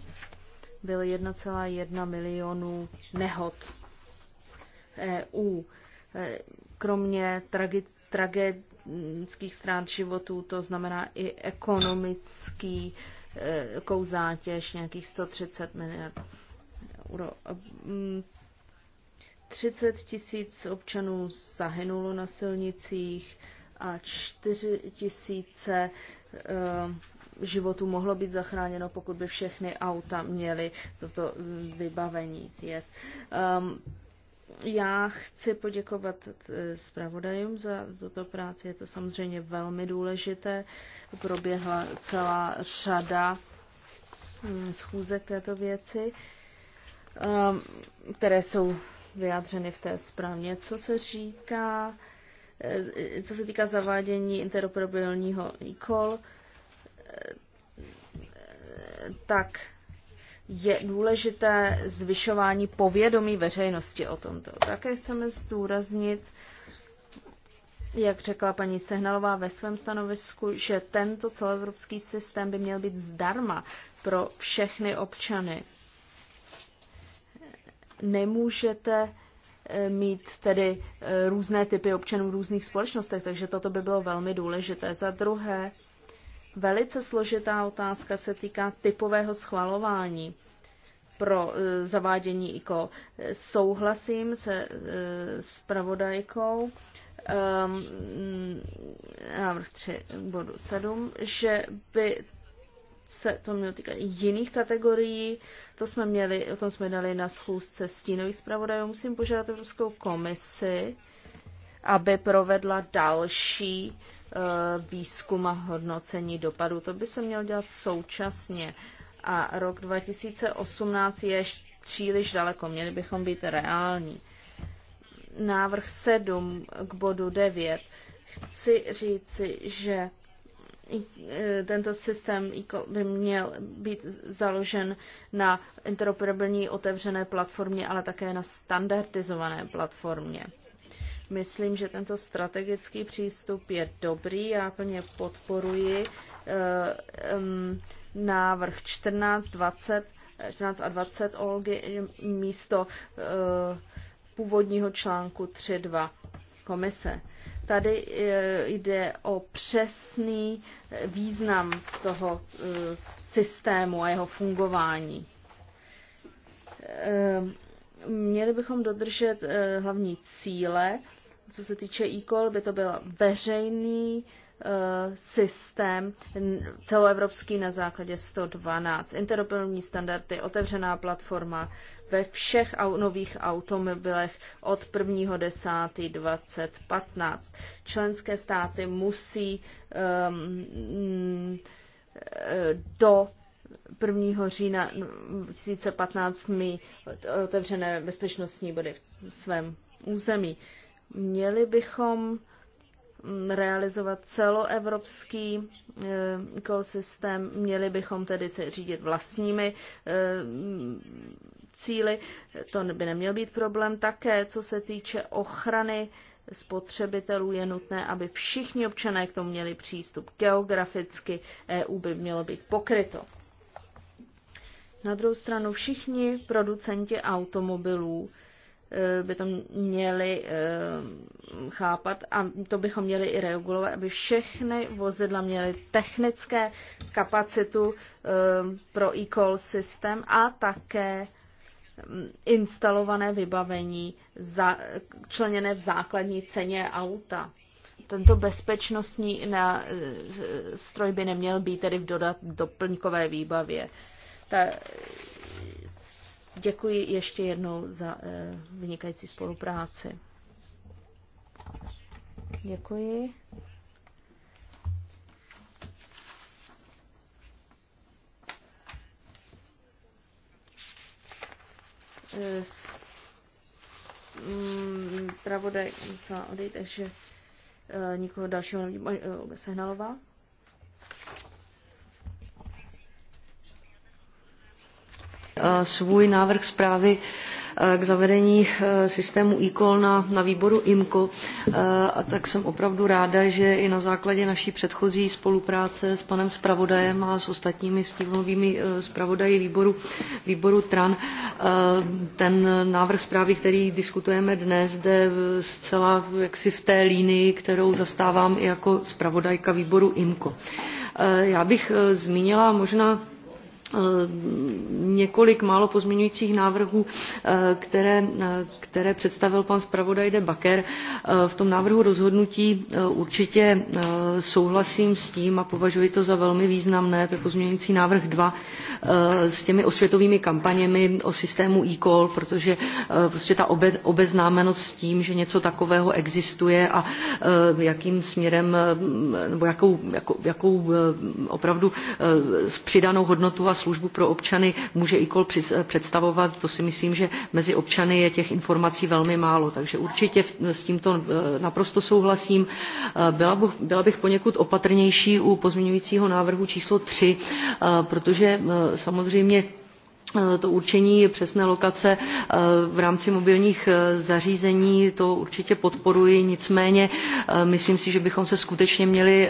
byl 1,1 milionů nehod v EU. E, kromě tragi- tragických ztrát životů, to znamená i ekonomický e, kouzátěž nějakých 130 miliard euro. 30 mm, tisíc občanů zahynulo na silnicích, a 4 tisíce eh, životů mohlo být zachráněno, pokud by všechny auta měly toto vybavení. Yes. Um, ehm, já chci poděkovat eh, zpravodajům za tuto práci, je to samozřejmě velmi důležité. Proběhla celá řada hm, schůzek této věci, ehm, které jsou vyjádřeny v té správně, co se říká Eh, co se týká zavádění interoperabilního e-call, eh, tak je důležité zvyšování povědomí veřejnosti o tomto. Také chceme zdůraznit, jak řekla paní Sehnalová ve svém stanovisku, že tento celoevropský systém by měl být zdarma pro všechny občany. Nemůžete mít tedy eh, různé typy občanů v různých společnostech, takže toto by bylo velmi důležité. Za druhé, velice složitá otázka se týká typového schvalování pro eh, zavádění ICO. Souhlasím se eh, spravodajkou ehm, návrh 3 bodu 7, že by se to mělo týkat jiných kategorií. To jsme měli, o tom jsme dali na schůzce stínových zpravodajů. Musím požádat Evropskou komisi, aby provedla další eh, výzkum a hodnocení dopadů. To by se mělo dělat současně. A rok 2018 je příliš daleko, měli bychom být reální. Návrh 7 k bodu 9. Chci říci, že tento systém by měl být založen na interoperabilní otevřené platformě, ale také na standardizované platformě. Myslím, že tento strategický přístup je dobrý, já plně podporuji eh, návrh 14, 20, 14 a 20 Olgy místo eh, původního článku 3.2 komise. Tady eh, jde o přesný význam toho eh, systému a jeho fungování. Eh, měli bychom dodržet hlavní cíle. Co se týče e by to byl veřejný Eh, systém celoevropský na základě 112. Interoperabilní standardy, otevřená platforma ve všech nových automobilech od 1.10.2015. Členské státy musí um, do 1. října 2015 mít otevřené bezpečnostní body v svém území. Měli bychom Mm, realizovat celoevropský eh, ekosystém, měli bychom tedy se řídit vlastními eh, cíly, to by neměl být problém. Také, co se týče ochrany spotřebitelů, je nutné, aby všichni občané k tomu měli přístup. Geograficky EU by mělo být pokryto. Na druhou stranu všichni producenti automobilů Eh, by to měli eh, chápat a to bychom měli i regulovat, aby všechny vozidla měly technické kapacitu eh, pro e-call systém a také mm, instalované vybavení členěné v základní ceně auta. Tento bezpečnostní stroj by neměl být tedy v dodat, doplňkové výbavě. Ta, Děkuji ještě jednou za eh, vynikající spolupráci. Děkuji. Eh, mm, Pravodaj musela odejít, takže eh, nikoho dalšího nevidím. Sehnalová. Eh, svůj návrh zprávy eh, k zavedení eh, systému eCall na, na výboru IMCO, a tak jsem opravdu ráda, že i na základě naší předchozí spolupráce s panem zpravodajem a s ostatními stínovými zpravodaji výboru, výboru TRAN, ten návrh zprávy, který diskutujeme dnes, jde zcela jaksi v té línii, kterou zastávám i jako zpravodajka výboru IMCO. Já bych zmínila možná Eh, několik málo pozměňujících návrhů, eh, které, eh, které představil pan zpravodaj de Baker. V tom návrhu rozhodnutí určitě souhlasím s tím a považuji to za velmi významné, to je pozměňující návrh 2 s těmi osvětovými kampaněmi o systému e-call, protože prostě ta obe, obeznámenost s tím, že něco takového existuje a jakým směrem, nebo jakou, jako, jakou opravdu s přidanou hodnotu a službu pro občany může e představovat, to si myslím, že mezi občany je těch informací velmi málo. Takže určitě s tímto e, naprosto souhlasím. E, byla bych, byla bych poněkud opatrnější u pozměňujícího návrhu číslo 3, e, protože samozřejmě Eh, to určení přesné lokace eh, v rámci mobilních eh, zařízení to určitě podporuji nicméně myslím si že bychom se skutečně měli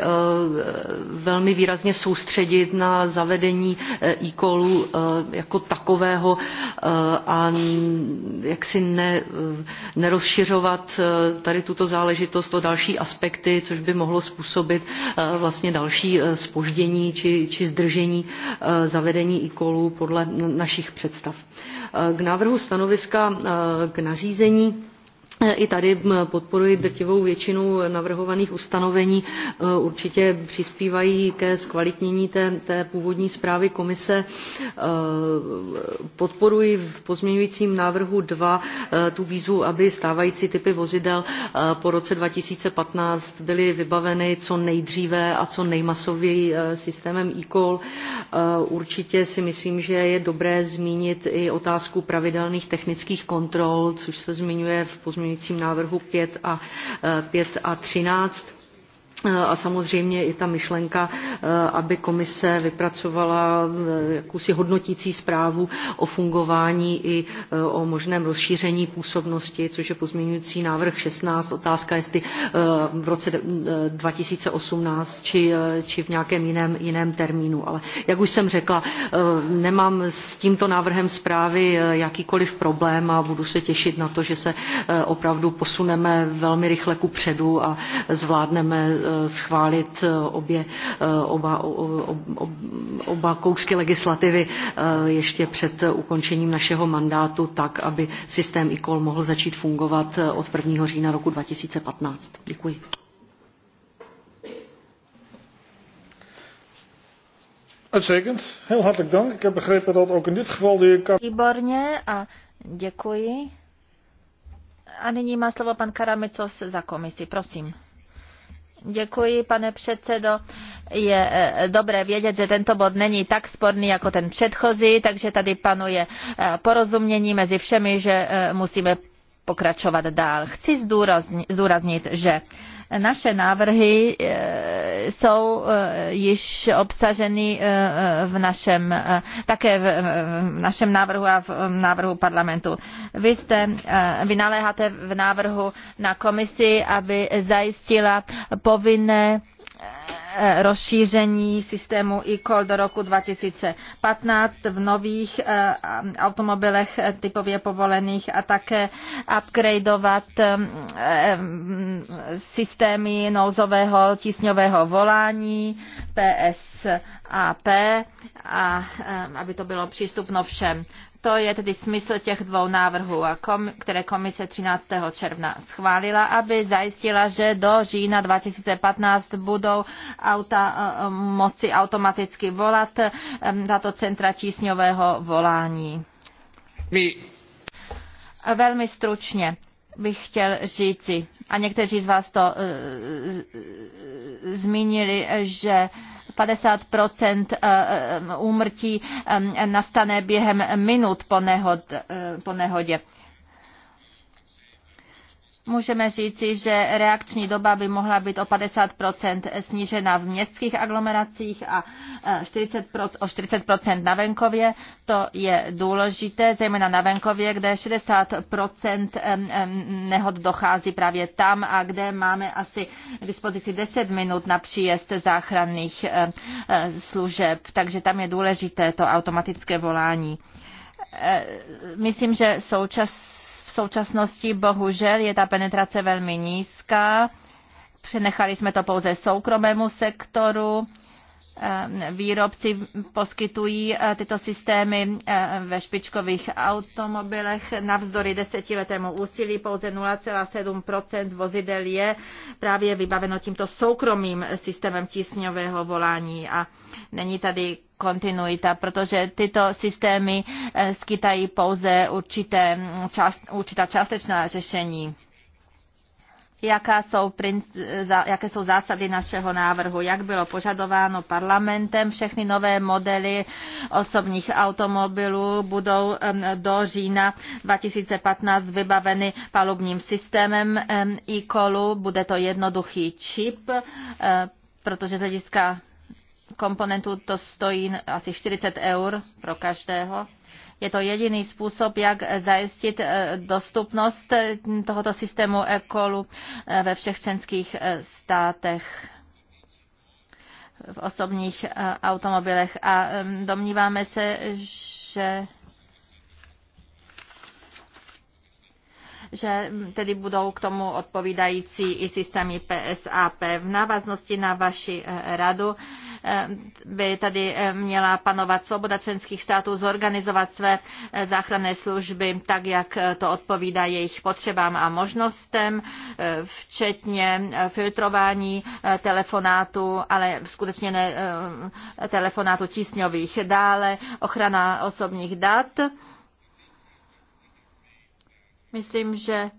velmi výrazně soustředit na zavedení e callu jako takového a jaksi ne, nerozšiřovat tady tuto záležitost o další aspekty což by mohlo způsobit vlastně další zpoždění či, či zdržení zavedení e callu podle naší našich představ. Eh, k návrhu stanoviska eh, k nařízení i tady podporuji drtivou většinu navrhovaných ustanovení e, určitě přispívají ke zkvalitnění té, té původní zprávy komise. E, podporuji v pozměňujícím návrhu two e, tu výzvu aby stávající typy vozidel po roce two thousand and fifteen byly vybaveny co nejdříve a co nejmasověji systémem ecall. určitě si myslím že je dobré zmínit i otázku pravidelných technických kontrol což se zmiňuje v pozměňujícím pozměňujícím návrhu five a, eh, thirteen a Eh, a samozřejmě i ta myšlenka, eh, aby komise vypracovala eh, jakousi hodnotící zprávu o fungování i o možném rozšíření působnosti, což je pozměňující návrh 16. Otázka, jestli v roce 2018 či, či v nějakém jiném, jiném termínu. Ale jak už jsem řekla, nemám s tímto návrhem zprávy jakýkoliv problém a budu se těšit na to, že se opravdu posuneme velmi rychle ku předu a zvládneme Eh, schválit eh, obě, eh, oba, oba kousky legislativy ještě před ukončením našeho mandátu tak, aby systém ICOL mohl začít fungovat od 1. října roku 2015. Děkuji. Uitstekend. Heel hartelijk dank. Ik heb begrepen dat ook in dit geval de heer Výborně a děkuji. A nyní má slovo pan Karamicos za komisi. Prosím. Děkuji, pane předsedo. Je eh, dobré vědět, že tento bod není tak sporný jako ten předchozí, takže tady panuje eh, porozumění mezi všemi, že eh, musíme pokračovat dál. Chci zdůraznit, že naše návrhy eh, jsou eh, již obsaženy eh, v našem, také v našem návrhu a v návrhu parlamentu. Vy, jste, vy naléháte v návrhu na komisi, aby zajistila povinné Eh, rozšíření systému e-call do roku 2015 v nových eh, automobilech eh, typově povolených a také upgradeovat systémy nouzového tisňového volání PSAP, a aby to bylo přístupno všem. To je tedy smysl těch dvou návrhů, které komise 13. června schválila, aby zajistila, že do října 2015 budou auta eh, moci automaticky volat eh, tato centra tísňového volání. My. Velmi stručně bych chtěl říci, a někteří z vás to uh, zmínili, že uh, 50 eh, eh, úmrtí eh, nastane během minut po, nehodě. Můžeme říci, že reakční doba by mohla být o 50 snížena v městských aglomeracích a 40 e, o 40 na venkově. To je důležité, zejména na venkově, kde 60 nehod dochází právě tam a kde máme asi k dispozici 10 minut na příjezd záchranných e, e, služeb. Takže tam je důležité to automatické volání. Myslím, že současně současnosti bohužel je ta penetrace velmi nízká. Přenechali jsme to pouze soukromému sektoru Eh, výrobci poskytují eh, tyto systémy eh, ve špičkových automobilech. Navzdory desetiletému úsilí pouze 0,7 vozidel je právě vybaveno tímto soukromým systémem tísňového volání a není tady kontinuita, protože tyto systémy skytají pouze určité, část, určitá částečná řešení jaká jsou princ- jaké jsou zásady našeho návrhu. Jak bylo požadováno parlamentem, všechny nové modely osobních automobilů budou do října 2015 vybaveny palubním systémem e-kolu. Bude to jednoduchý čip, eh, protože z hlediska komponentů to stojí asi 40 eur pro každého je to jediný způsob, jak zajistit eh, dostupnost eh, tohoto systému ECOLU eh, ve všech členských státech v osobních automobilech. A domníváme se, že že tedy budou k tomu odpovídající i systémy PSAP. V návaznosti na vaši radu Eh, by tady eh, měla panovat svoboda členských států zorganizovat své eh, záchranné služby tak, jak to odpovídá jejich potřebám a možnostem, včetně filtrování telefonátů, ale skutečně ne telefonátů tísňových. Dále ochrana osobních dat. Myslím, že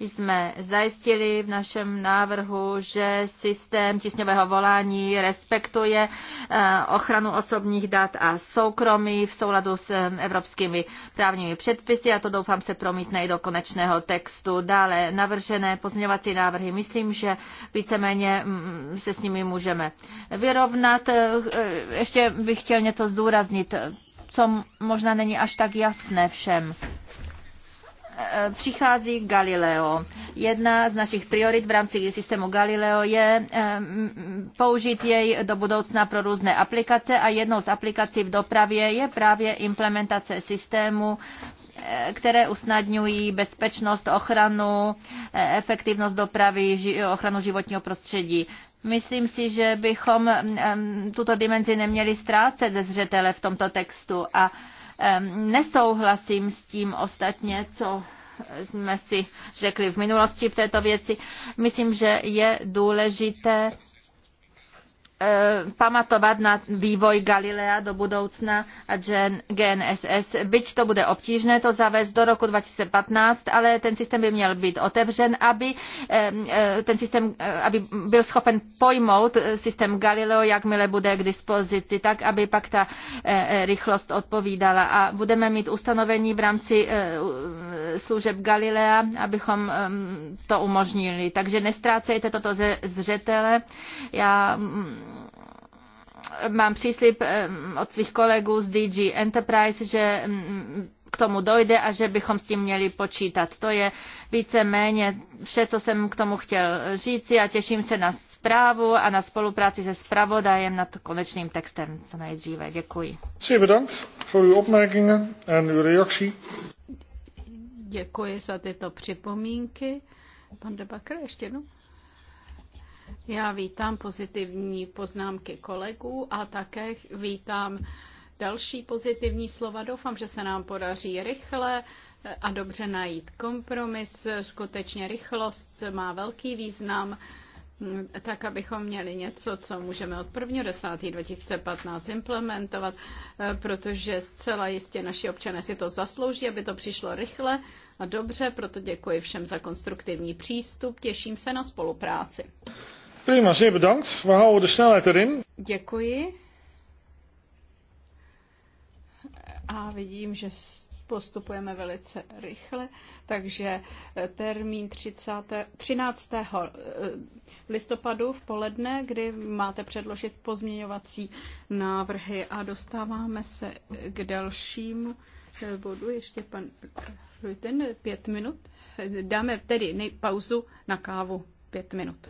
jsme zajistili v našem návrhu, že systém tisňového volání respektuje eh, ochranu osobních dat a soukromí v souladu s eh, evropskými právními předpisy a to doufám se promítne i do konečného textu. Dále navržené pozměňovací návrhy, myslím, že víceméně mm, mm, se s nimi můžeme vyrovnat. Eh, ještě bych chtěl něco zdůraznit, co možná není až tak jasné všem Eh, přichází Galileo. Jedna z našich priorit v rámci systému Galileo je eh, použít jej do budoucna pro různé aplikace a jednou z aplikací v dopravě je právě implementace systému, eh, které usnadňují bezpečnost, ochranu, efektivnost dopravy, ochranu životního prostředí. Myslím si, že bychom mm, tuto dimenzi neměli ztrácet ze zřetele v tomto textu a Nesouhlasím s tím ostatně, co jsme si řekli v minulosti v této věci. Myslím, že je důležité Eh, pamatovat na vývoj Galilea do budoucna a GNSS. Byť to bude obtížné to zavést do roku 2015, ale ten systém by měl být otevřen, aby eh, eh, ten systém, aby byl schopen pojmout systém Galileo, jakmile bude k dispozici, tak aby pak ta rychlost odpovídala. A budeme mít ustanovení v rámci služeb Galilea, abychom ehm, to umožnili. Takže nestrácejte toto ze zřetele. Já mm, mám příslip eh, od svých kolegů z DG Enterprise, že mm, k tomu dojde a že bychom s tím měli počítat. To je více-méně vše, co jsem k tomu chtěl říci a těším se na zprávu a na spolupráci se zpravodajem nad konečným textem co nejdříve. Děkuji. Děkuji za tyto připomínky. Pan Debakr ještě jednou. Já vítám pozitivní poznámky kolegů a také vítám další pozitivní slova. Doufám, že se nám podaří rychle a dobře najít kompromis. Skutečně rychlost má velký význam, tak abychom měli něco, co můžeme od 1.10.2015 implementovat, protože zcela jistě naši občané si to zaslouží, aby to přišlo rychle a dobře, proto děkuji všem za konstruktivní přístup, těším se na spolupráci. Prima, zeer bedankt. We houden de snelheid erin. Děkuji. A vidím, že postupujeme velice rychle, takže eh, termín 30, 13. Eh, listopadu v poledne, kdy máte předložit pozměňovací návrhy a dostáváme se eh, k dalšímu bodu. Ještě pan Ruiten, pět minut. Dáme tedy pauzu na kávu pět minut.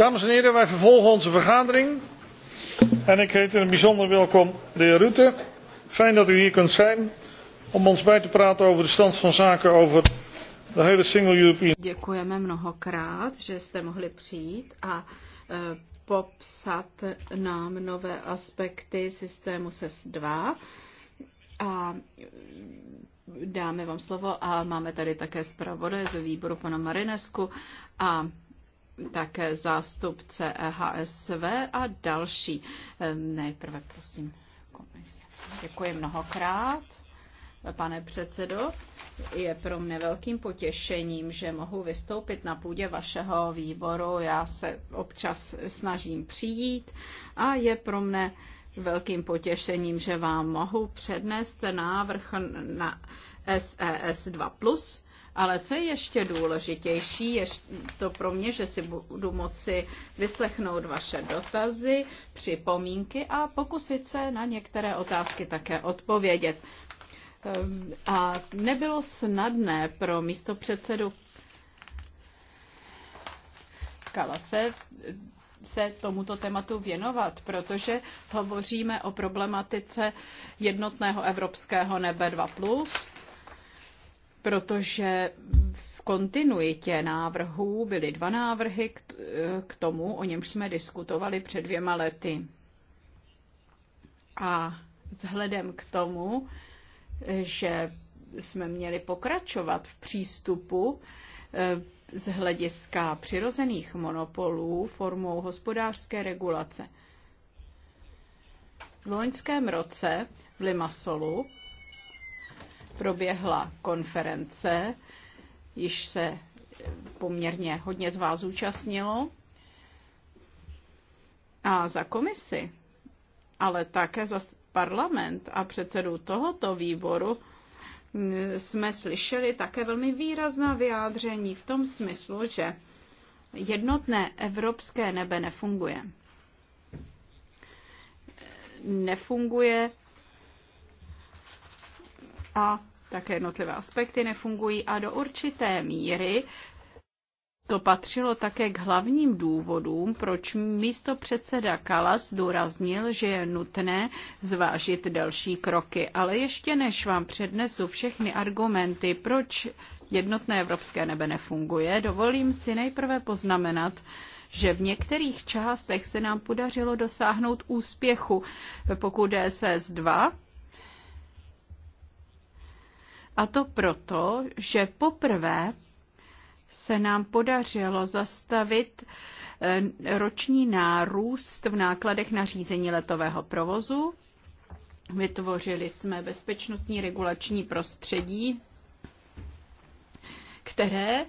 dames en heren wij vervolgen onze vergadering en ik heet in het bijzonder welkom de heer rutte. fijn dat u hier kunt zijn om ons bij te praten over de stand van zaken over de hele single European. Děkujeme mnohokrát, že jste mohli přijít a uh, popsat nám nové aspekty systému SES2 a dáme vám slovo a máme tady také zpravodaj ze výboru pana Marinesku a také zástupce EHSV a další. Nejprve prosím komise. Děkuji mnohokrát. Pane předsedo, je pro mne velkým potěšením, že mohu vystoupit na půdě vašeho výboru. Já se občas snažím přijít a je pro mne velkým potěšením, že vám mohu přednést návrh na SES 2+, e ale co je ještě důležitější, je to pro mě, že si budu moci vyslechnout vaše dotazy, připomínky a pokusit se na některé otázky také odpovědět. Ehm, a nebylo snadné pro místo předsedu Kalase se tomuto tématu věnovat, protože hovoříme o problematice jednotného evropského nebe 2+, protože v kontinuitě návrhů byly dva návrhy k tomu, o němž jsme diskutovali před dvěma lety. A vzhledem k tomu, že jsme měli pokračovat v přístupu eh, z hlediska přirozených monopolů formou hospodářské regulace. V loňském roce v Limasolu proběhla konference, již se poměrně hodně z vás zúčastnilo. A za komisi, ale také za parlament a předsedu tohoto výboru jsme slyšeli také velmi výrazná vyjádření v tom smyslu, že jednotné evropské nebe nefunguje. Nefunguje a také jednotlivé aspekty nefungují a do určité míry to patřilo také k hlavním důvodům, proč místo předseda Kalas důraznil, že je nutné zvážit další kroky. Ale ještě než vám přednesu všechny argumenty, proč jednotné evropské nebe nefunguje, dovolím si nejprve poznamenat, že v některých částech se nám podařilo dosáhnout úspěchu. Pokud DSS 2 a to proto, že poprvé se nám podařilo zastavit eh, roční nárůst v nákladech na řízení letového provozu. Vytvořili jsme bezpečnostní regulační prostředí, které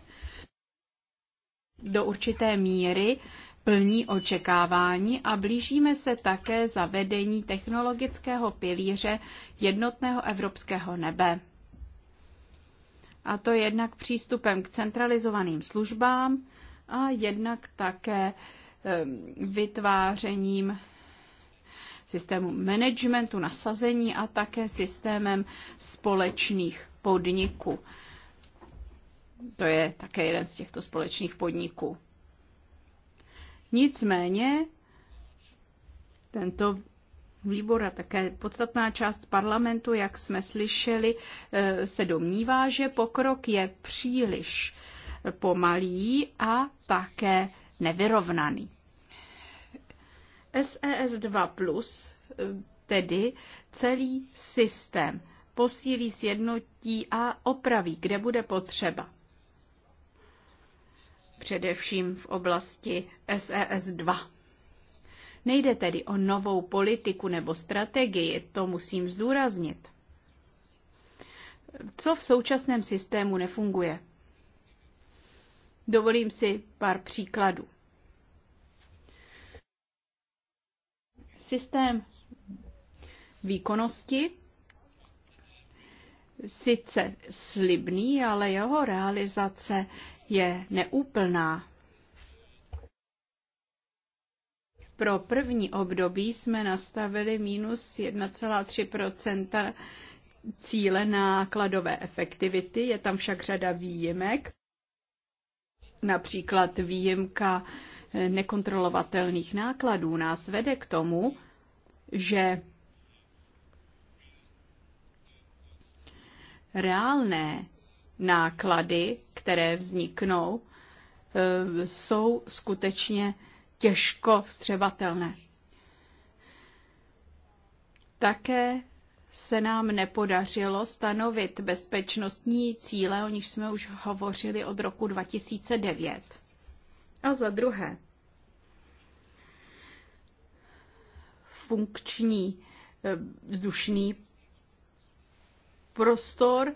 do určité míry plní očekávání a blížíme se také zavedení technologického pilíře jednotného evropského nebe. A to jednak přístupem k centralizovaným službám a jednak také eh, vytvářením systému managementu, nasazení a také systémem společných podniků. To je také jeden z těchto společných podniků. Nicméně tento výbor a také podstatná část parlamentu, jak jsme slyšeli, eh, se domnívá, že pokrok je příliš pomalý a také nevyrovnaný. SES 2 e plus, eh, tedy celý systém, posílí sjednotí a opraví, kde bude potřeba. Především v oblasti SES 2 e Nejde tedy o novou politiku nebo strategii, to musím zdůraznit. Co v současném systému nefunguje? Dovolím si pár příkladů. Systém výkonnosti sice slibný, ale jeho realizace je neúplná. Pro první období jsme nastavili minus 1,3 cíle nákladové efektivity. Je tam však řada výjimek, například výjimka eh, nekontrolovatelných nákladů nás vede k tomu, že reálné náklady, které vzniknou, eh, jsou skutečně těžko vstřebatelné. Také se nám nepodařilo stanovit bezpečnostní cíle, o nich jsme už hovořili od roku 2009. A za druhé, funkční eh, vzdušný prostor,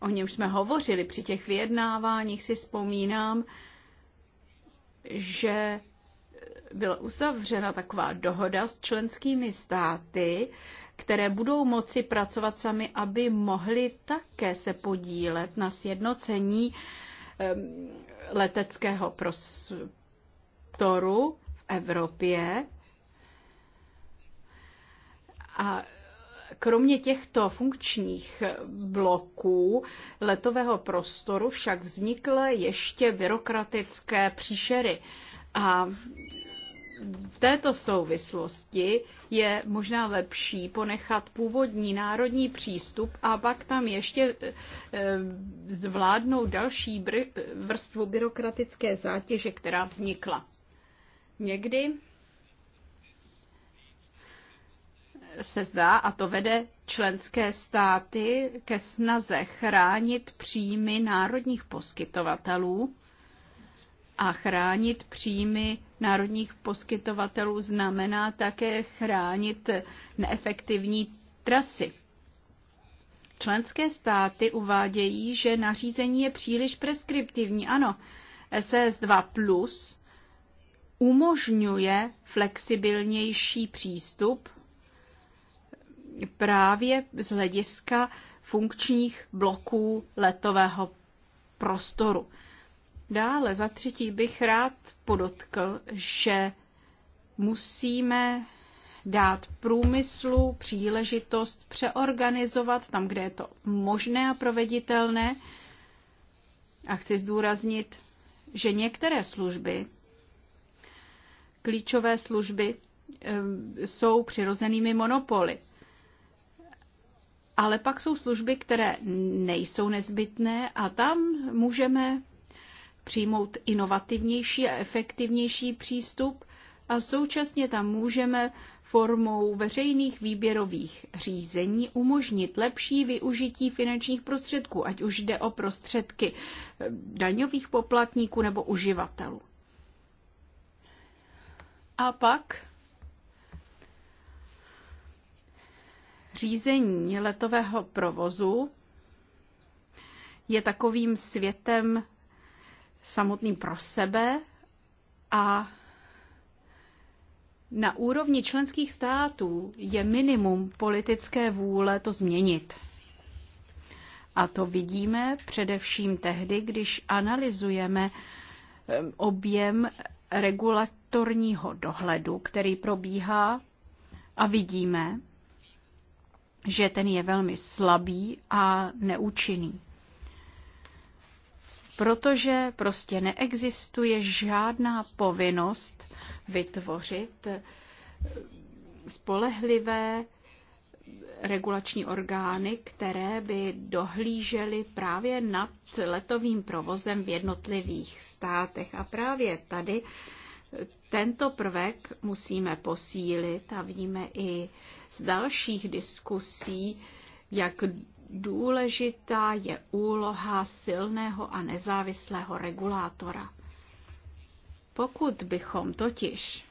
o něm jsme hovořili při těch vyjednáváních, si vzpomínám, že byla uzavřena taková dohoda s členskými státy, které budou moci pracovat sami, aby mohli také se podílet na sjednocení leteckého prostoru v Evropě. A Kromě těchto funkčních bloků letového prostoru však vznikly ještě byrokratické příšery. A v této souvislosti je možná lepší ponechat původní národní přístup a pak tam ještě eh, zvládnout další vrstvu byrokratické zátěže, která vznikla. Někdy se zdá, a to vede členské státy ke snaze chránit příjmy národních poskytovatelů a chránit příjmy národních poskytovatelů znamená také chránit neefektivní trasy. Členské státy uvádějí, že nařízení je příliš preskriptivní. Ano, ss 2 Plus umožňuje flexibilnější přístup právě z hlediska funkčních bloků letového prostoru. Dále za třetí bych rád podotkl, že musíme dát průmyslu příležitost přeorganizovat tam, kde je to možné a proveditelné. A chci zdůraznit, že některé služby, klíčové služby, eh, jsou přirozenými monopoly ale pak jsou služby, které nejsou nezbytné a tam můžeme přijmout inovativnější a efektivnější přístup a současně tam můžeme formou veřejných výběrových řízení umožnit lepší využití finančních prostředků, ať už jde o prostředky eh, daňových poplatníků nebo uživatelů. A pak řízení letového provozu je takovým světem samotným pro sebe a na úrovni členských států je minimum politické vůle to změnit. A to vidíme především tehdy, když analyzujeme objem regulatorního dohledu, který probíhá a vidíme, že ten je velmi slabý a neúčinný. Protože prostě neexistuje žádná povinnost vytvořit eh, spolehlivé regulační orgány, které by dohlížely právě nad letovým provozem v jednotlivých státech. A právě tady tento prvek musíme posílit a víme i z dalších diskusí, jak důležitá je úloha silného a nezávislého regulátora. Pokud bychom totiž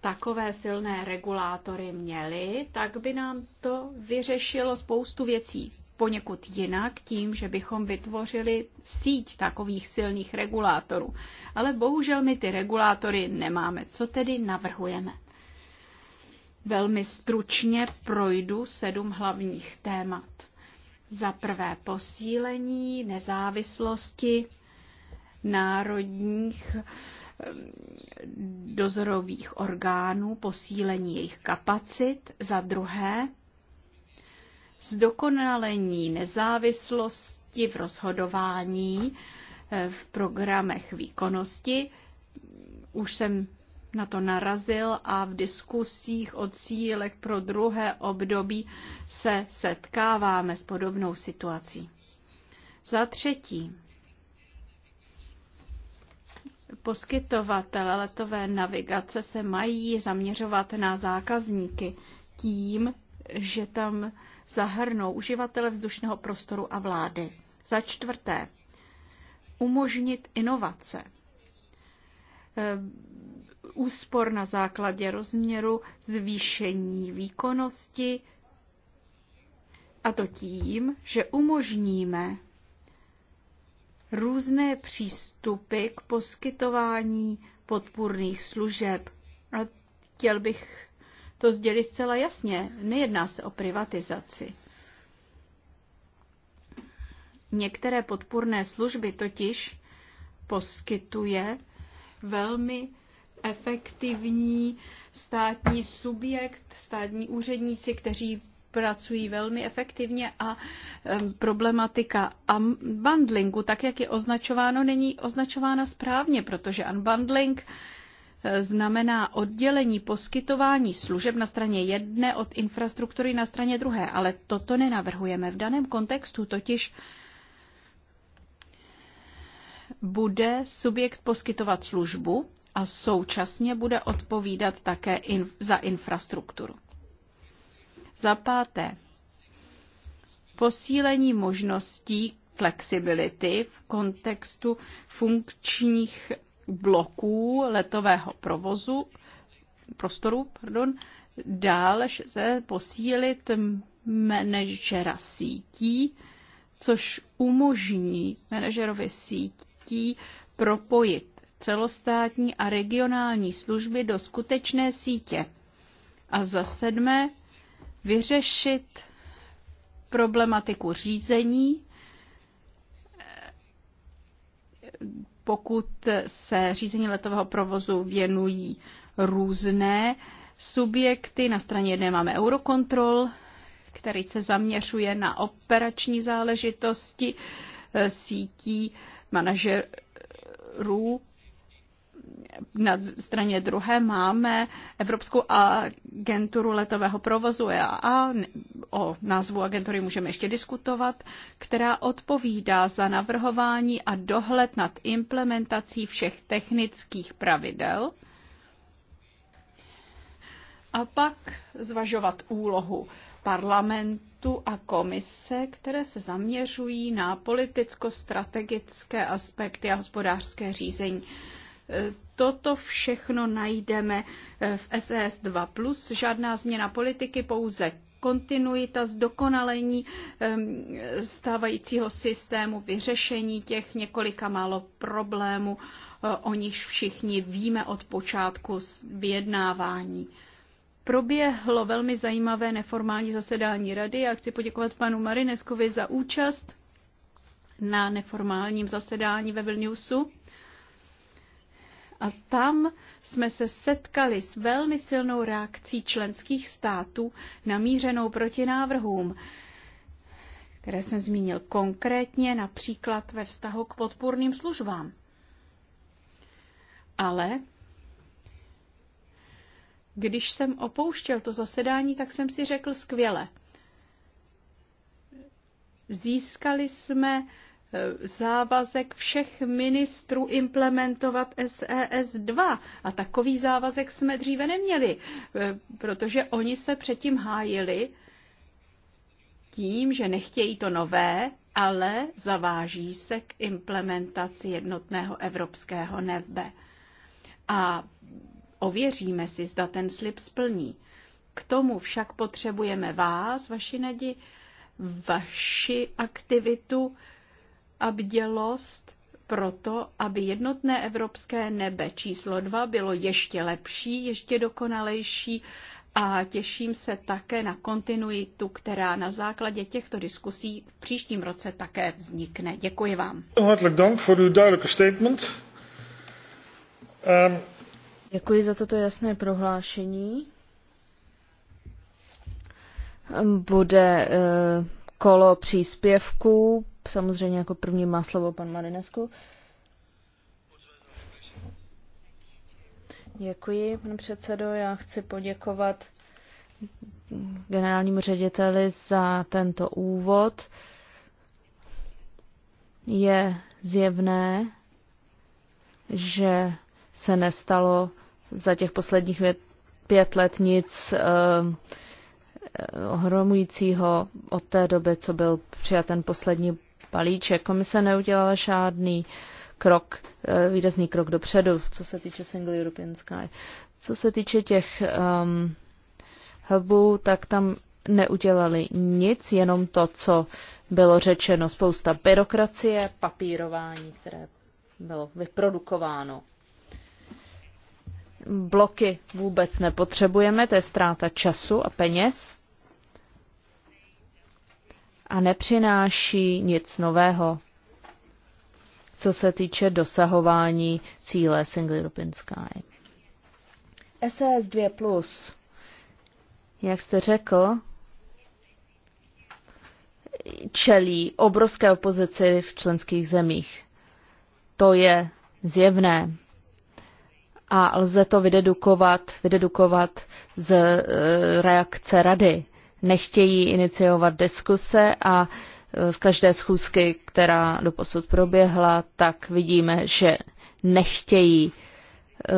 takové silné regulátory měli, tak by nám to vyřešilo spoustu věcí poněkud jinak tím, že bychom vytvořili síť takových silných regulátorů. Ale bohužel my ty regulátory nemáme. Co tedy navrhujeme? Velmi stručně projdu sedm hlavních témat. Za prvé posílení nezávislosti národních ehm, dozorových orgánů, posílení jejich kapacit. Za druhé zdokonalení nezávislosti v rozhodování eh, v programech výkonnosti. Už jsem na to narazil a v diskusích o cílech pro druhé období se setkáváme s podobnou situací. Za třetí, poskytovatele letové navigace se mají zaměřovat na zákazníky tím, že tam zahrnou uživatele vzdušného prostoru a vlády. Za čtvrté, umožnit inovace. Eh, úspor na základě rozměru, zvýšení výkonnosti, a to tím, že umožníme různé přístupy k poskytování podpůrných služeb. A chtěl bych to sdělit zcela jasně. Nejedná se o privatizaci. Některé podpůrné služby totiž poskytuje velmi efektivní státní subjekt, státní úředníci, kteří pracují velmi efektivně a problematika unbundlingu, tak jak je označováno, není označována správně, protože unbundling znamená oddělení poskytování služeb na straně jedné od infrastruktury na straně druhé, ale toto nenavrhujeme. V daném kontextu totiž bude subjekt poskytovat službu a současně bude odpovídat také in, za infrastrukturu. Za páté, posílení možností flexibility v kontextu funkčních bloků letového provozu, prostoru, pardon, dále se posílit manažera sítí, což umožní manažerovi sítí propojit celostátní a regionální služby do skutečné sítě. A za sedmé, vyřešit problematiku řízení, pokud se řízení letového provozu věnují různé subjekty. Na straně jedné máme Eurocontrol, který se zaměřuje na operační záležitosti eh, sítí manažerů na straně druhé máme Evropskou agenturu letového provozu e a o názvu agentury můžeme ještě diskutovat, která odpovídá za navrhování a dohled nad implementací všech technických pravidel a pak zvažovat úlohu parlamentu a komise, které se zaměřují na politicko-strategické aspekty a hospodářské řízení Toto všechno najdeme eh, v SES 2. Žádná změna politiky, pouze kontinuita, zdokonalení stávajícího systému, vyřešení těch několika málo problémů, eh, o nich všichni víme od počátku vyjednávání. Proběhlo velmi zajímavé neformální zasedání rady. Já chci poděkovat panu Marineskovi za účast na neformálním zasedání ve Vilniusu. A tam jsme se setkali s velmi silnou reakcí členských států namířenou proti návrhům, které jsem zmínil konkrétně například ve vztahu k podpůrným službám. Ale když jsem opouštěl to zasedání, tak jsem si řekl skvěle. Získali jsme závazek všech ministrů implementovat SES 2. E A takový závazek jsme dříve neměli, eh, protože oni se předtím hájili tím, že nechtějí to nové, ale zaváží se k implementaci jednotného evropského nebe. A ověříme si, zda ten slib splní. K tomu však potřebujeme vás, vaši nedi, vaši aktivitu, a bdělost proto, aby jednotné evropské nebe číslo dva bylo ještě lepší, ještě dokonalejší a těším se také na kontinuitu, která na základě těchto diskusí v příštím roce také vznikne. Děkuji vám. Hartelijk dank voor uw duidelijke statement. Ehm, Děkuji za toto jasné prohlášení. Bude eh, kolo příspěvků samozřejmě jako první má slovo pan Marinesku. Děkuji, pane předsedo. Já chci poděkovat generálnímu řediteli za tento úvod. Je zjevné, že se nestalo za těch posledních pět let nic ehm, eh, ohromujícího od té doby, co byl přijat ten poslední balíček. Komise neudělala žádný krok, eh, výrazný krok dopředu, co se týče Single European Sky. Co se týče těch um, hubů, tak tam neudělali nic, jenom to, co bylo řečeno, spousta byrokracie, papírování, které bylo vyprodukováno. Bloky vůbec nepotřebujeme, to je ztráta času a peněz a nepřináší nic nového, co se týče dosahování cíle Single European Sky. SES 2 Plus, jak jste řekl, čelí obrovské opozici v členských zemích. To je zjevné. A lze to vydedukovat, vydedukovat z eh, reakce rady nechtějí iniciovat diskuse a z e, každé schůzky, která do posud proběhla, tak vidíme, že nechtějí e,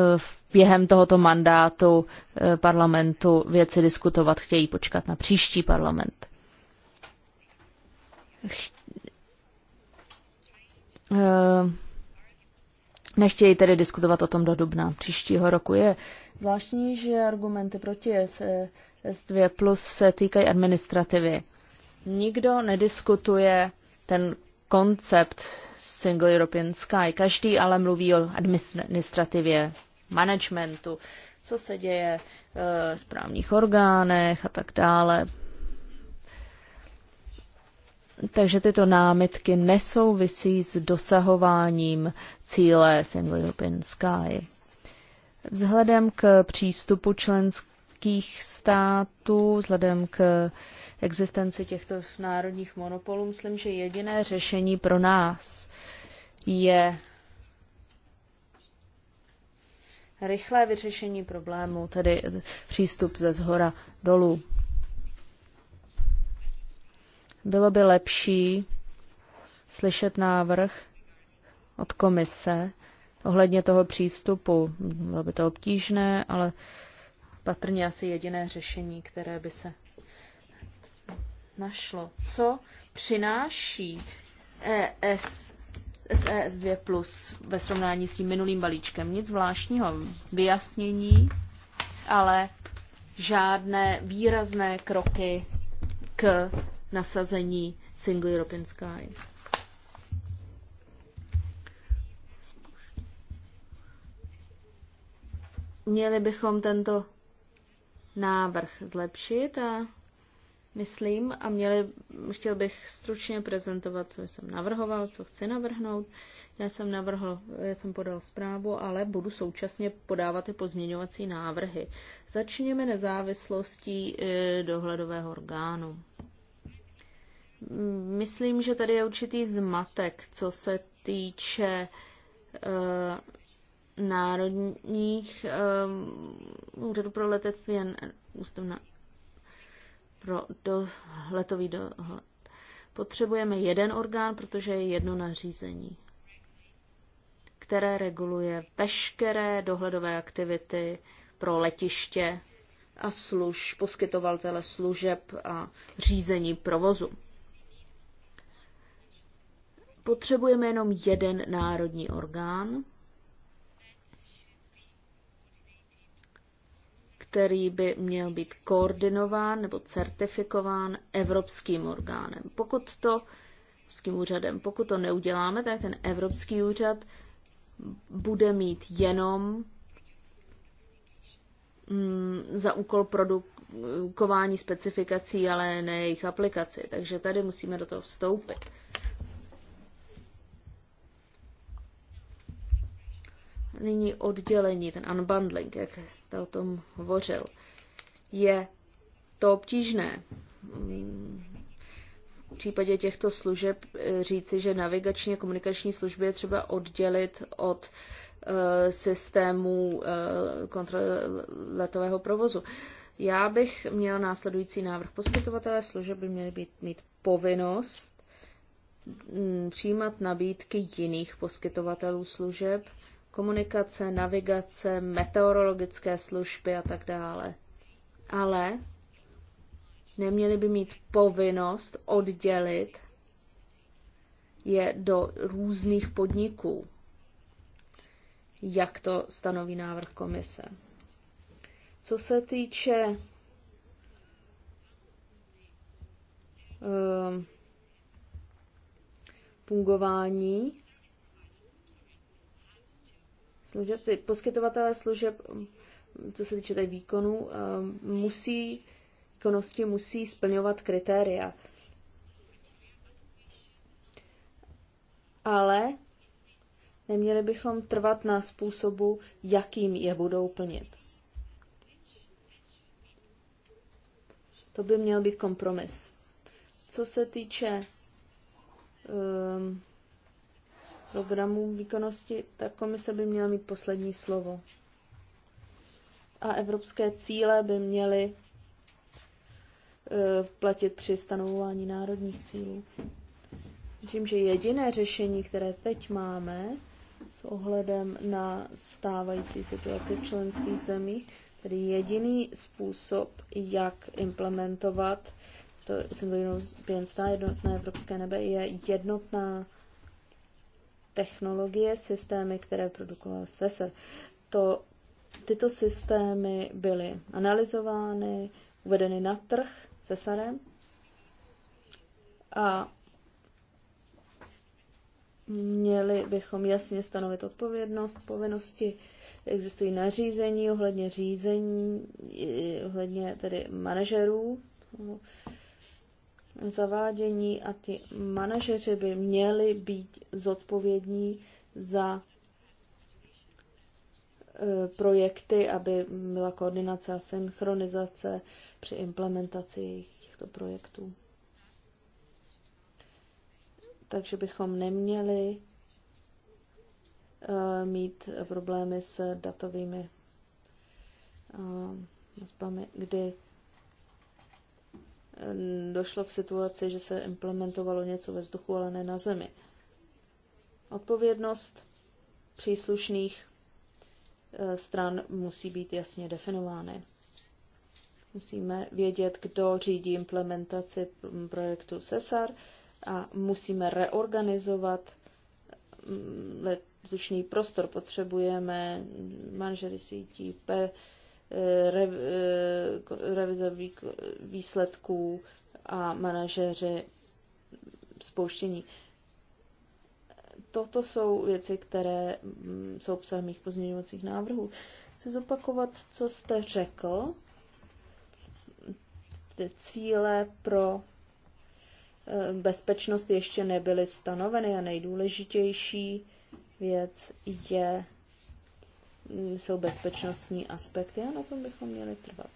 během tohoto mandátu e, parlamentu věci diskutovat, chtějí počkat na příští parlament. Nechtějí tedy diskutovat o tom do dubna příštího roku. Je zvláštní, že argumenty proti se 2 plus se týkají administrativy. Nikdo nediskutuje ten koncept Single European Sky. Každý ale mluví o administrativě, managementu, co se děje eh, v správních orgánech a tak dále. Takže tyto námitky nesouvisí s dosahováním cíle Single European Sky. Vzhledem k přístupu členských členských států vzhledem k existenci těchto národních monopolů. Myslím, že jediné řešení pro nás je rychlé vyřešení problému, tedy přístup ze zhora dolů. Bylo by lepší slyšet návrh od komise ohledně toho přístupu. Bylo by to obtížné, ale patrně asi jediné řešení, které by se našlo. Co přináší ES, SES 2 plus ve srovnání s tím minulým balíčkem? Nic zvláštního vyjasnění, ale žádné výrazné kroky k nasazení Single European Sky. Měli bychom tento návrh zlepšit a myslím, a měli, chtěl bych stručně prezentovat, co jsem navrhoval, co chci navrhnout. Já jsem navrhl, já jsem podal zprávu, ale budu současně podávat i pozměňovací návrhy. Začněme nezávislostí e, dohledového orgánu. Myslím, že tady je určitý zmatek, co se týče e, národních um, ehm, úřadu pro letectví a ústav na, pro do, letový dohled. Potřebujeme jeden orgán, protože je jedno nařízení, které reguluje veškeré dohledové aktivity pro letiště a služ, poskytovatele služeb a řízení provozu. Potřebujeme jenom jeden národní orgán, který by měl být koordinován nebo certifikován evropským orgánem. Pokud to evropským úřadem, pokud to neuděláme, tak ten evropský úřad bude mít jenom mm, za úkol produkování specifikací, ale ne jejich aplikaci. Takže tady musíme do toho vstoupit. Nyní oddělení, ten unbundling, jak jste o tom hovořil. Je to obtížné mm, v případě těchto služeb eh, říci, že navigační a komunikační služby je třeba oddělit od eh, systému eh, kontroly letového provozu. Já bych měl následující návrh. Poskytovatelé služeb by měly být, mít povinnost mm, přijímat nabídky jiných poskytovatelů služeb komunikace, navigace, meteorologické služby a tak dále. Ale neměli by mít povinnost oddělit je do různých podniků, jak to stanoví návrh komise. Co se týče ehm, fungování služeb, ty poskytovatelé služeb, co se týče tady výkonu, eh, musí, výkonnosti musí splňovat kritéria. Ale neměli bychom trvat na způsobu, jakým je budou plnit. To by měl být kompromis. Co se týče um, programů výkonnosti, tak komise by měla mít poslední slovo. A evropské cíle by měly e, platit při stanovování národních cílů. Myslím, že jediné řešení, které teď máme s ohledem na stávající situaci v členských zemích, tedy jediný způsob, jak implementovat to jenom jednotné evropské nebe, je jednotná technologie, systémy, které produkoval SESR. To, tyto systémy byly analyzovány, uvedeny na trh SESRem a měli bychom jasně stanovit odpovědnost, povinnosti, existují nařízení ohledně řízení, ohledně tedy manažerů zavádění a ti manažeři by měli být zodpovědní za e, projekty, aby byla koordinace a synchronizace při implementaci těchto projektů. Takže bychom neměli e, mít problémy s datovými e, vazbami, kdy Ehm, došlo k situaci, že se implementovalo něco ve vzduchu, ale ne na zemi. Odpovědnost příslušných eh, stran musí být jasně definovány. Musíme vědět, kdo řídí implementaci projektu CESAR a musíme reorganizovat mm, vzdušný prostor. Potřebujeme mm, manžery sítí, Eh, eh, revize výsledků a manažeři spouštění. Toto jsou věci, které mm, jsou obsahem mých pozměňovacích návrhů. Chci zopakovat, co jste řekl. Ty cíle pro eh, bezpečnost ještě nebyly stanoveny a nejdůležitější věc je Mm, jsou bezpečnostní aspekty a na tom bychom měli trvat.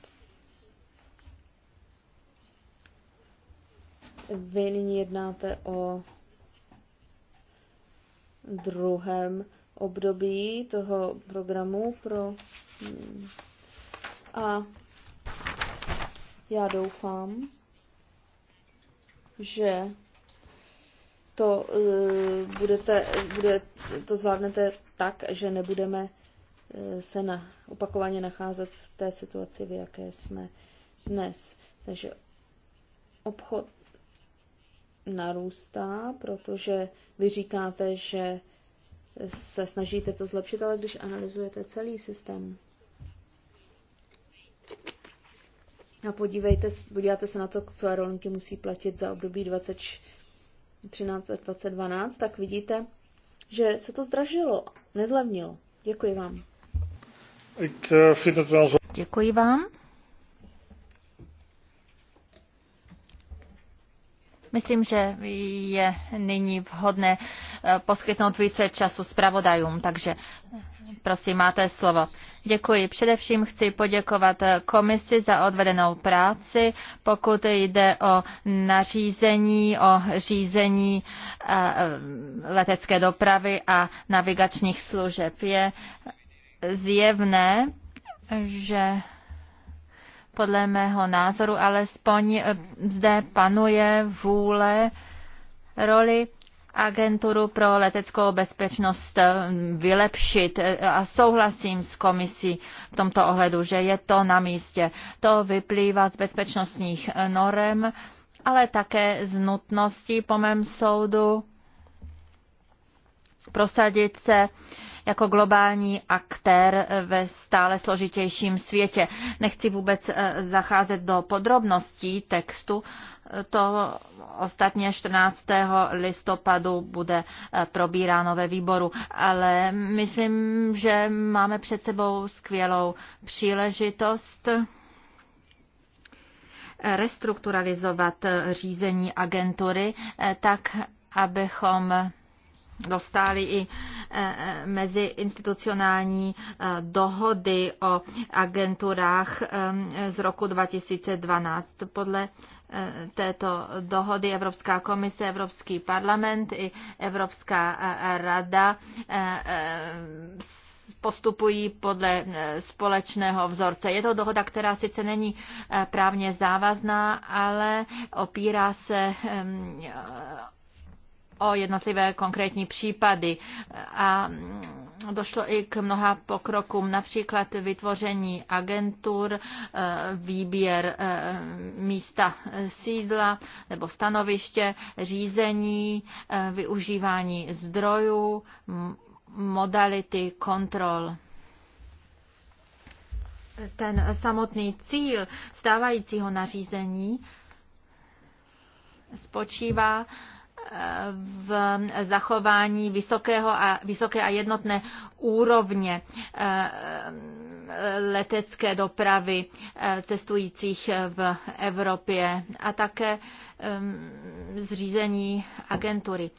Vy nyní jednáte o druhém období toho programu pro mm, a já doufám, že to uh, budete, bude, to zvládnete tak, že nebudeme Eh, se na, opakovaně nacházet v té situaci, v jaké jsme dnes. Takže obchod narůstá, protože vy říkáte, že se snažíte to zlepšit, ale když analyzujete celý systém a podívejte, podíváte se na to, co aerolinky musí platit za období 2013 až 2012, tak vidíte, že se to zdražilo, nezlevnilo. Děkuji vám. Eh, Děkuji vám. Myslím, že je nyní vhodné eh, poskytnout více času zpravodajům, takže eh, prosím, máte slovo. Děkuji. Především chci poděkovat komisi za odvedenou práci, pokud jde o nařízení, o řízení letecké dopravy a navigačních služeb. Je zjevné, že podle mého názoru alespoň zde panuje vůle roli agenturu pro leteckou bezpečnost vylepšit a souhlasím s komisí v tomto ohledu, že je to na místě. To vyplývá z bezpečnostních norem, ale také z nutnosti po mém soudu prosadit se uh, jako globální aktér ve stále složitějším světě. Nechci vůbec eh, zacházet do podrobností textu, to ostatně 14. listopadu bude eh, probíráno ve výboru, ale myslím, že máme před sebou skvělou příležitost eh, restrukturalizovat řízení agentury tak, abychom dostály i eh, eh, mezi institucionální eh, dohody o agenturách z roku 2012. Podle této dohody Evropská komise, Evropský parlament i Evropská rada postupují podle společného vzorce. Je to dohoda, která sice není právně závazná, ale opírá se o jednotlivé konkrétní případy. A došlo i k mnoha pokrokům, například vytvoření agentur, výběr eh, místa sídla nebo stanoviště, řízení, eh, využívání zdrojů, modality kontrol ten samotný cíl stávajícího nařízení spočívá v zachování vysokého a, vysoké a jednotné úrovně eh, letecké dopravy eh, cestujících v Evropě a také ehm, zřízení agentury.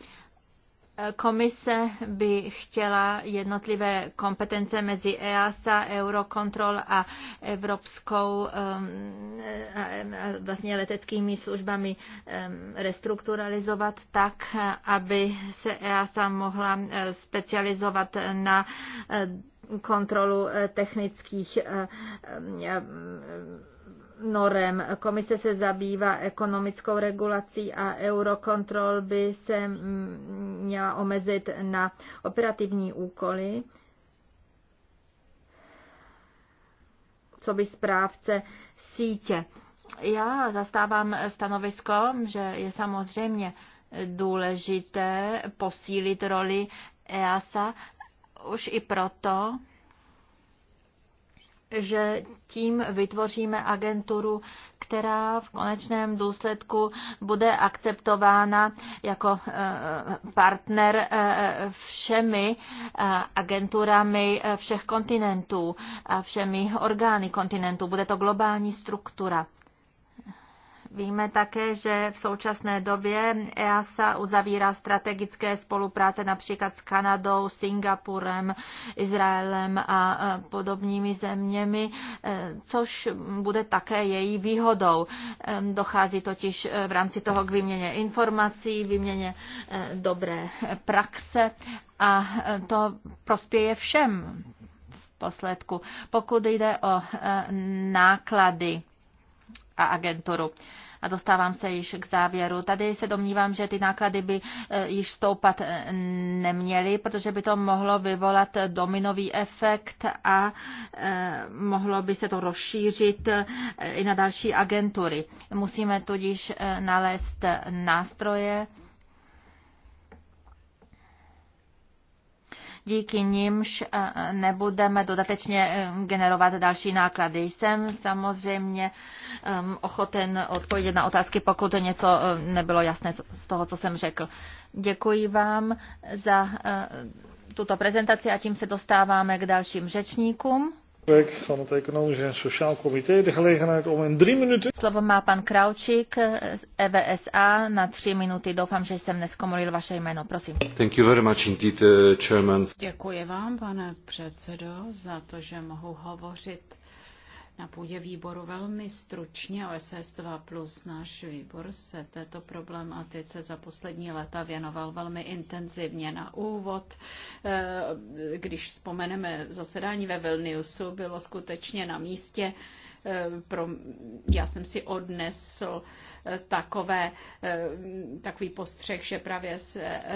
Komise by chtěla jednotlivé kompetence mezi EASA, Eurocontrol a Evropskou um, vlastně leteckými službami um, restrukturalizovat tak, aby se EASA mohla uh, specializovat na uh, kontrolu uh, technických um, norem. Komise se zabývá ekonomickou regulací a eurokontrol by se mm, měla omezit na operativní úkoly, co by správce sítě. Já zastávám stanovisko, že je samozřejmě důležité posílit roli EASA už i proto, že tím vytvoříme agenturu, která v konečném důsledku bude akceptována jako eh, partner eh, všemi eh, agenturami všech kontinentů a všemi orgány kontinentů. Bude to globální struktura. Víme také, že v současné době EASA uzavírá strategické spolupráce například s Kanadou, Singapurem, Izraelem a e, podobnými zeměmi, e, což bude také její výhodou. E, dochází totiž v rámci toho k výměně informací, výměně dobré praxe a to prospěje všem v posledku. Pokud jde o náklady a agenturu, a dostávám se již k závěru. Tady se domnívám, že ty náklady by eh, již stoupat eh, neměly, protože by to mohlo vyvolat dominový efekt a eh, mohlo by se to rozšířit i na další agentury. Musíme tudíž nalézt nástroje, díky nimž eh, nebudeme dodatečně eh, generovat další náklady. Jsem samozřejmě ehm, ochoten odpovědět na otázky, pokud něco eh, nebylo jasné z toho, co jsem řekl. Děkuji vám za tuto prezentaci a tím se dostáváme k dalším řečníkům van het Economisch en Sociaal Comité de gelegenheid om in drie minuten... Slovo má pan Kraučík z e EVSA na tři minuty. Doufám, že jsem neskomolil vaše jméno. Prosím. Thank you very much indeed, uh, chairman. Děkuji vám, pane předsedo, za to, že mohu hovořit na půdě výboru velmi stručně. OSS 2 plus náš výbor se této problematice za poslední léta věnoval velmi intenzivně. Na úvod, eh, když vzpomeneme zasedání ve Vilniusu, bylo skutečně na místě. Eh, pro, já jsem si odnesl takové, eh, takový postřeh, že právě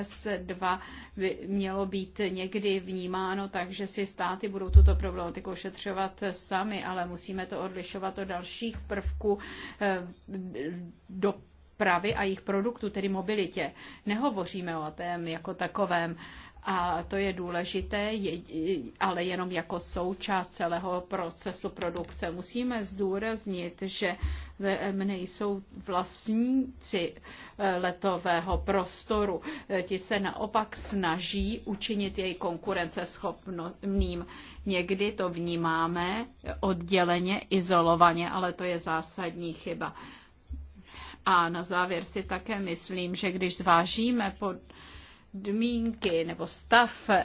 S2 by mělo být někdy vnímáno, takže si státy budou tuto problematiku ošetřovat sami, ale musíme to odlišovat od dalších prvků eh, do pravy a jejich produktu, tedy mobilitě. Nehovoříme o ATM jako takovém, a to je důležité, ale jenom jako součást celého procesu produkce. Musíme zdůraznit, že VM nejsou vlastníci eh, letového prostoru. Eh, ti se naopak snaží učinit jej konkurenceschopným. Někdy to vnímáme odděleně, izolovaně, ale to je zásadní chyba. A na závěr si také myslím, že když zvážíme pod podmínky nebo stav eh,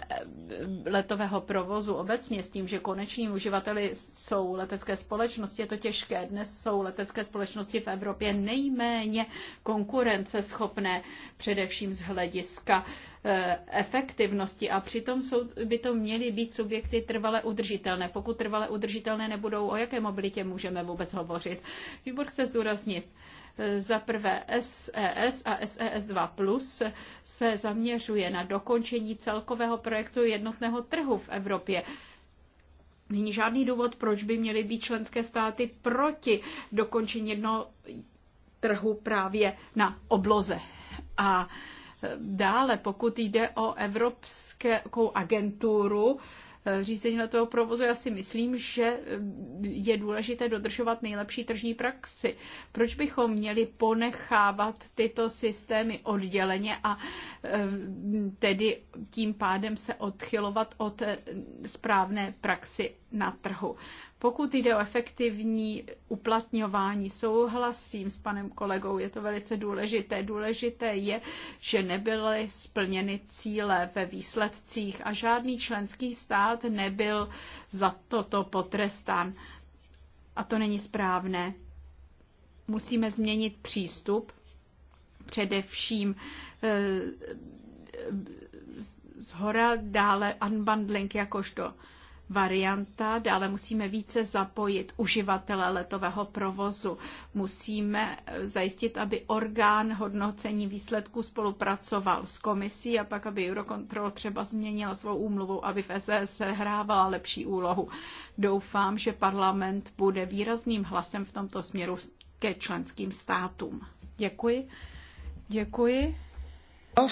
letového provozu obecně s tím, že konečním uživateli jsou letecké společnosti, je to těžké. Dnes jsou letecké společnosti v Evropě nejméně konkurenceschopné, především z hlediska eh, efektivnosti a přitom jsou, by to měly být subjekty trvale udržitelné. Pokud trvale udržitelné nebudou, o jaké mobilitě můžeme vůbec hovořit? Výbor chce zdůraznit, za prvé SES e a SES 2 e Plus se zaměřuje na dokončení celkového projektu jednotného trhu v Evropě. Není žádný důvod, proč by měly být členské státy proti dokončení jednoho trhu právě na obloze. A dále, pokud jde o Evropskou agenturu, Eh, řízení letového provozu. Já si myslím, že eh, je důležité dodržovat nejlepší tržní praxi. Proč bychom měli ponechávat tyto systémy odděleně a eh, tedy tím pádem se odchylovat od správné praxi na trhu? Pokud jde o efektivní uplatňování, souhlasím s panem kolegou, je to velice důležité. Důležité je, že nebyly splněny cíle ve výsledcích a žádný členský stát nebyl za toto potrestán. A to není správné. Musíme změnit přístup, především eh, z hora dále unbundling jakožto varianta. Dále musíme více zapojit uživatele letového provozu. Musíme eh, zajistit, aby orgán hodnocení výsledků spolupracoval s komisí a pak, aby Eurocontrol třeba změnila svou úmluvu, aby v SES hrávala lepší úlohu. Doufám, že parlament bude výrazným hlasem v tomto směru ke členským státům. Děkuji. Děkuji. Um.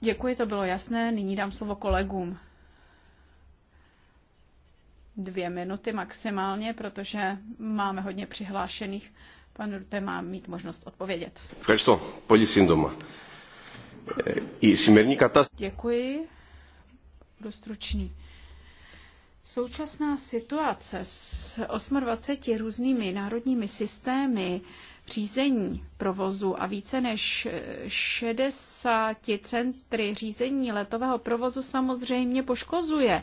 Děkuji, to bylo jasné. Nyní dám slovo kolegům. Dvě minuty maximálně, protože máme hodně přihlášených. Pan Rute má mít možnost odpovědět. Přečto, pojď si doma. I směrní katastrofa. Děkuji. Budu stručný. Současná situace s 28 různými národními systémy řízení provozu a více než 60 centry řízení letového provozu samozřejmě poškozuje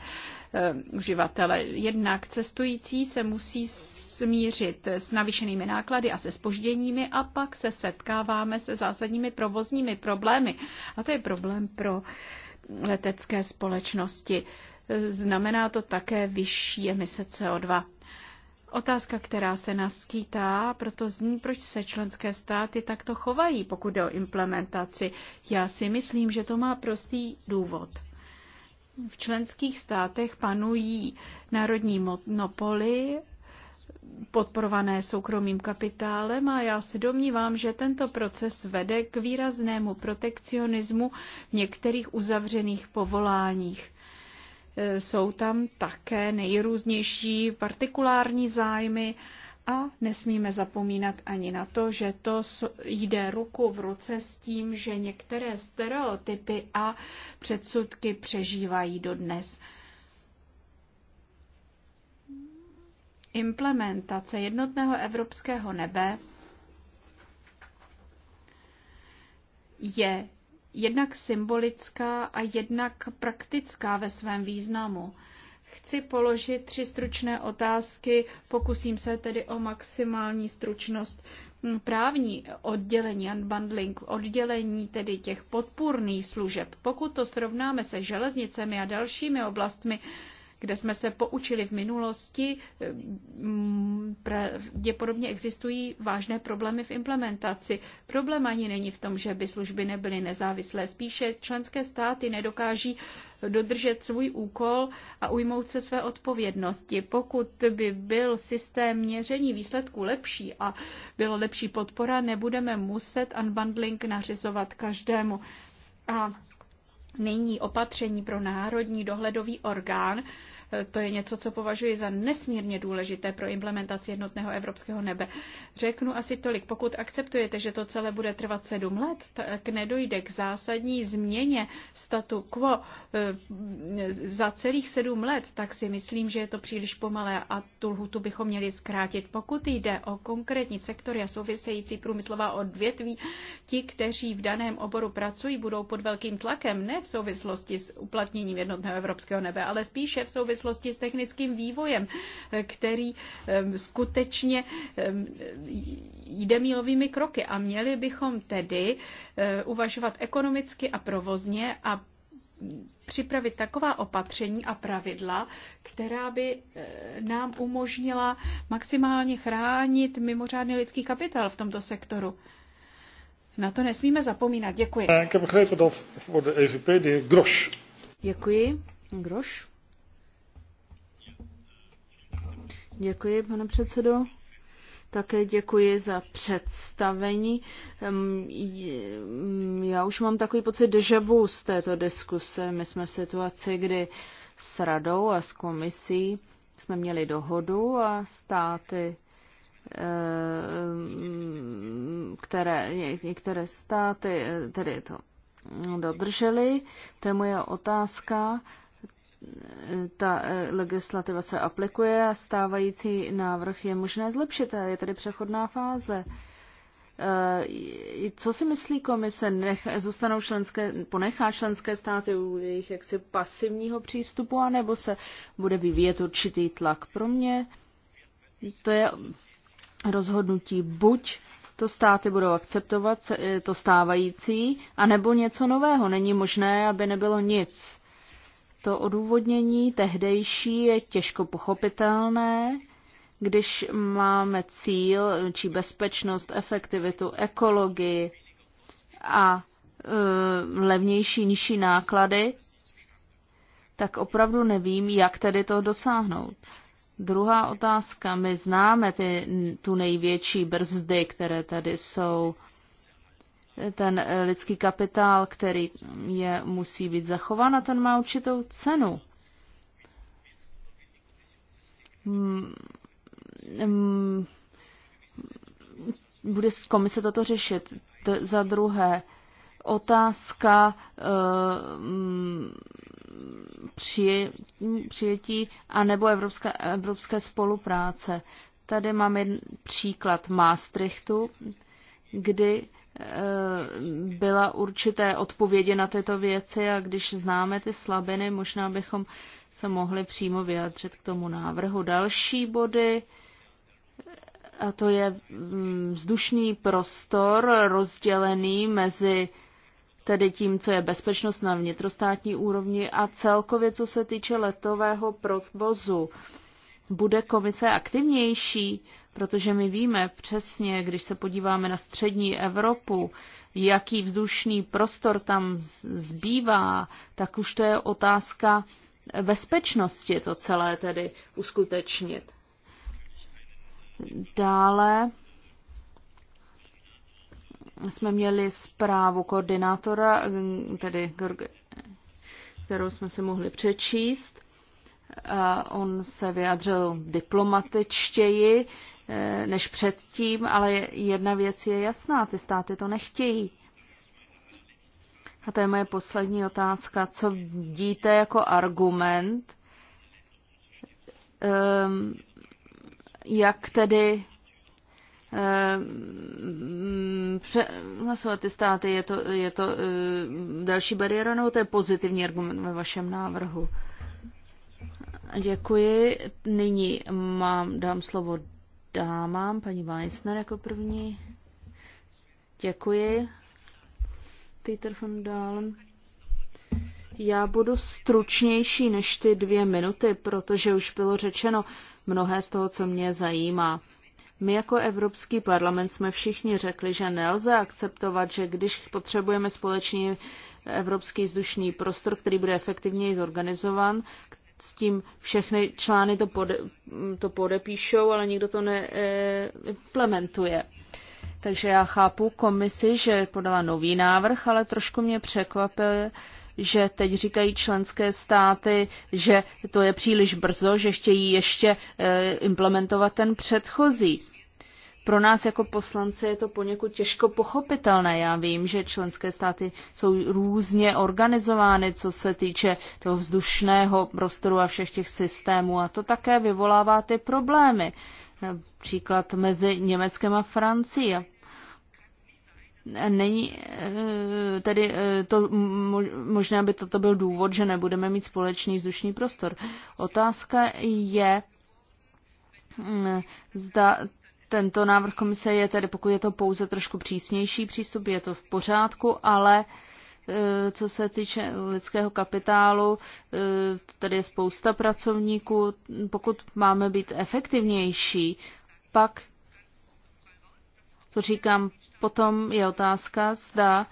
eh, uživatele. Jednak cestující se musí smířit s navýšenými náklady a se spožděními a pak se setkáváme se zásadními provozními problémy. A to je problém pro letecké společnosti. Znamená to také vyšší emise CO2. Otázka, která se naskýtá, proto zní, proč se členské státy takto chovají, pokud jde o implementaci. Já si myslím, že to má prostý důvod. V členských státech panují národní monopoly podporované soukromým kapitálem a já se domnívám, že tento proces vede k výraznému protekcionismu v některých uzavřených povoláních. E, jsou tam také nejrůznější partikulární zájmy a nesmíme zapomínat ani na to, že to jde ruku v ruce s tím, že některé stereotypy a předsudky přežívají dodnes. Implementace jednotného evropského nebe je jednak symbolická a jednak praktická ve svém významu. Chci položit tři stručné otázky, pokusím se tedy o maximální stručnost. Hm, právní oddělení, unbundling, oddělení tedy těch podpůrných služeb. Pokud to srovnáme se železnicemi a dalšími oblastmi, kde jsme se poučili v minulosti, mm, pravděpodobně existují vážné problémy v implementaci. Problém ani není v tom, že by služby nebyly nezávislé. Spíše členské státy nedokáží dodržet svůj úkol a ujmout se své odpovědnosti. Pokud by byl systém měření výsledků lepší a bylo lepší podpora, nebudeme muset unbundling nařizovat každému. A nyní opatření pro národní dohledový orgán to je něco, co považuji za nesmírně důležité pro implementaci jednotného evropského nebe. Řeknu asi tolik. Pokud akceptujete, že to celé bude trvat sedm let, tak nedojde k zásadní změně statu quo eh, za celých sedm let, tak si myslím, že je to příliš pomalé a tu lhutu bychom měli zkrátit. Pokud jde o konkrétní sektory a související průmyslová odvětví, ti, kteří v daném oboru pracují, budou pod velkým tlakem ne v souvislosti s uplatněním jednotného evropského nebe, ale spíše v souvislosti souvislosti s technickým vývojem, který skutečně jde mílovými kroky. A měli bychom tedy eh, uvažovat ekonomicky a provozně a připravit taková opatření a pravidla, která by eh, nám umožnila maximálně chránit mimořádný lidský kapitál v tomto sektoru. Na to nesmíme zapomínat. Děkuji. E Děkuji. Groš. Děkuji, pane předsedo. Také děkuji za představení. Já už mám takový pocit dejavu z této diskuse. My jsme v situaci, kdy s radou a s komisí jsme měli dohodu a státy, které, některé státy eh, tedy to dodrželi. To je moje otázka ta eh, legislativa se aplikuje a stávající návrh je možné zlepšit. Je tady přechodná fáze. Eh, co si myslí komise? Nech, zůstanou členské, ponechá členské státy u jejich jaksi pasivního přístupu, anebo se bude vyvíjet určitý tlak? Pro mě to je rozhodnutí buď to státy budou akceptovat eh, to stávající, anebo něco nového. Není možné, aby nebylo nic. To odůvodnění tehdejší je těžko pochopitelné, když máme cíl či bezpečnost, efektivitu, ekologii a e, levnější, nižší náklady, tak opravdu nevím, jak tedy to dosáhnout. Druhá otázka. My známe ty, tu největší brzdy, které tady jsou. E, ten eh, lidský kapitál, který je, musí být zachován a ten má určitou cenu. Mm, mm, bude komise toto řešit. T- za druhé, otázka eh, mm, při, přijetí anebo evropské, evropské spolupráce. Tady máme příklad Maastrichtu, kdy Eh, byla určité odpovědi na tyto věci a když známe ty slabiny, možná bychom se mohli přímo vyjádřit k tomu návrhu. Další body, a to je mm, vzdušný prostor rozdělený mezi tedy tím, co je bezpečnost na vnitrostátní úrovni a celkově, co se týče letového provozu. Bude komise aktivnější protože my víme přesně, když se podíváme na střední Evropu, jaký vzdušný prostor tam zbývá, tak už to je otázka bezpečnosti to celé tedy uskutečnit. Dále jsme měli zprávu koordinátora, tedy kterou jsme si mohli přečíst. On se vyjádřil diplomatičtěji, Eh, než předtím, ale jedna věc je jasná, ty státy to nechtějí. A to je moje poslední otázka. Co vidíte jako argument, ehm, jak tedy ehm, přenosovat ty státy, je to, je to eh, další bariéra, nebo to je pozitivní argument ve vašem návrhu? Děkuji. Nyní mám, dám slovo dámám, paní Weissner jako první. Děkuji. Peter von Dahlen. Já budu stručnější než ty dvě minuty, protože už bylo řečeno mnohé z toho, co mě zajímá. My jako Evropský parlament jsme všichni řekli, že nelze akceptovat, že když potřebujeme společný evropský vzdušný prostor, který bude efektivněji zorganizovan, s tím všechny člány to, pode, to podepíšou, ale nikdo to neimplementuje. Eh, e, Takže já chápu komisi, že podala nový návrh, ale trošku mě překvapil, že teď říkají členské státy, že to je příliš brzo, že chtějí ještě eh, implementovat ten předchozí pro nás jako poslance je to poněkud těžko pochopitelné. Já vím, že členské státy jsou různě organizovány, co se týče toho vzdušného prostoru a všech těch systémů a to také vyvolává ty problémy. Například mezi Německem a Francií. Není eh, tedy eh, to možná by toto byl důvod, že nebudeme mít společný vzdušný prostor. Otázka je, mm, zda tento návrh komise je tedy, pokud je to pouze trošku přísnější přístup, je to v pořádku, ale e, co se týče lidského kapitálu, e, tady je spousta pracovníků. Pokud máme být efektivnější, pak, to říkám, potom je otázka, zda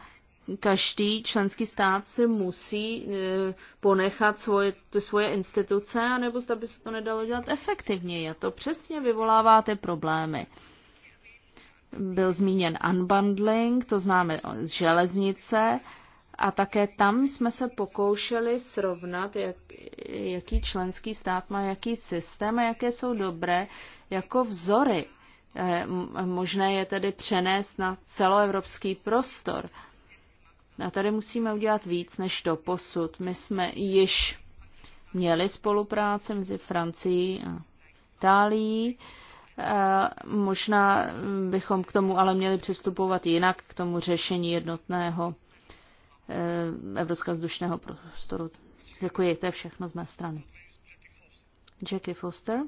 každý členský stát si musí e, ponechat svoje, ty svoje instituce, anebo zda by se to nedalo dělat efektivněji. A to přesně vyvolává ty problémy. Byl zmíněn unbundling, to známe z železnice, a také tam jsme se pokoušeli srovnat, jak, jaký členský stát má jaký systém a jaké jsou dobré jako vzory. E, možné je tedy přenést na celoevropský prostor. A tady musíme udělat víc než to posud. My jsme již měli spolupráce mezi Francií a Itálií. E, možná bychom k tomu ale měli přistupovat jinak, k tomu řešení jednotného e, evropského vzdušného prostoru. Děkuji, to je všechno z mé strany. Jackie Foster.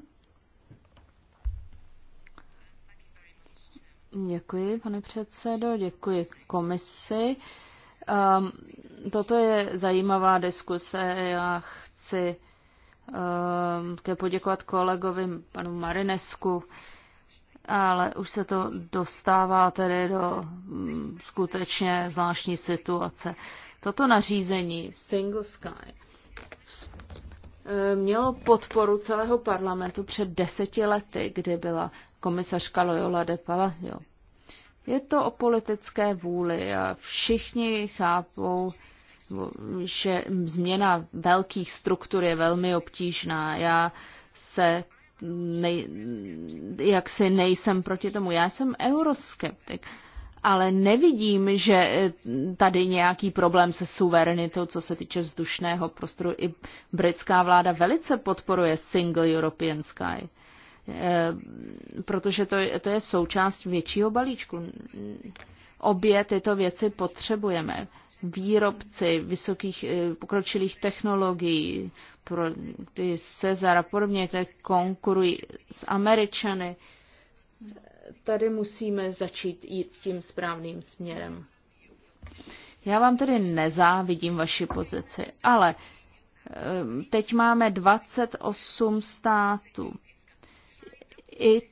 Děkuji, pane předsedo, děkuji komisi Um, toto je zajímavá diskuse. Já chci um, poděkovat kolegovi panu Marinesku, ale už se to dostává tedy do um, skutečně zvláštní situace. Toto nařízení Single Sky eh, mělo podporu celého parlamentu před deseti lety, kdy byla komisařka Loyola de Palacio. Je to o politické vůli a všichni chápou, že změna velkých struktur je velmi obtížná. Já se nej, jaksi nejsem proti tomu. Já jsem euroskeptik, ale nevidím, že tady nějaký problém se suverenitou, co se týče vzdušného prostoru. I britská vláda velice podporuje Single European Sky. Eh, protože to, to je součást většího balíčku. Obě tyto věci potřebujeme. Výrobci vysokých eh, pokročilých technologií, pro ty Cezar a podobně, které konkurují s Američany, tady musíme začít jít tím správným směrem. Já vám tedy nezávidím vaši pozici, ale eh, teď máme 28 států i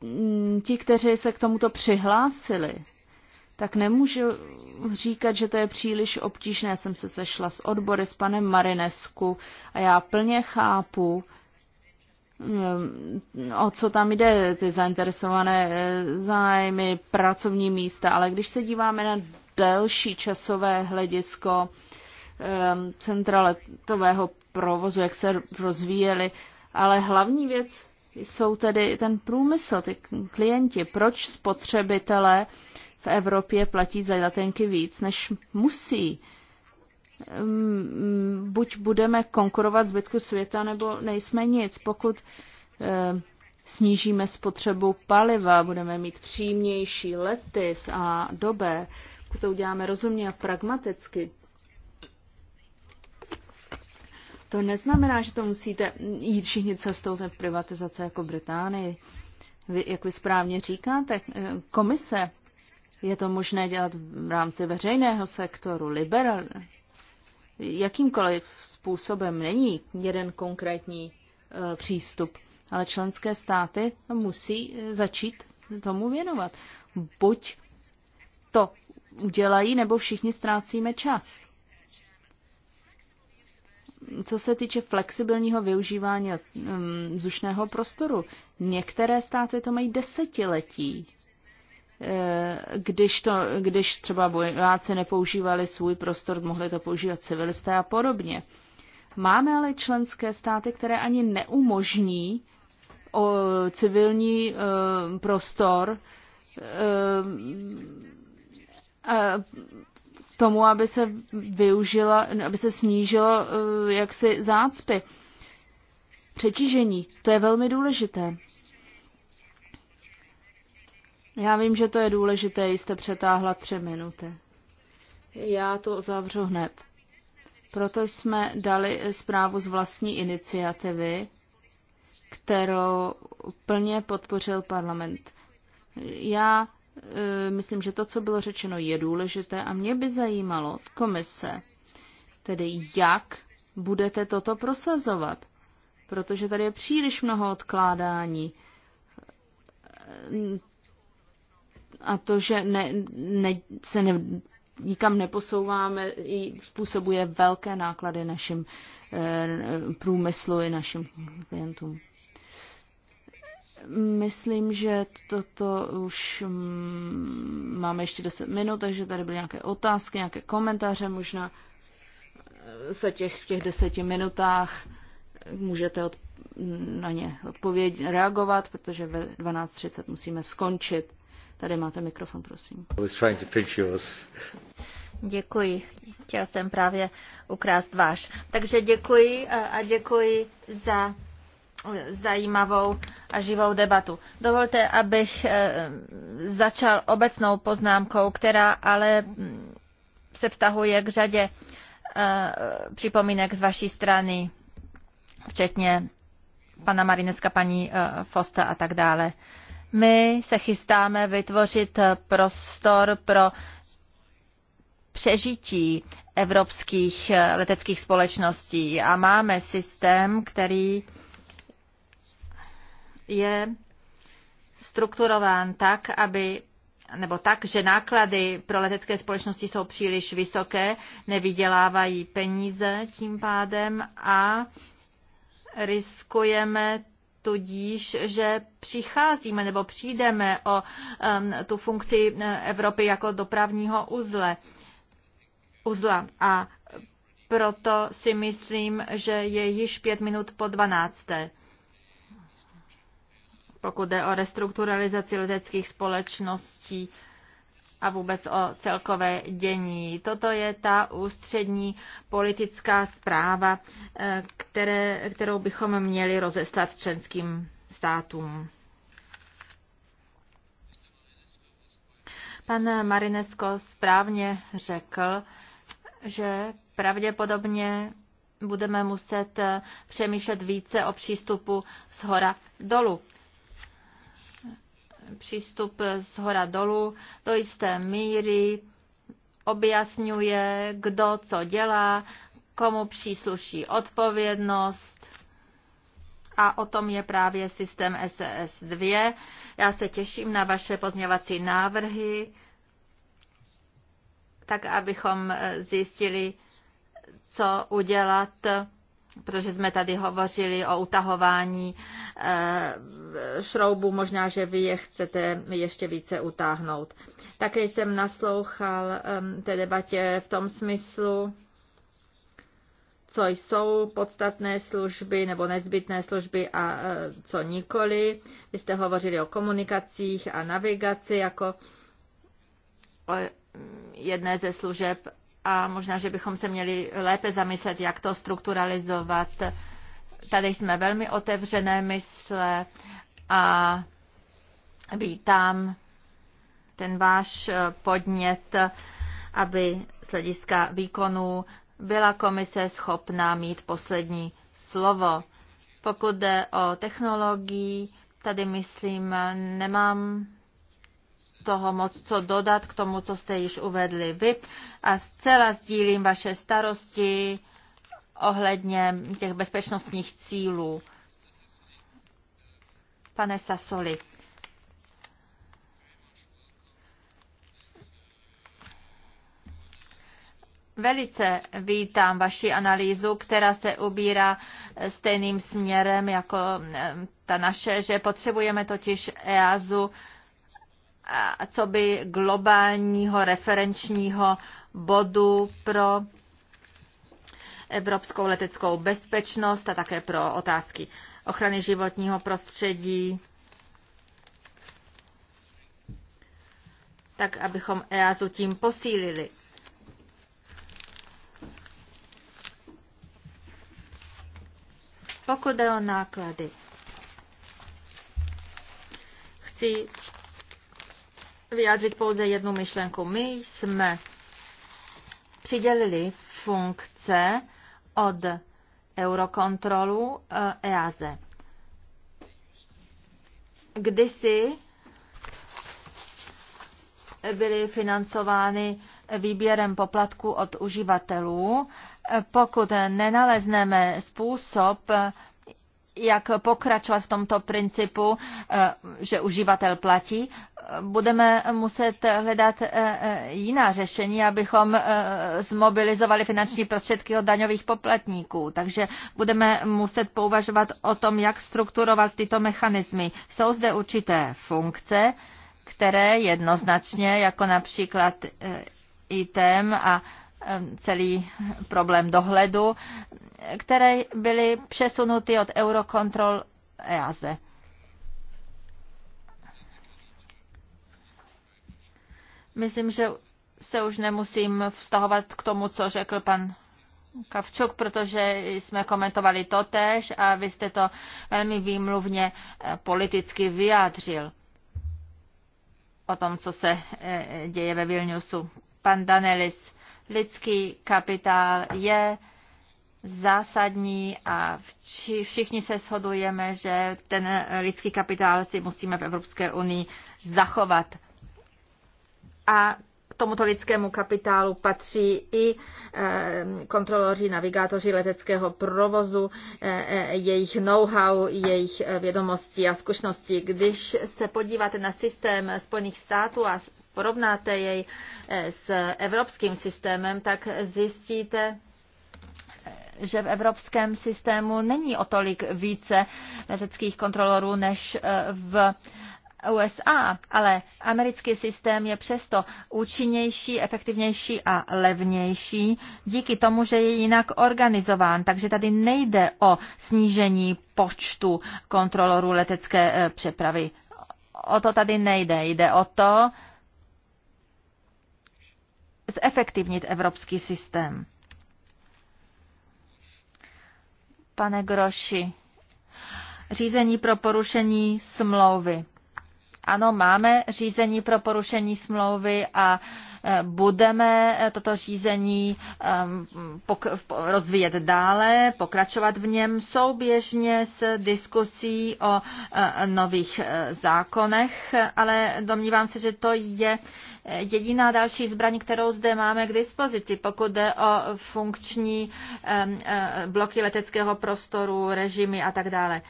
mm, ti, kteří se k tomuto přihlásili, tak nemůžu říkat, že to je příliš obtížné. Já jsem se sešla s odbory, s panem Marinesku a já plně chápu, mm, o co tam jde, ty zainteresované eh, zájmy, pracovní místa, ale když se díváme na delší časové hledisko ehm, centra letového provozu, jak se rozvíjeli, ale hlavní věc jsou tedy ten průmysl, ty klienti. Proč spotřebitelé v Evropě platí za letenky víc, než musí? Mm, buď budeme konkurovat zbytku světa, nebo nejsme nic. Pokud eh, snížíme spotřebu paliva, budeme mít přímější lety a dobé, pokud to uděláme rozumně a pragmaticky, to neznamená, že to musíte jít všichni cestou té privatizace jako Británii. Vy, jak vy správně říkáte, eh, komise je to možné dělat v rámci veřejného sektoru, liberal, jakýmkoliv způsobem. Není jeden konkrétní uh, přístup, ale členské státy musí eh, začít tomu věnovat. Buď to udělají, nebo všichni ztrácíme čas co se týče flexibilního využívání eh, mm, zušného prostoru, některé státy to mají desetiletí. Eh, když, to, když třeba vojáci nepoužívali svůj prostor, mohli to používat civilisté a podobně. Máme ale členské státy, které ani neumožní o civilní eh, prostor tomu, aby se využila, aby se snížilo eh, jaksi zácpy. Přetížení, to je velmi důležité. Já vím, že to je důležité, jste přetáhla tři minuty. Já to zavřu hned. Proto jsme dali zprávu z vlastní iniciativy, kterou plně podpořil parlament. Já Eh, myslím, že to, co bylo řečeno, je důležité a mě by zajímalo komise, tedy jak budete toto prosazovat, protože tady je příliš mnoho odkládání. Eh, a to, že ne, ne, se ne, nikam neposouváme, způsobuje velké náklady našim e, průmyslu i našim klientům. Myslím, že toto už mm, máme ještě 10 minut, takže tady byly nějaké otázky, nějaké komentáře, možná eh, se těch, v těch deseti minutách můžete od, mm, na ně odpověď reagovat, protože ve 12.30 musíme skončit. Tady máte mikrofon, prosím. Děkuji. Chtěl jsem právě ukrást váš. Takže děkuji eh, a děkuji za zajímavou a živou debatu. Dovolte, abych eh, začal obecnou poznámkou, která ale mm, se vztahuje k řadě eh, připomínek z vaší strany, včetně pana Marinecka, paní eh, Fosta a tak dále. My se chystáme vytvořit prostor pro přežití evropských leteckých společností a máme systém, který je strukturován tak, aby nebo tak, že náklady pro letecké společnosti jsou příliš vysoké, nevydělávají peníze tím pádem a riskujeme tudíž, že přicházíme nebo přijdeme o um, tu funkci Evropy jako dopravního uzle, uzla. A proto si myslím, že je již pět minut po dvanácté pokud jde o restrukturalizaci leteckých společností a vůbec o celkové dění. Toto je ta ústřední politická zpráva, eh, které, kterou bychom měli rozeslat členským státům. Pan Marinesko správně řekl, že pravděpodobně budeme muset eh, přemýšlet více o přístupu z hora dolů přístup z hora dolů do jisté míry objasňuje, kdo co dělá, komu přísluší odpovědnost. A o tom je právě systém SES 2. Já se těším na vaše pozměvací návrhy, tak abychom eh, zjistili, co udělat protože jsme tady hovořili o utahování eh, šroubu, možná, že vy je chcete ještě více utáhnout. Také jsem naslouchal ehm, té debatě v tom smyslu, co jsou podstatné služby nebo nezbytné služby a eh, co nikoli. Vy jste hovořili o komunikacích a navigaci jako o jedné ze služeb a možná, že bychom se měli lépe zamyslet, jak to strukturalizovat. Tady jsme velmi otevřené mysle a vítám ten váš podnět, aby z hlediska výkonu byla komise schopná mít poslední slovo. Pokud jde o technologii, tady myslím, nemám toho moc co dodat k tomu, co jste již uvedli vy. A zcela sdílím vaše starosti ohledně těch bezpečnostních cílů. Pane Sasoli. Velice vítám vaši analýzu, která se ubírá stejným směrem jako eh, ta naše, že potřebujeme totiž EASu co by globálního referenčního bodu pro evropskou leteckou bezpečnost a také pro otázky ochrany životního prostředí, tak abychom EASu tím posílili. Pokud jde o náklady, chci vyjádřit pouze jednu myšlenku. My jsme přidělili funkce od Eurokontrolu EASE. Eh, Kdysi byly financovány výběrem poplatku od uživatelů. Pokud nenalezneme způsob, jak pokračovat v tomto principu, eh, že uživatel platí, budeme muset hledat eh, eh, jiná řešení, abychom eh, zmobilizovali finanční prostředky od daňových poplatníků. Takže budeme muset pouvažovat o tom, jak strukturovat tyto mechanismy. Jsou zde určité funkce, které jednoznačně, jako například ITEM a celý problém dohledu, které byly přesunuty od Eurocontrol EASE. Myslím, že se už nemusím vztahovat k tomu, co řekl pan Kavčuk, protože jsme komentovali to tež a vy jste to velmi výmluvně eh, politicky vyjádřil o tom, co se eh, děje ve Vilniusu. Pan Danelis, lidský kapitál je zásadní a všichni se shodujeme, že ten lidský kapitál si musíme v Evropské unii zachovat a k tomuto lidskému kapitálu patří i eh, kontroloři, navigátoři leteckého provozu, eh, eh, jejich know-how, jejich vědomosti a zkušenosti. Když se podíváte na systém Spojených států a porovnáte jej s evropským systémem, tak zjistíte, že v evropském systému není o tolik více leteckých kontrolorů než v USA, ale americký systém je přesto účinnější, efektivnější a levnější díky tomu, že je jinak organizován. Takže tady nejde o snížení počtu kontrolorů letecké e, přepravy. O to tady nejde. Jde o to zefektivnit evropský systém. Pane Groši, řízení pro porušení smlouvy. Ano, máme řízení pro porušení smlouvy a e, budeme toto řízení e, rozvíjet dále, pokračovat v něm souběžně s diskusí o e, nových zákonech, ale domnívám se, že to je jediná další zbraň, kterou zde máme k dispozici, pokud jde o funkční bloky leteckého prostoru, režimy a tak dále.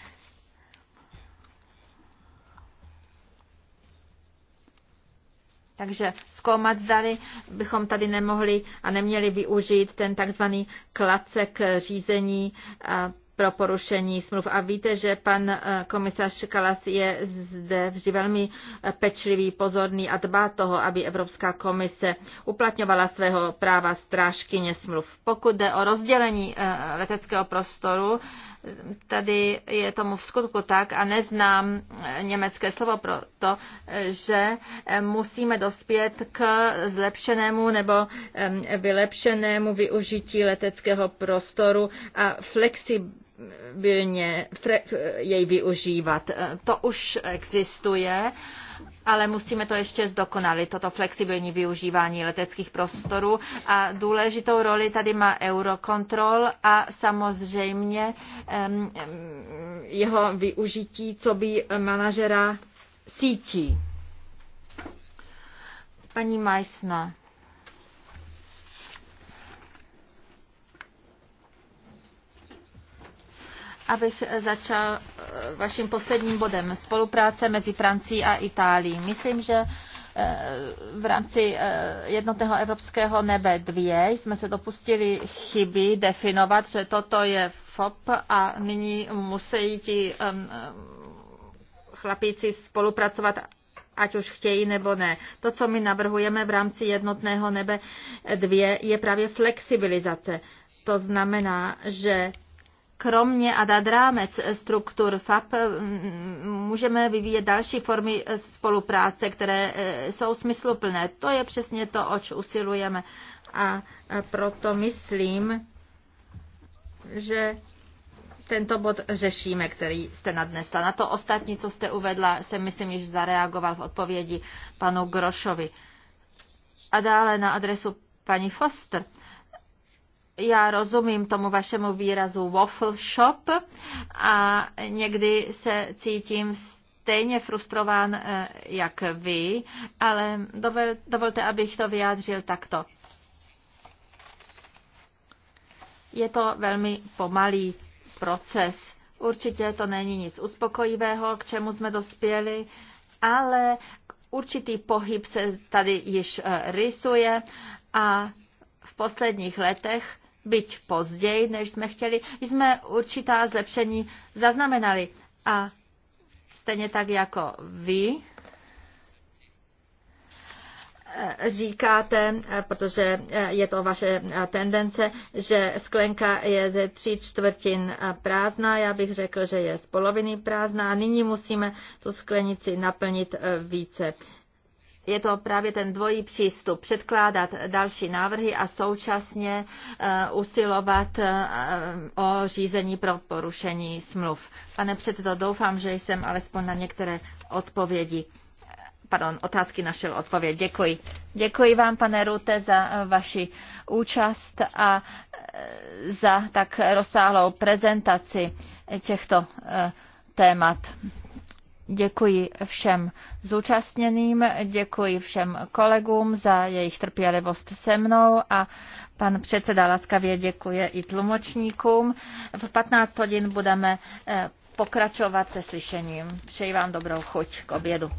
Takže zkoumat, zdali bychom tady nemohli a neměli využít ten takzvaný klacek řízení eh, pro porušení smluv. A víte, že pan eh, komisař Kalas je zde vždy velmi eh, pečlivý, pozorný a dbá toho, aby Evropská komise uplatňovala svého práva strážkyně smluv. Pokud jde o rozdělení leteckého prostoru, Tady je tomu v skutku tak a neznám eh, německé slovo pro to, eh, že eh, musíme dospět k zlepšenému nebo vylepšenému využití leteckého prostoru a flexibilitu flexibilně jej využívat. To už existuje ale musíme to ještě zdokonalit, toto flexibilní využívání leteckých prostorů. A důležitou roli tady má Eurocontrol a samozřejmě jeho využití co by manažera sítí. Paní Majsna. abych začal eh, vaším posledním bodem spolupráce mezi Francií a Itálií. Myslím, že eh, v rámci eh, jednotného evropského nebe dvě jsme se dopustili chyby definovat, že toto je FOP a nyní musí ti chlapíci spolupracovat ať už chtějí nebo ne. To, co my navrhujeme v rámci jednotného nebe dvě, je právě flexibilizace. To znamená, že kromě a nad rámec struktur FAP můžeme vyvíjet další formy spolupráce, které e, jsou smysluplné. To je přesně to, oč usilujeme. A e, proto myslím, že tento bod řešíme, který jste nadnesla. Na to ostatní, co jste uvedla, jsem myslím již zareagoval v odpovědi panu Grošovi. A dále na adresu paní Foster. Uh, já rozumím tomu vašemu výrazu waffle shop a někdy se cítím stejně frustrován eh, jak vy, ale dovol, dovolte, abych to vyjádřil takto. Je to velmi pomalý proces. Určitě to není nic uspokojivého, k čemu jsme dospěli, ale určitý pohyb se tady již eh, rysuje a v posledních letech byť později, než jsme chtěli, jsme určitá zlepšení zaznamenali. A stejně tak jako vy, eh, říkáte, eh, protože eh, je to vaše tendence, že sklenka je ze tří čtvrtin prázdná, já bych řekl, že je z poloviny prázdná a nyní musíme tu sklenici naplnit více je to právě ten dvojí přístup, předkládat další návrhy a současně eh, usilovat eh, o řízení pro porušení smluv. Pane předsedo, doufám, že jsem alespoň na některé odpovědi pardon, otázky našel odpověď. Děkuji. Děkuji vám, pane Rute, za eh, vaši účast a za tak rozsáhlou prezentaci těchto témat. Děkuji všem zúčastněným, děkuji všem kolegům za jejich trpělivost se mnou a pan předseda laskavě děkuje i tlumočníkům. V 15 hodin budeme eh, pokračovat se slyšením. Přeji vám dobrou chuť k obědu.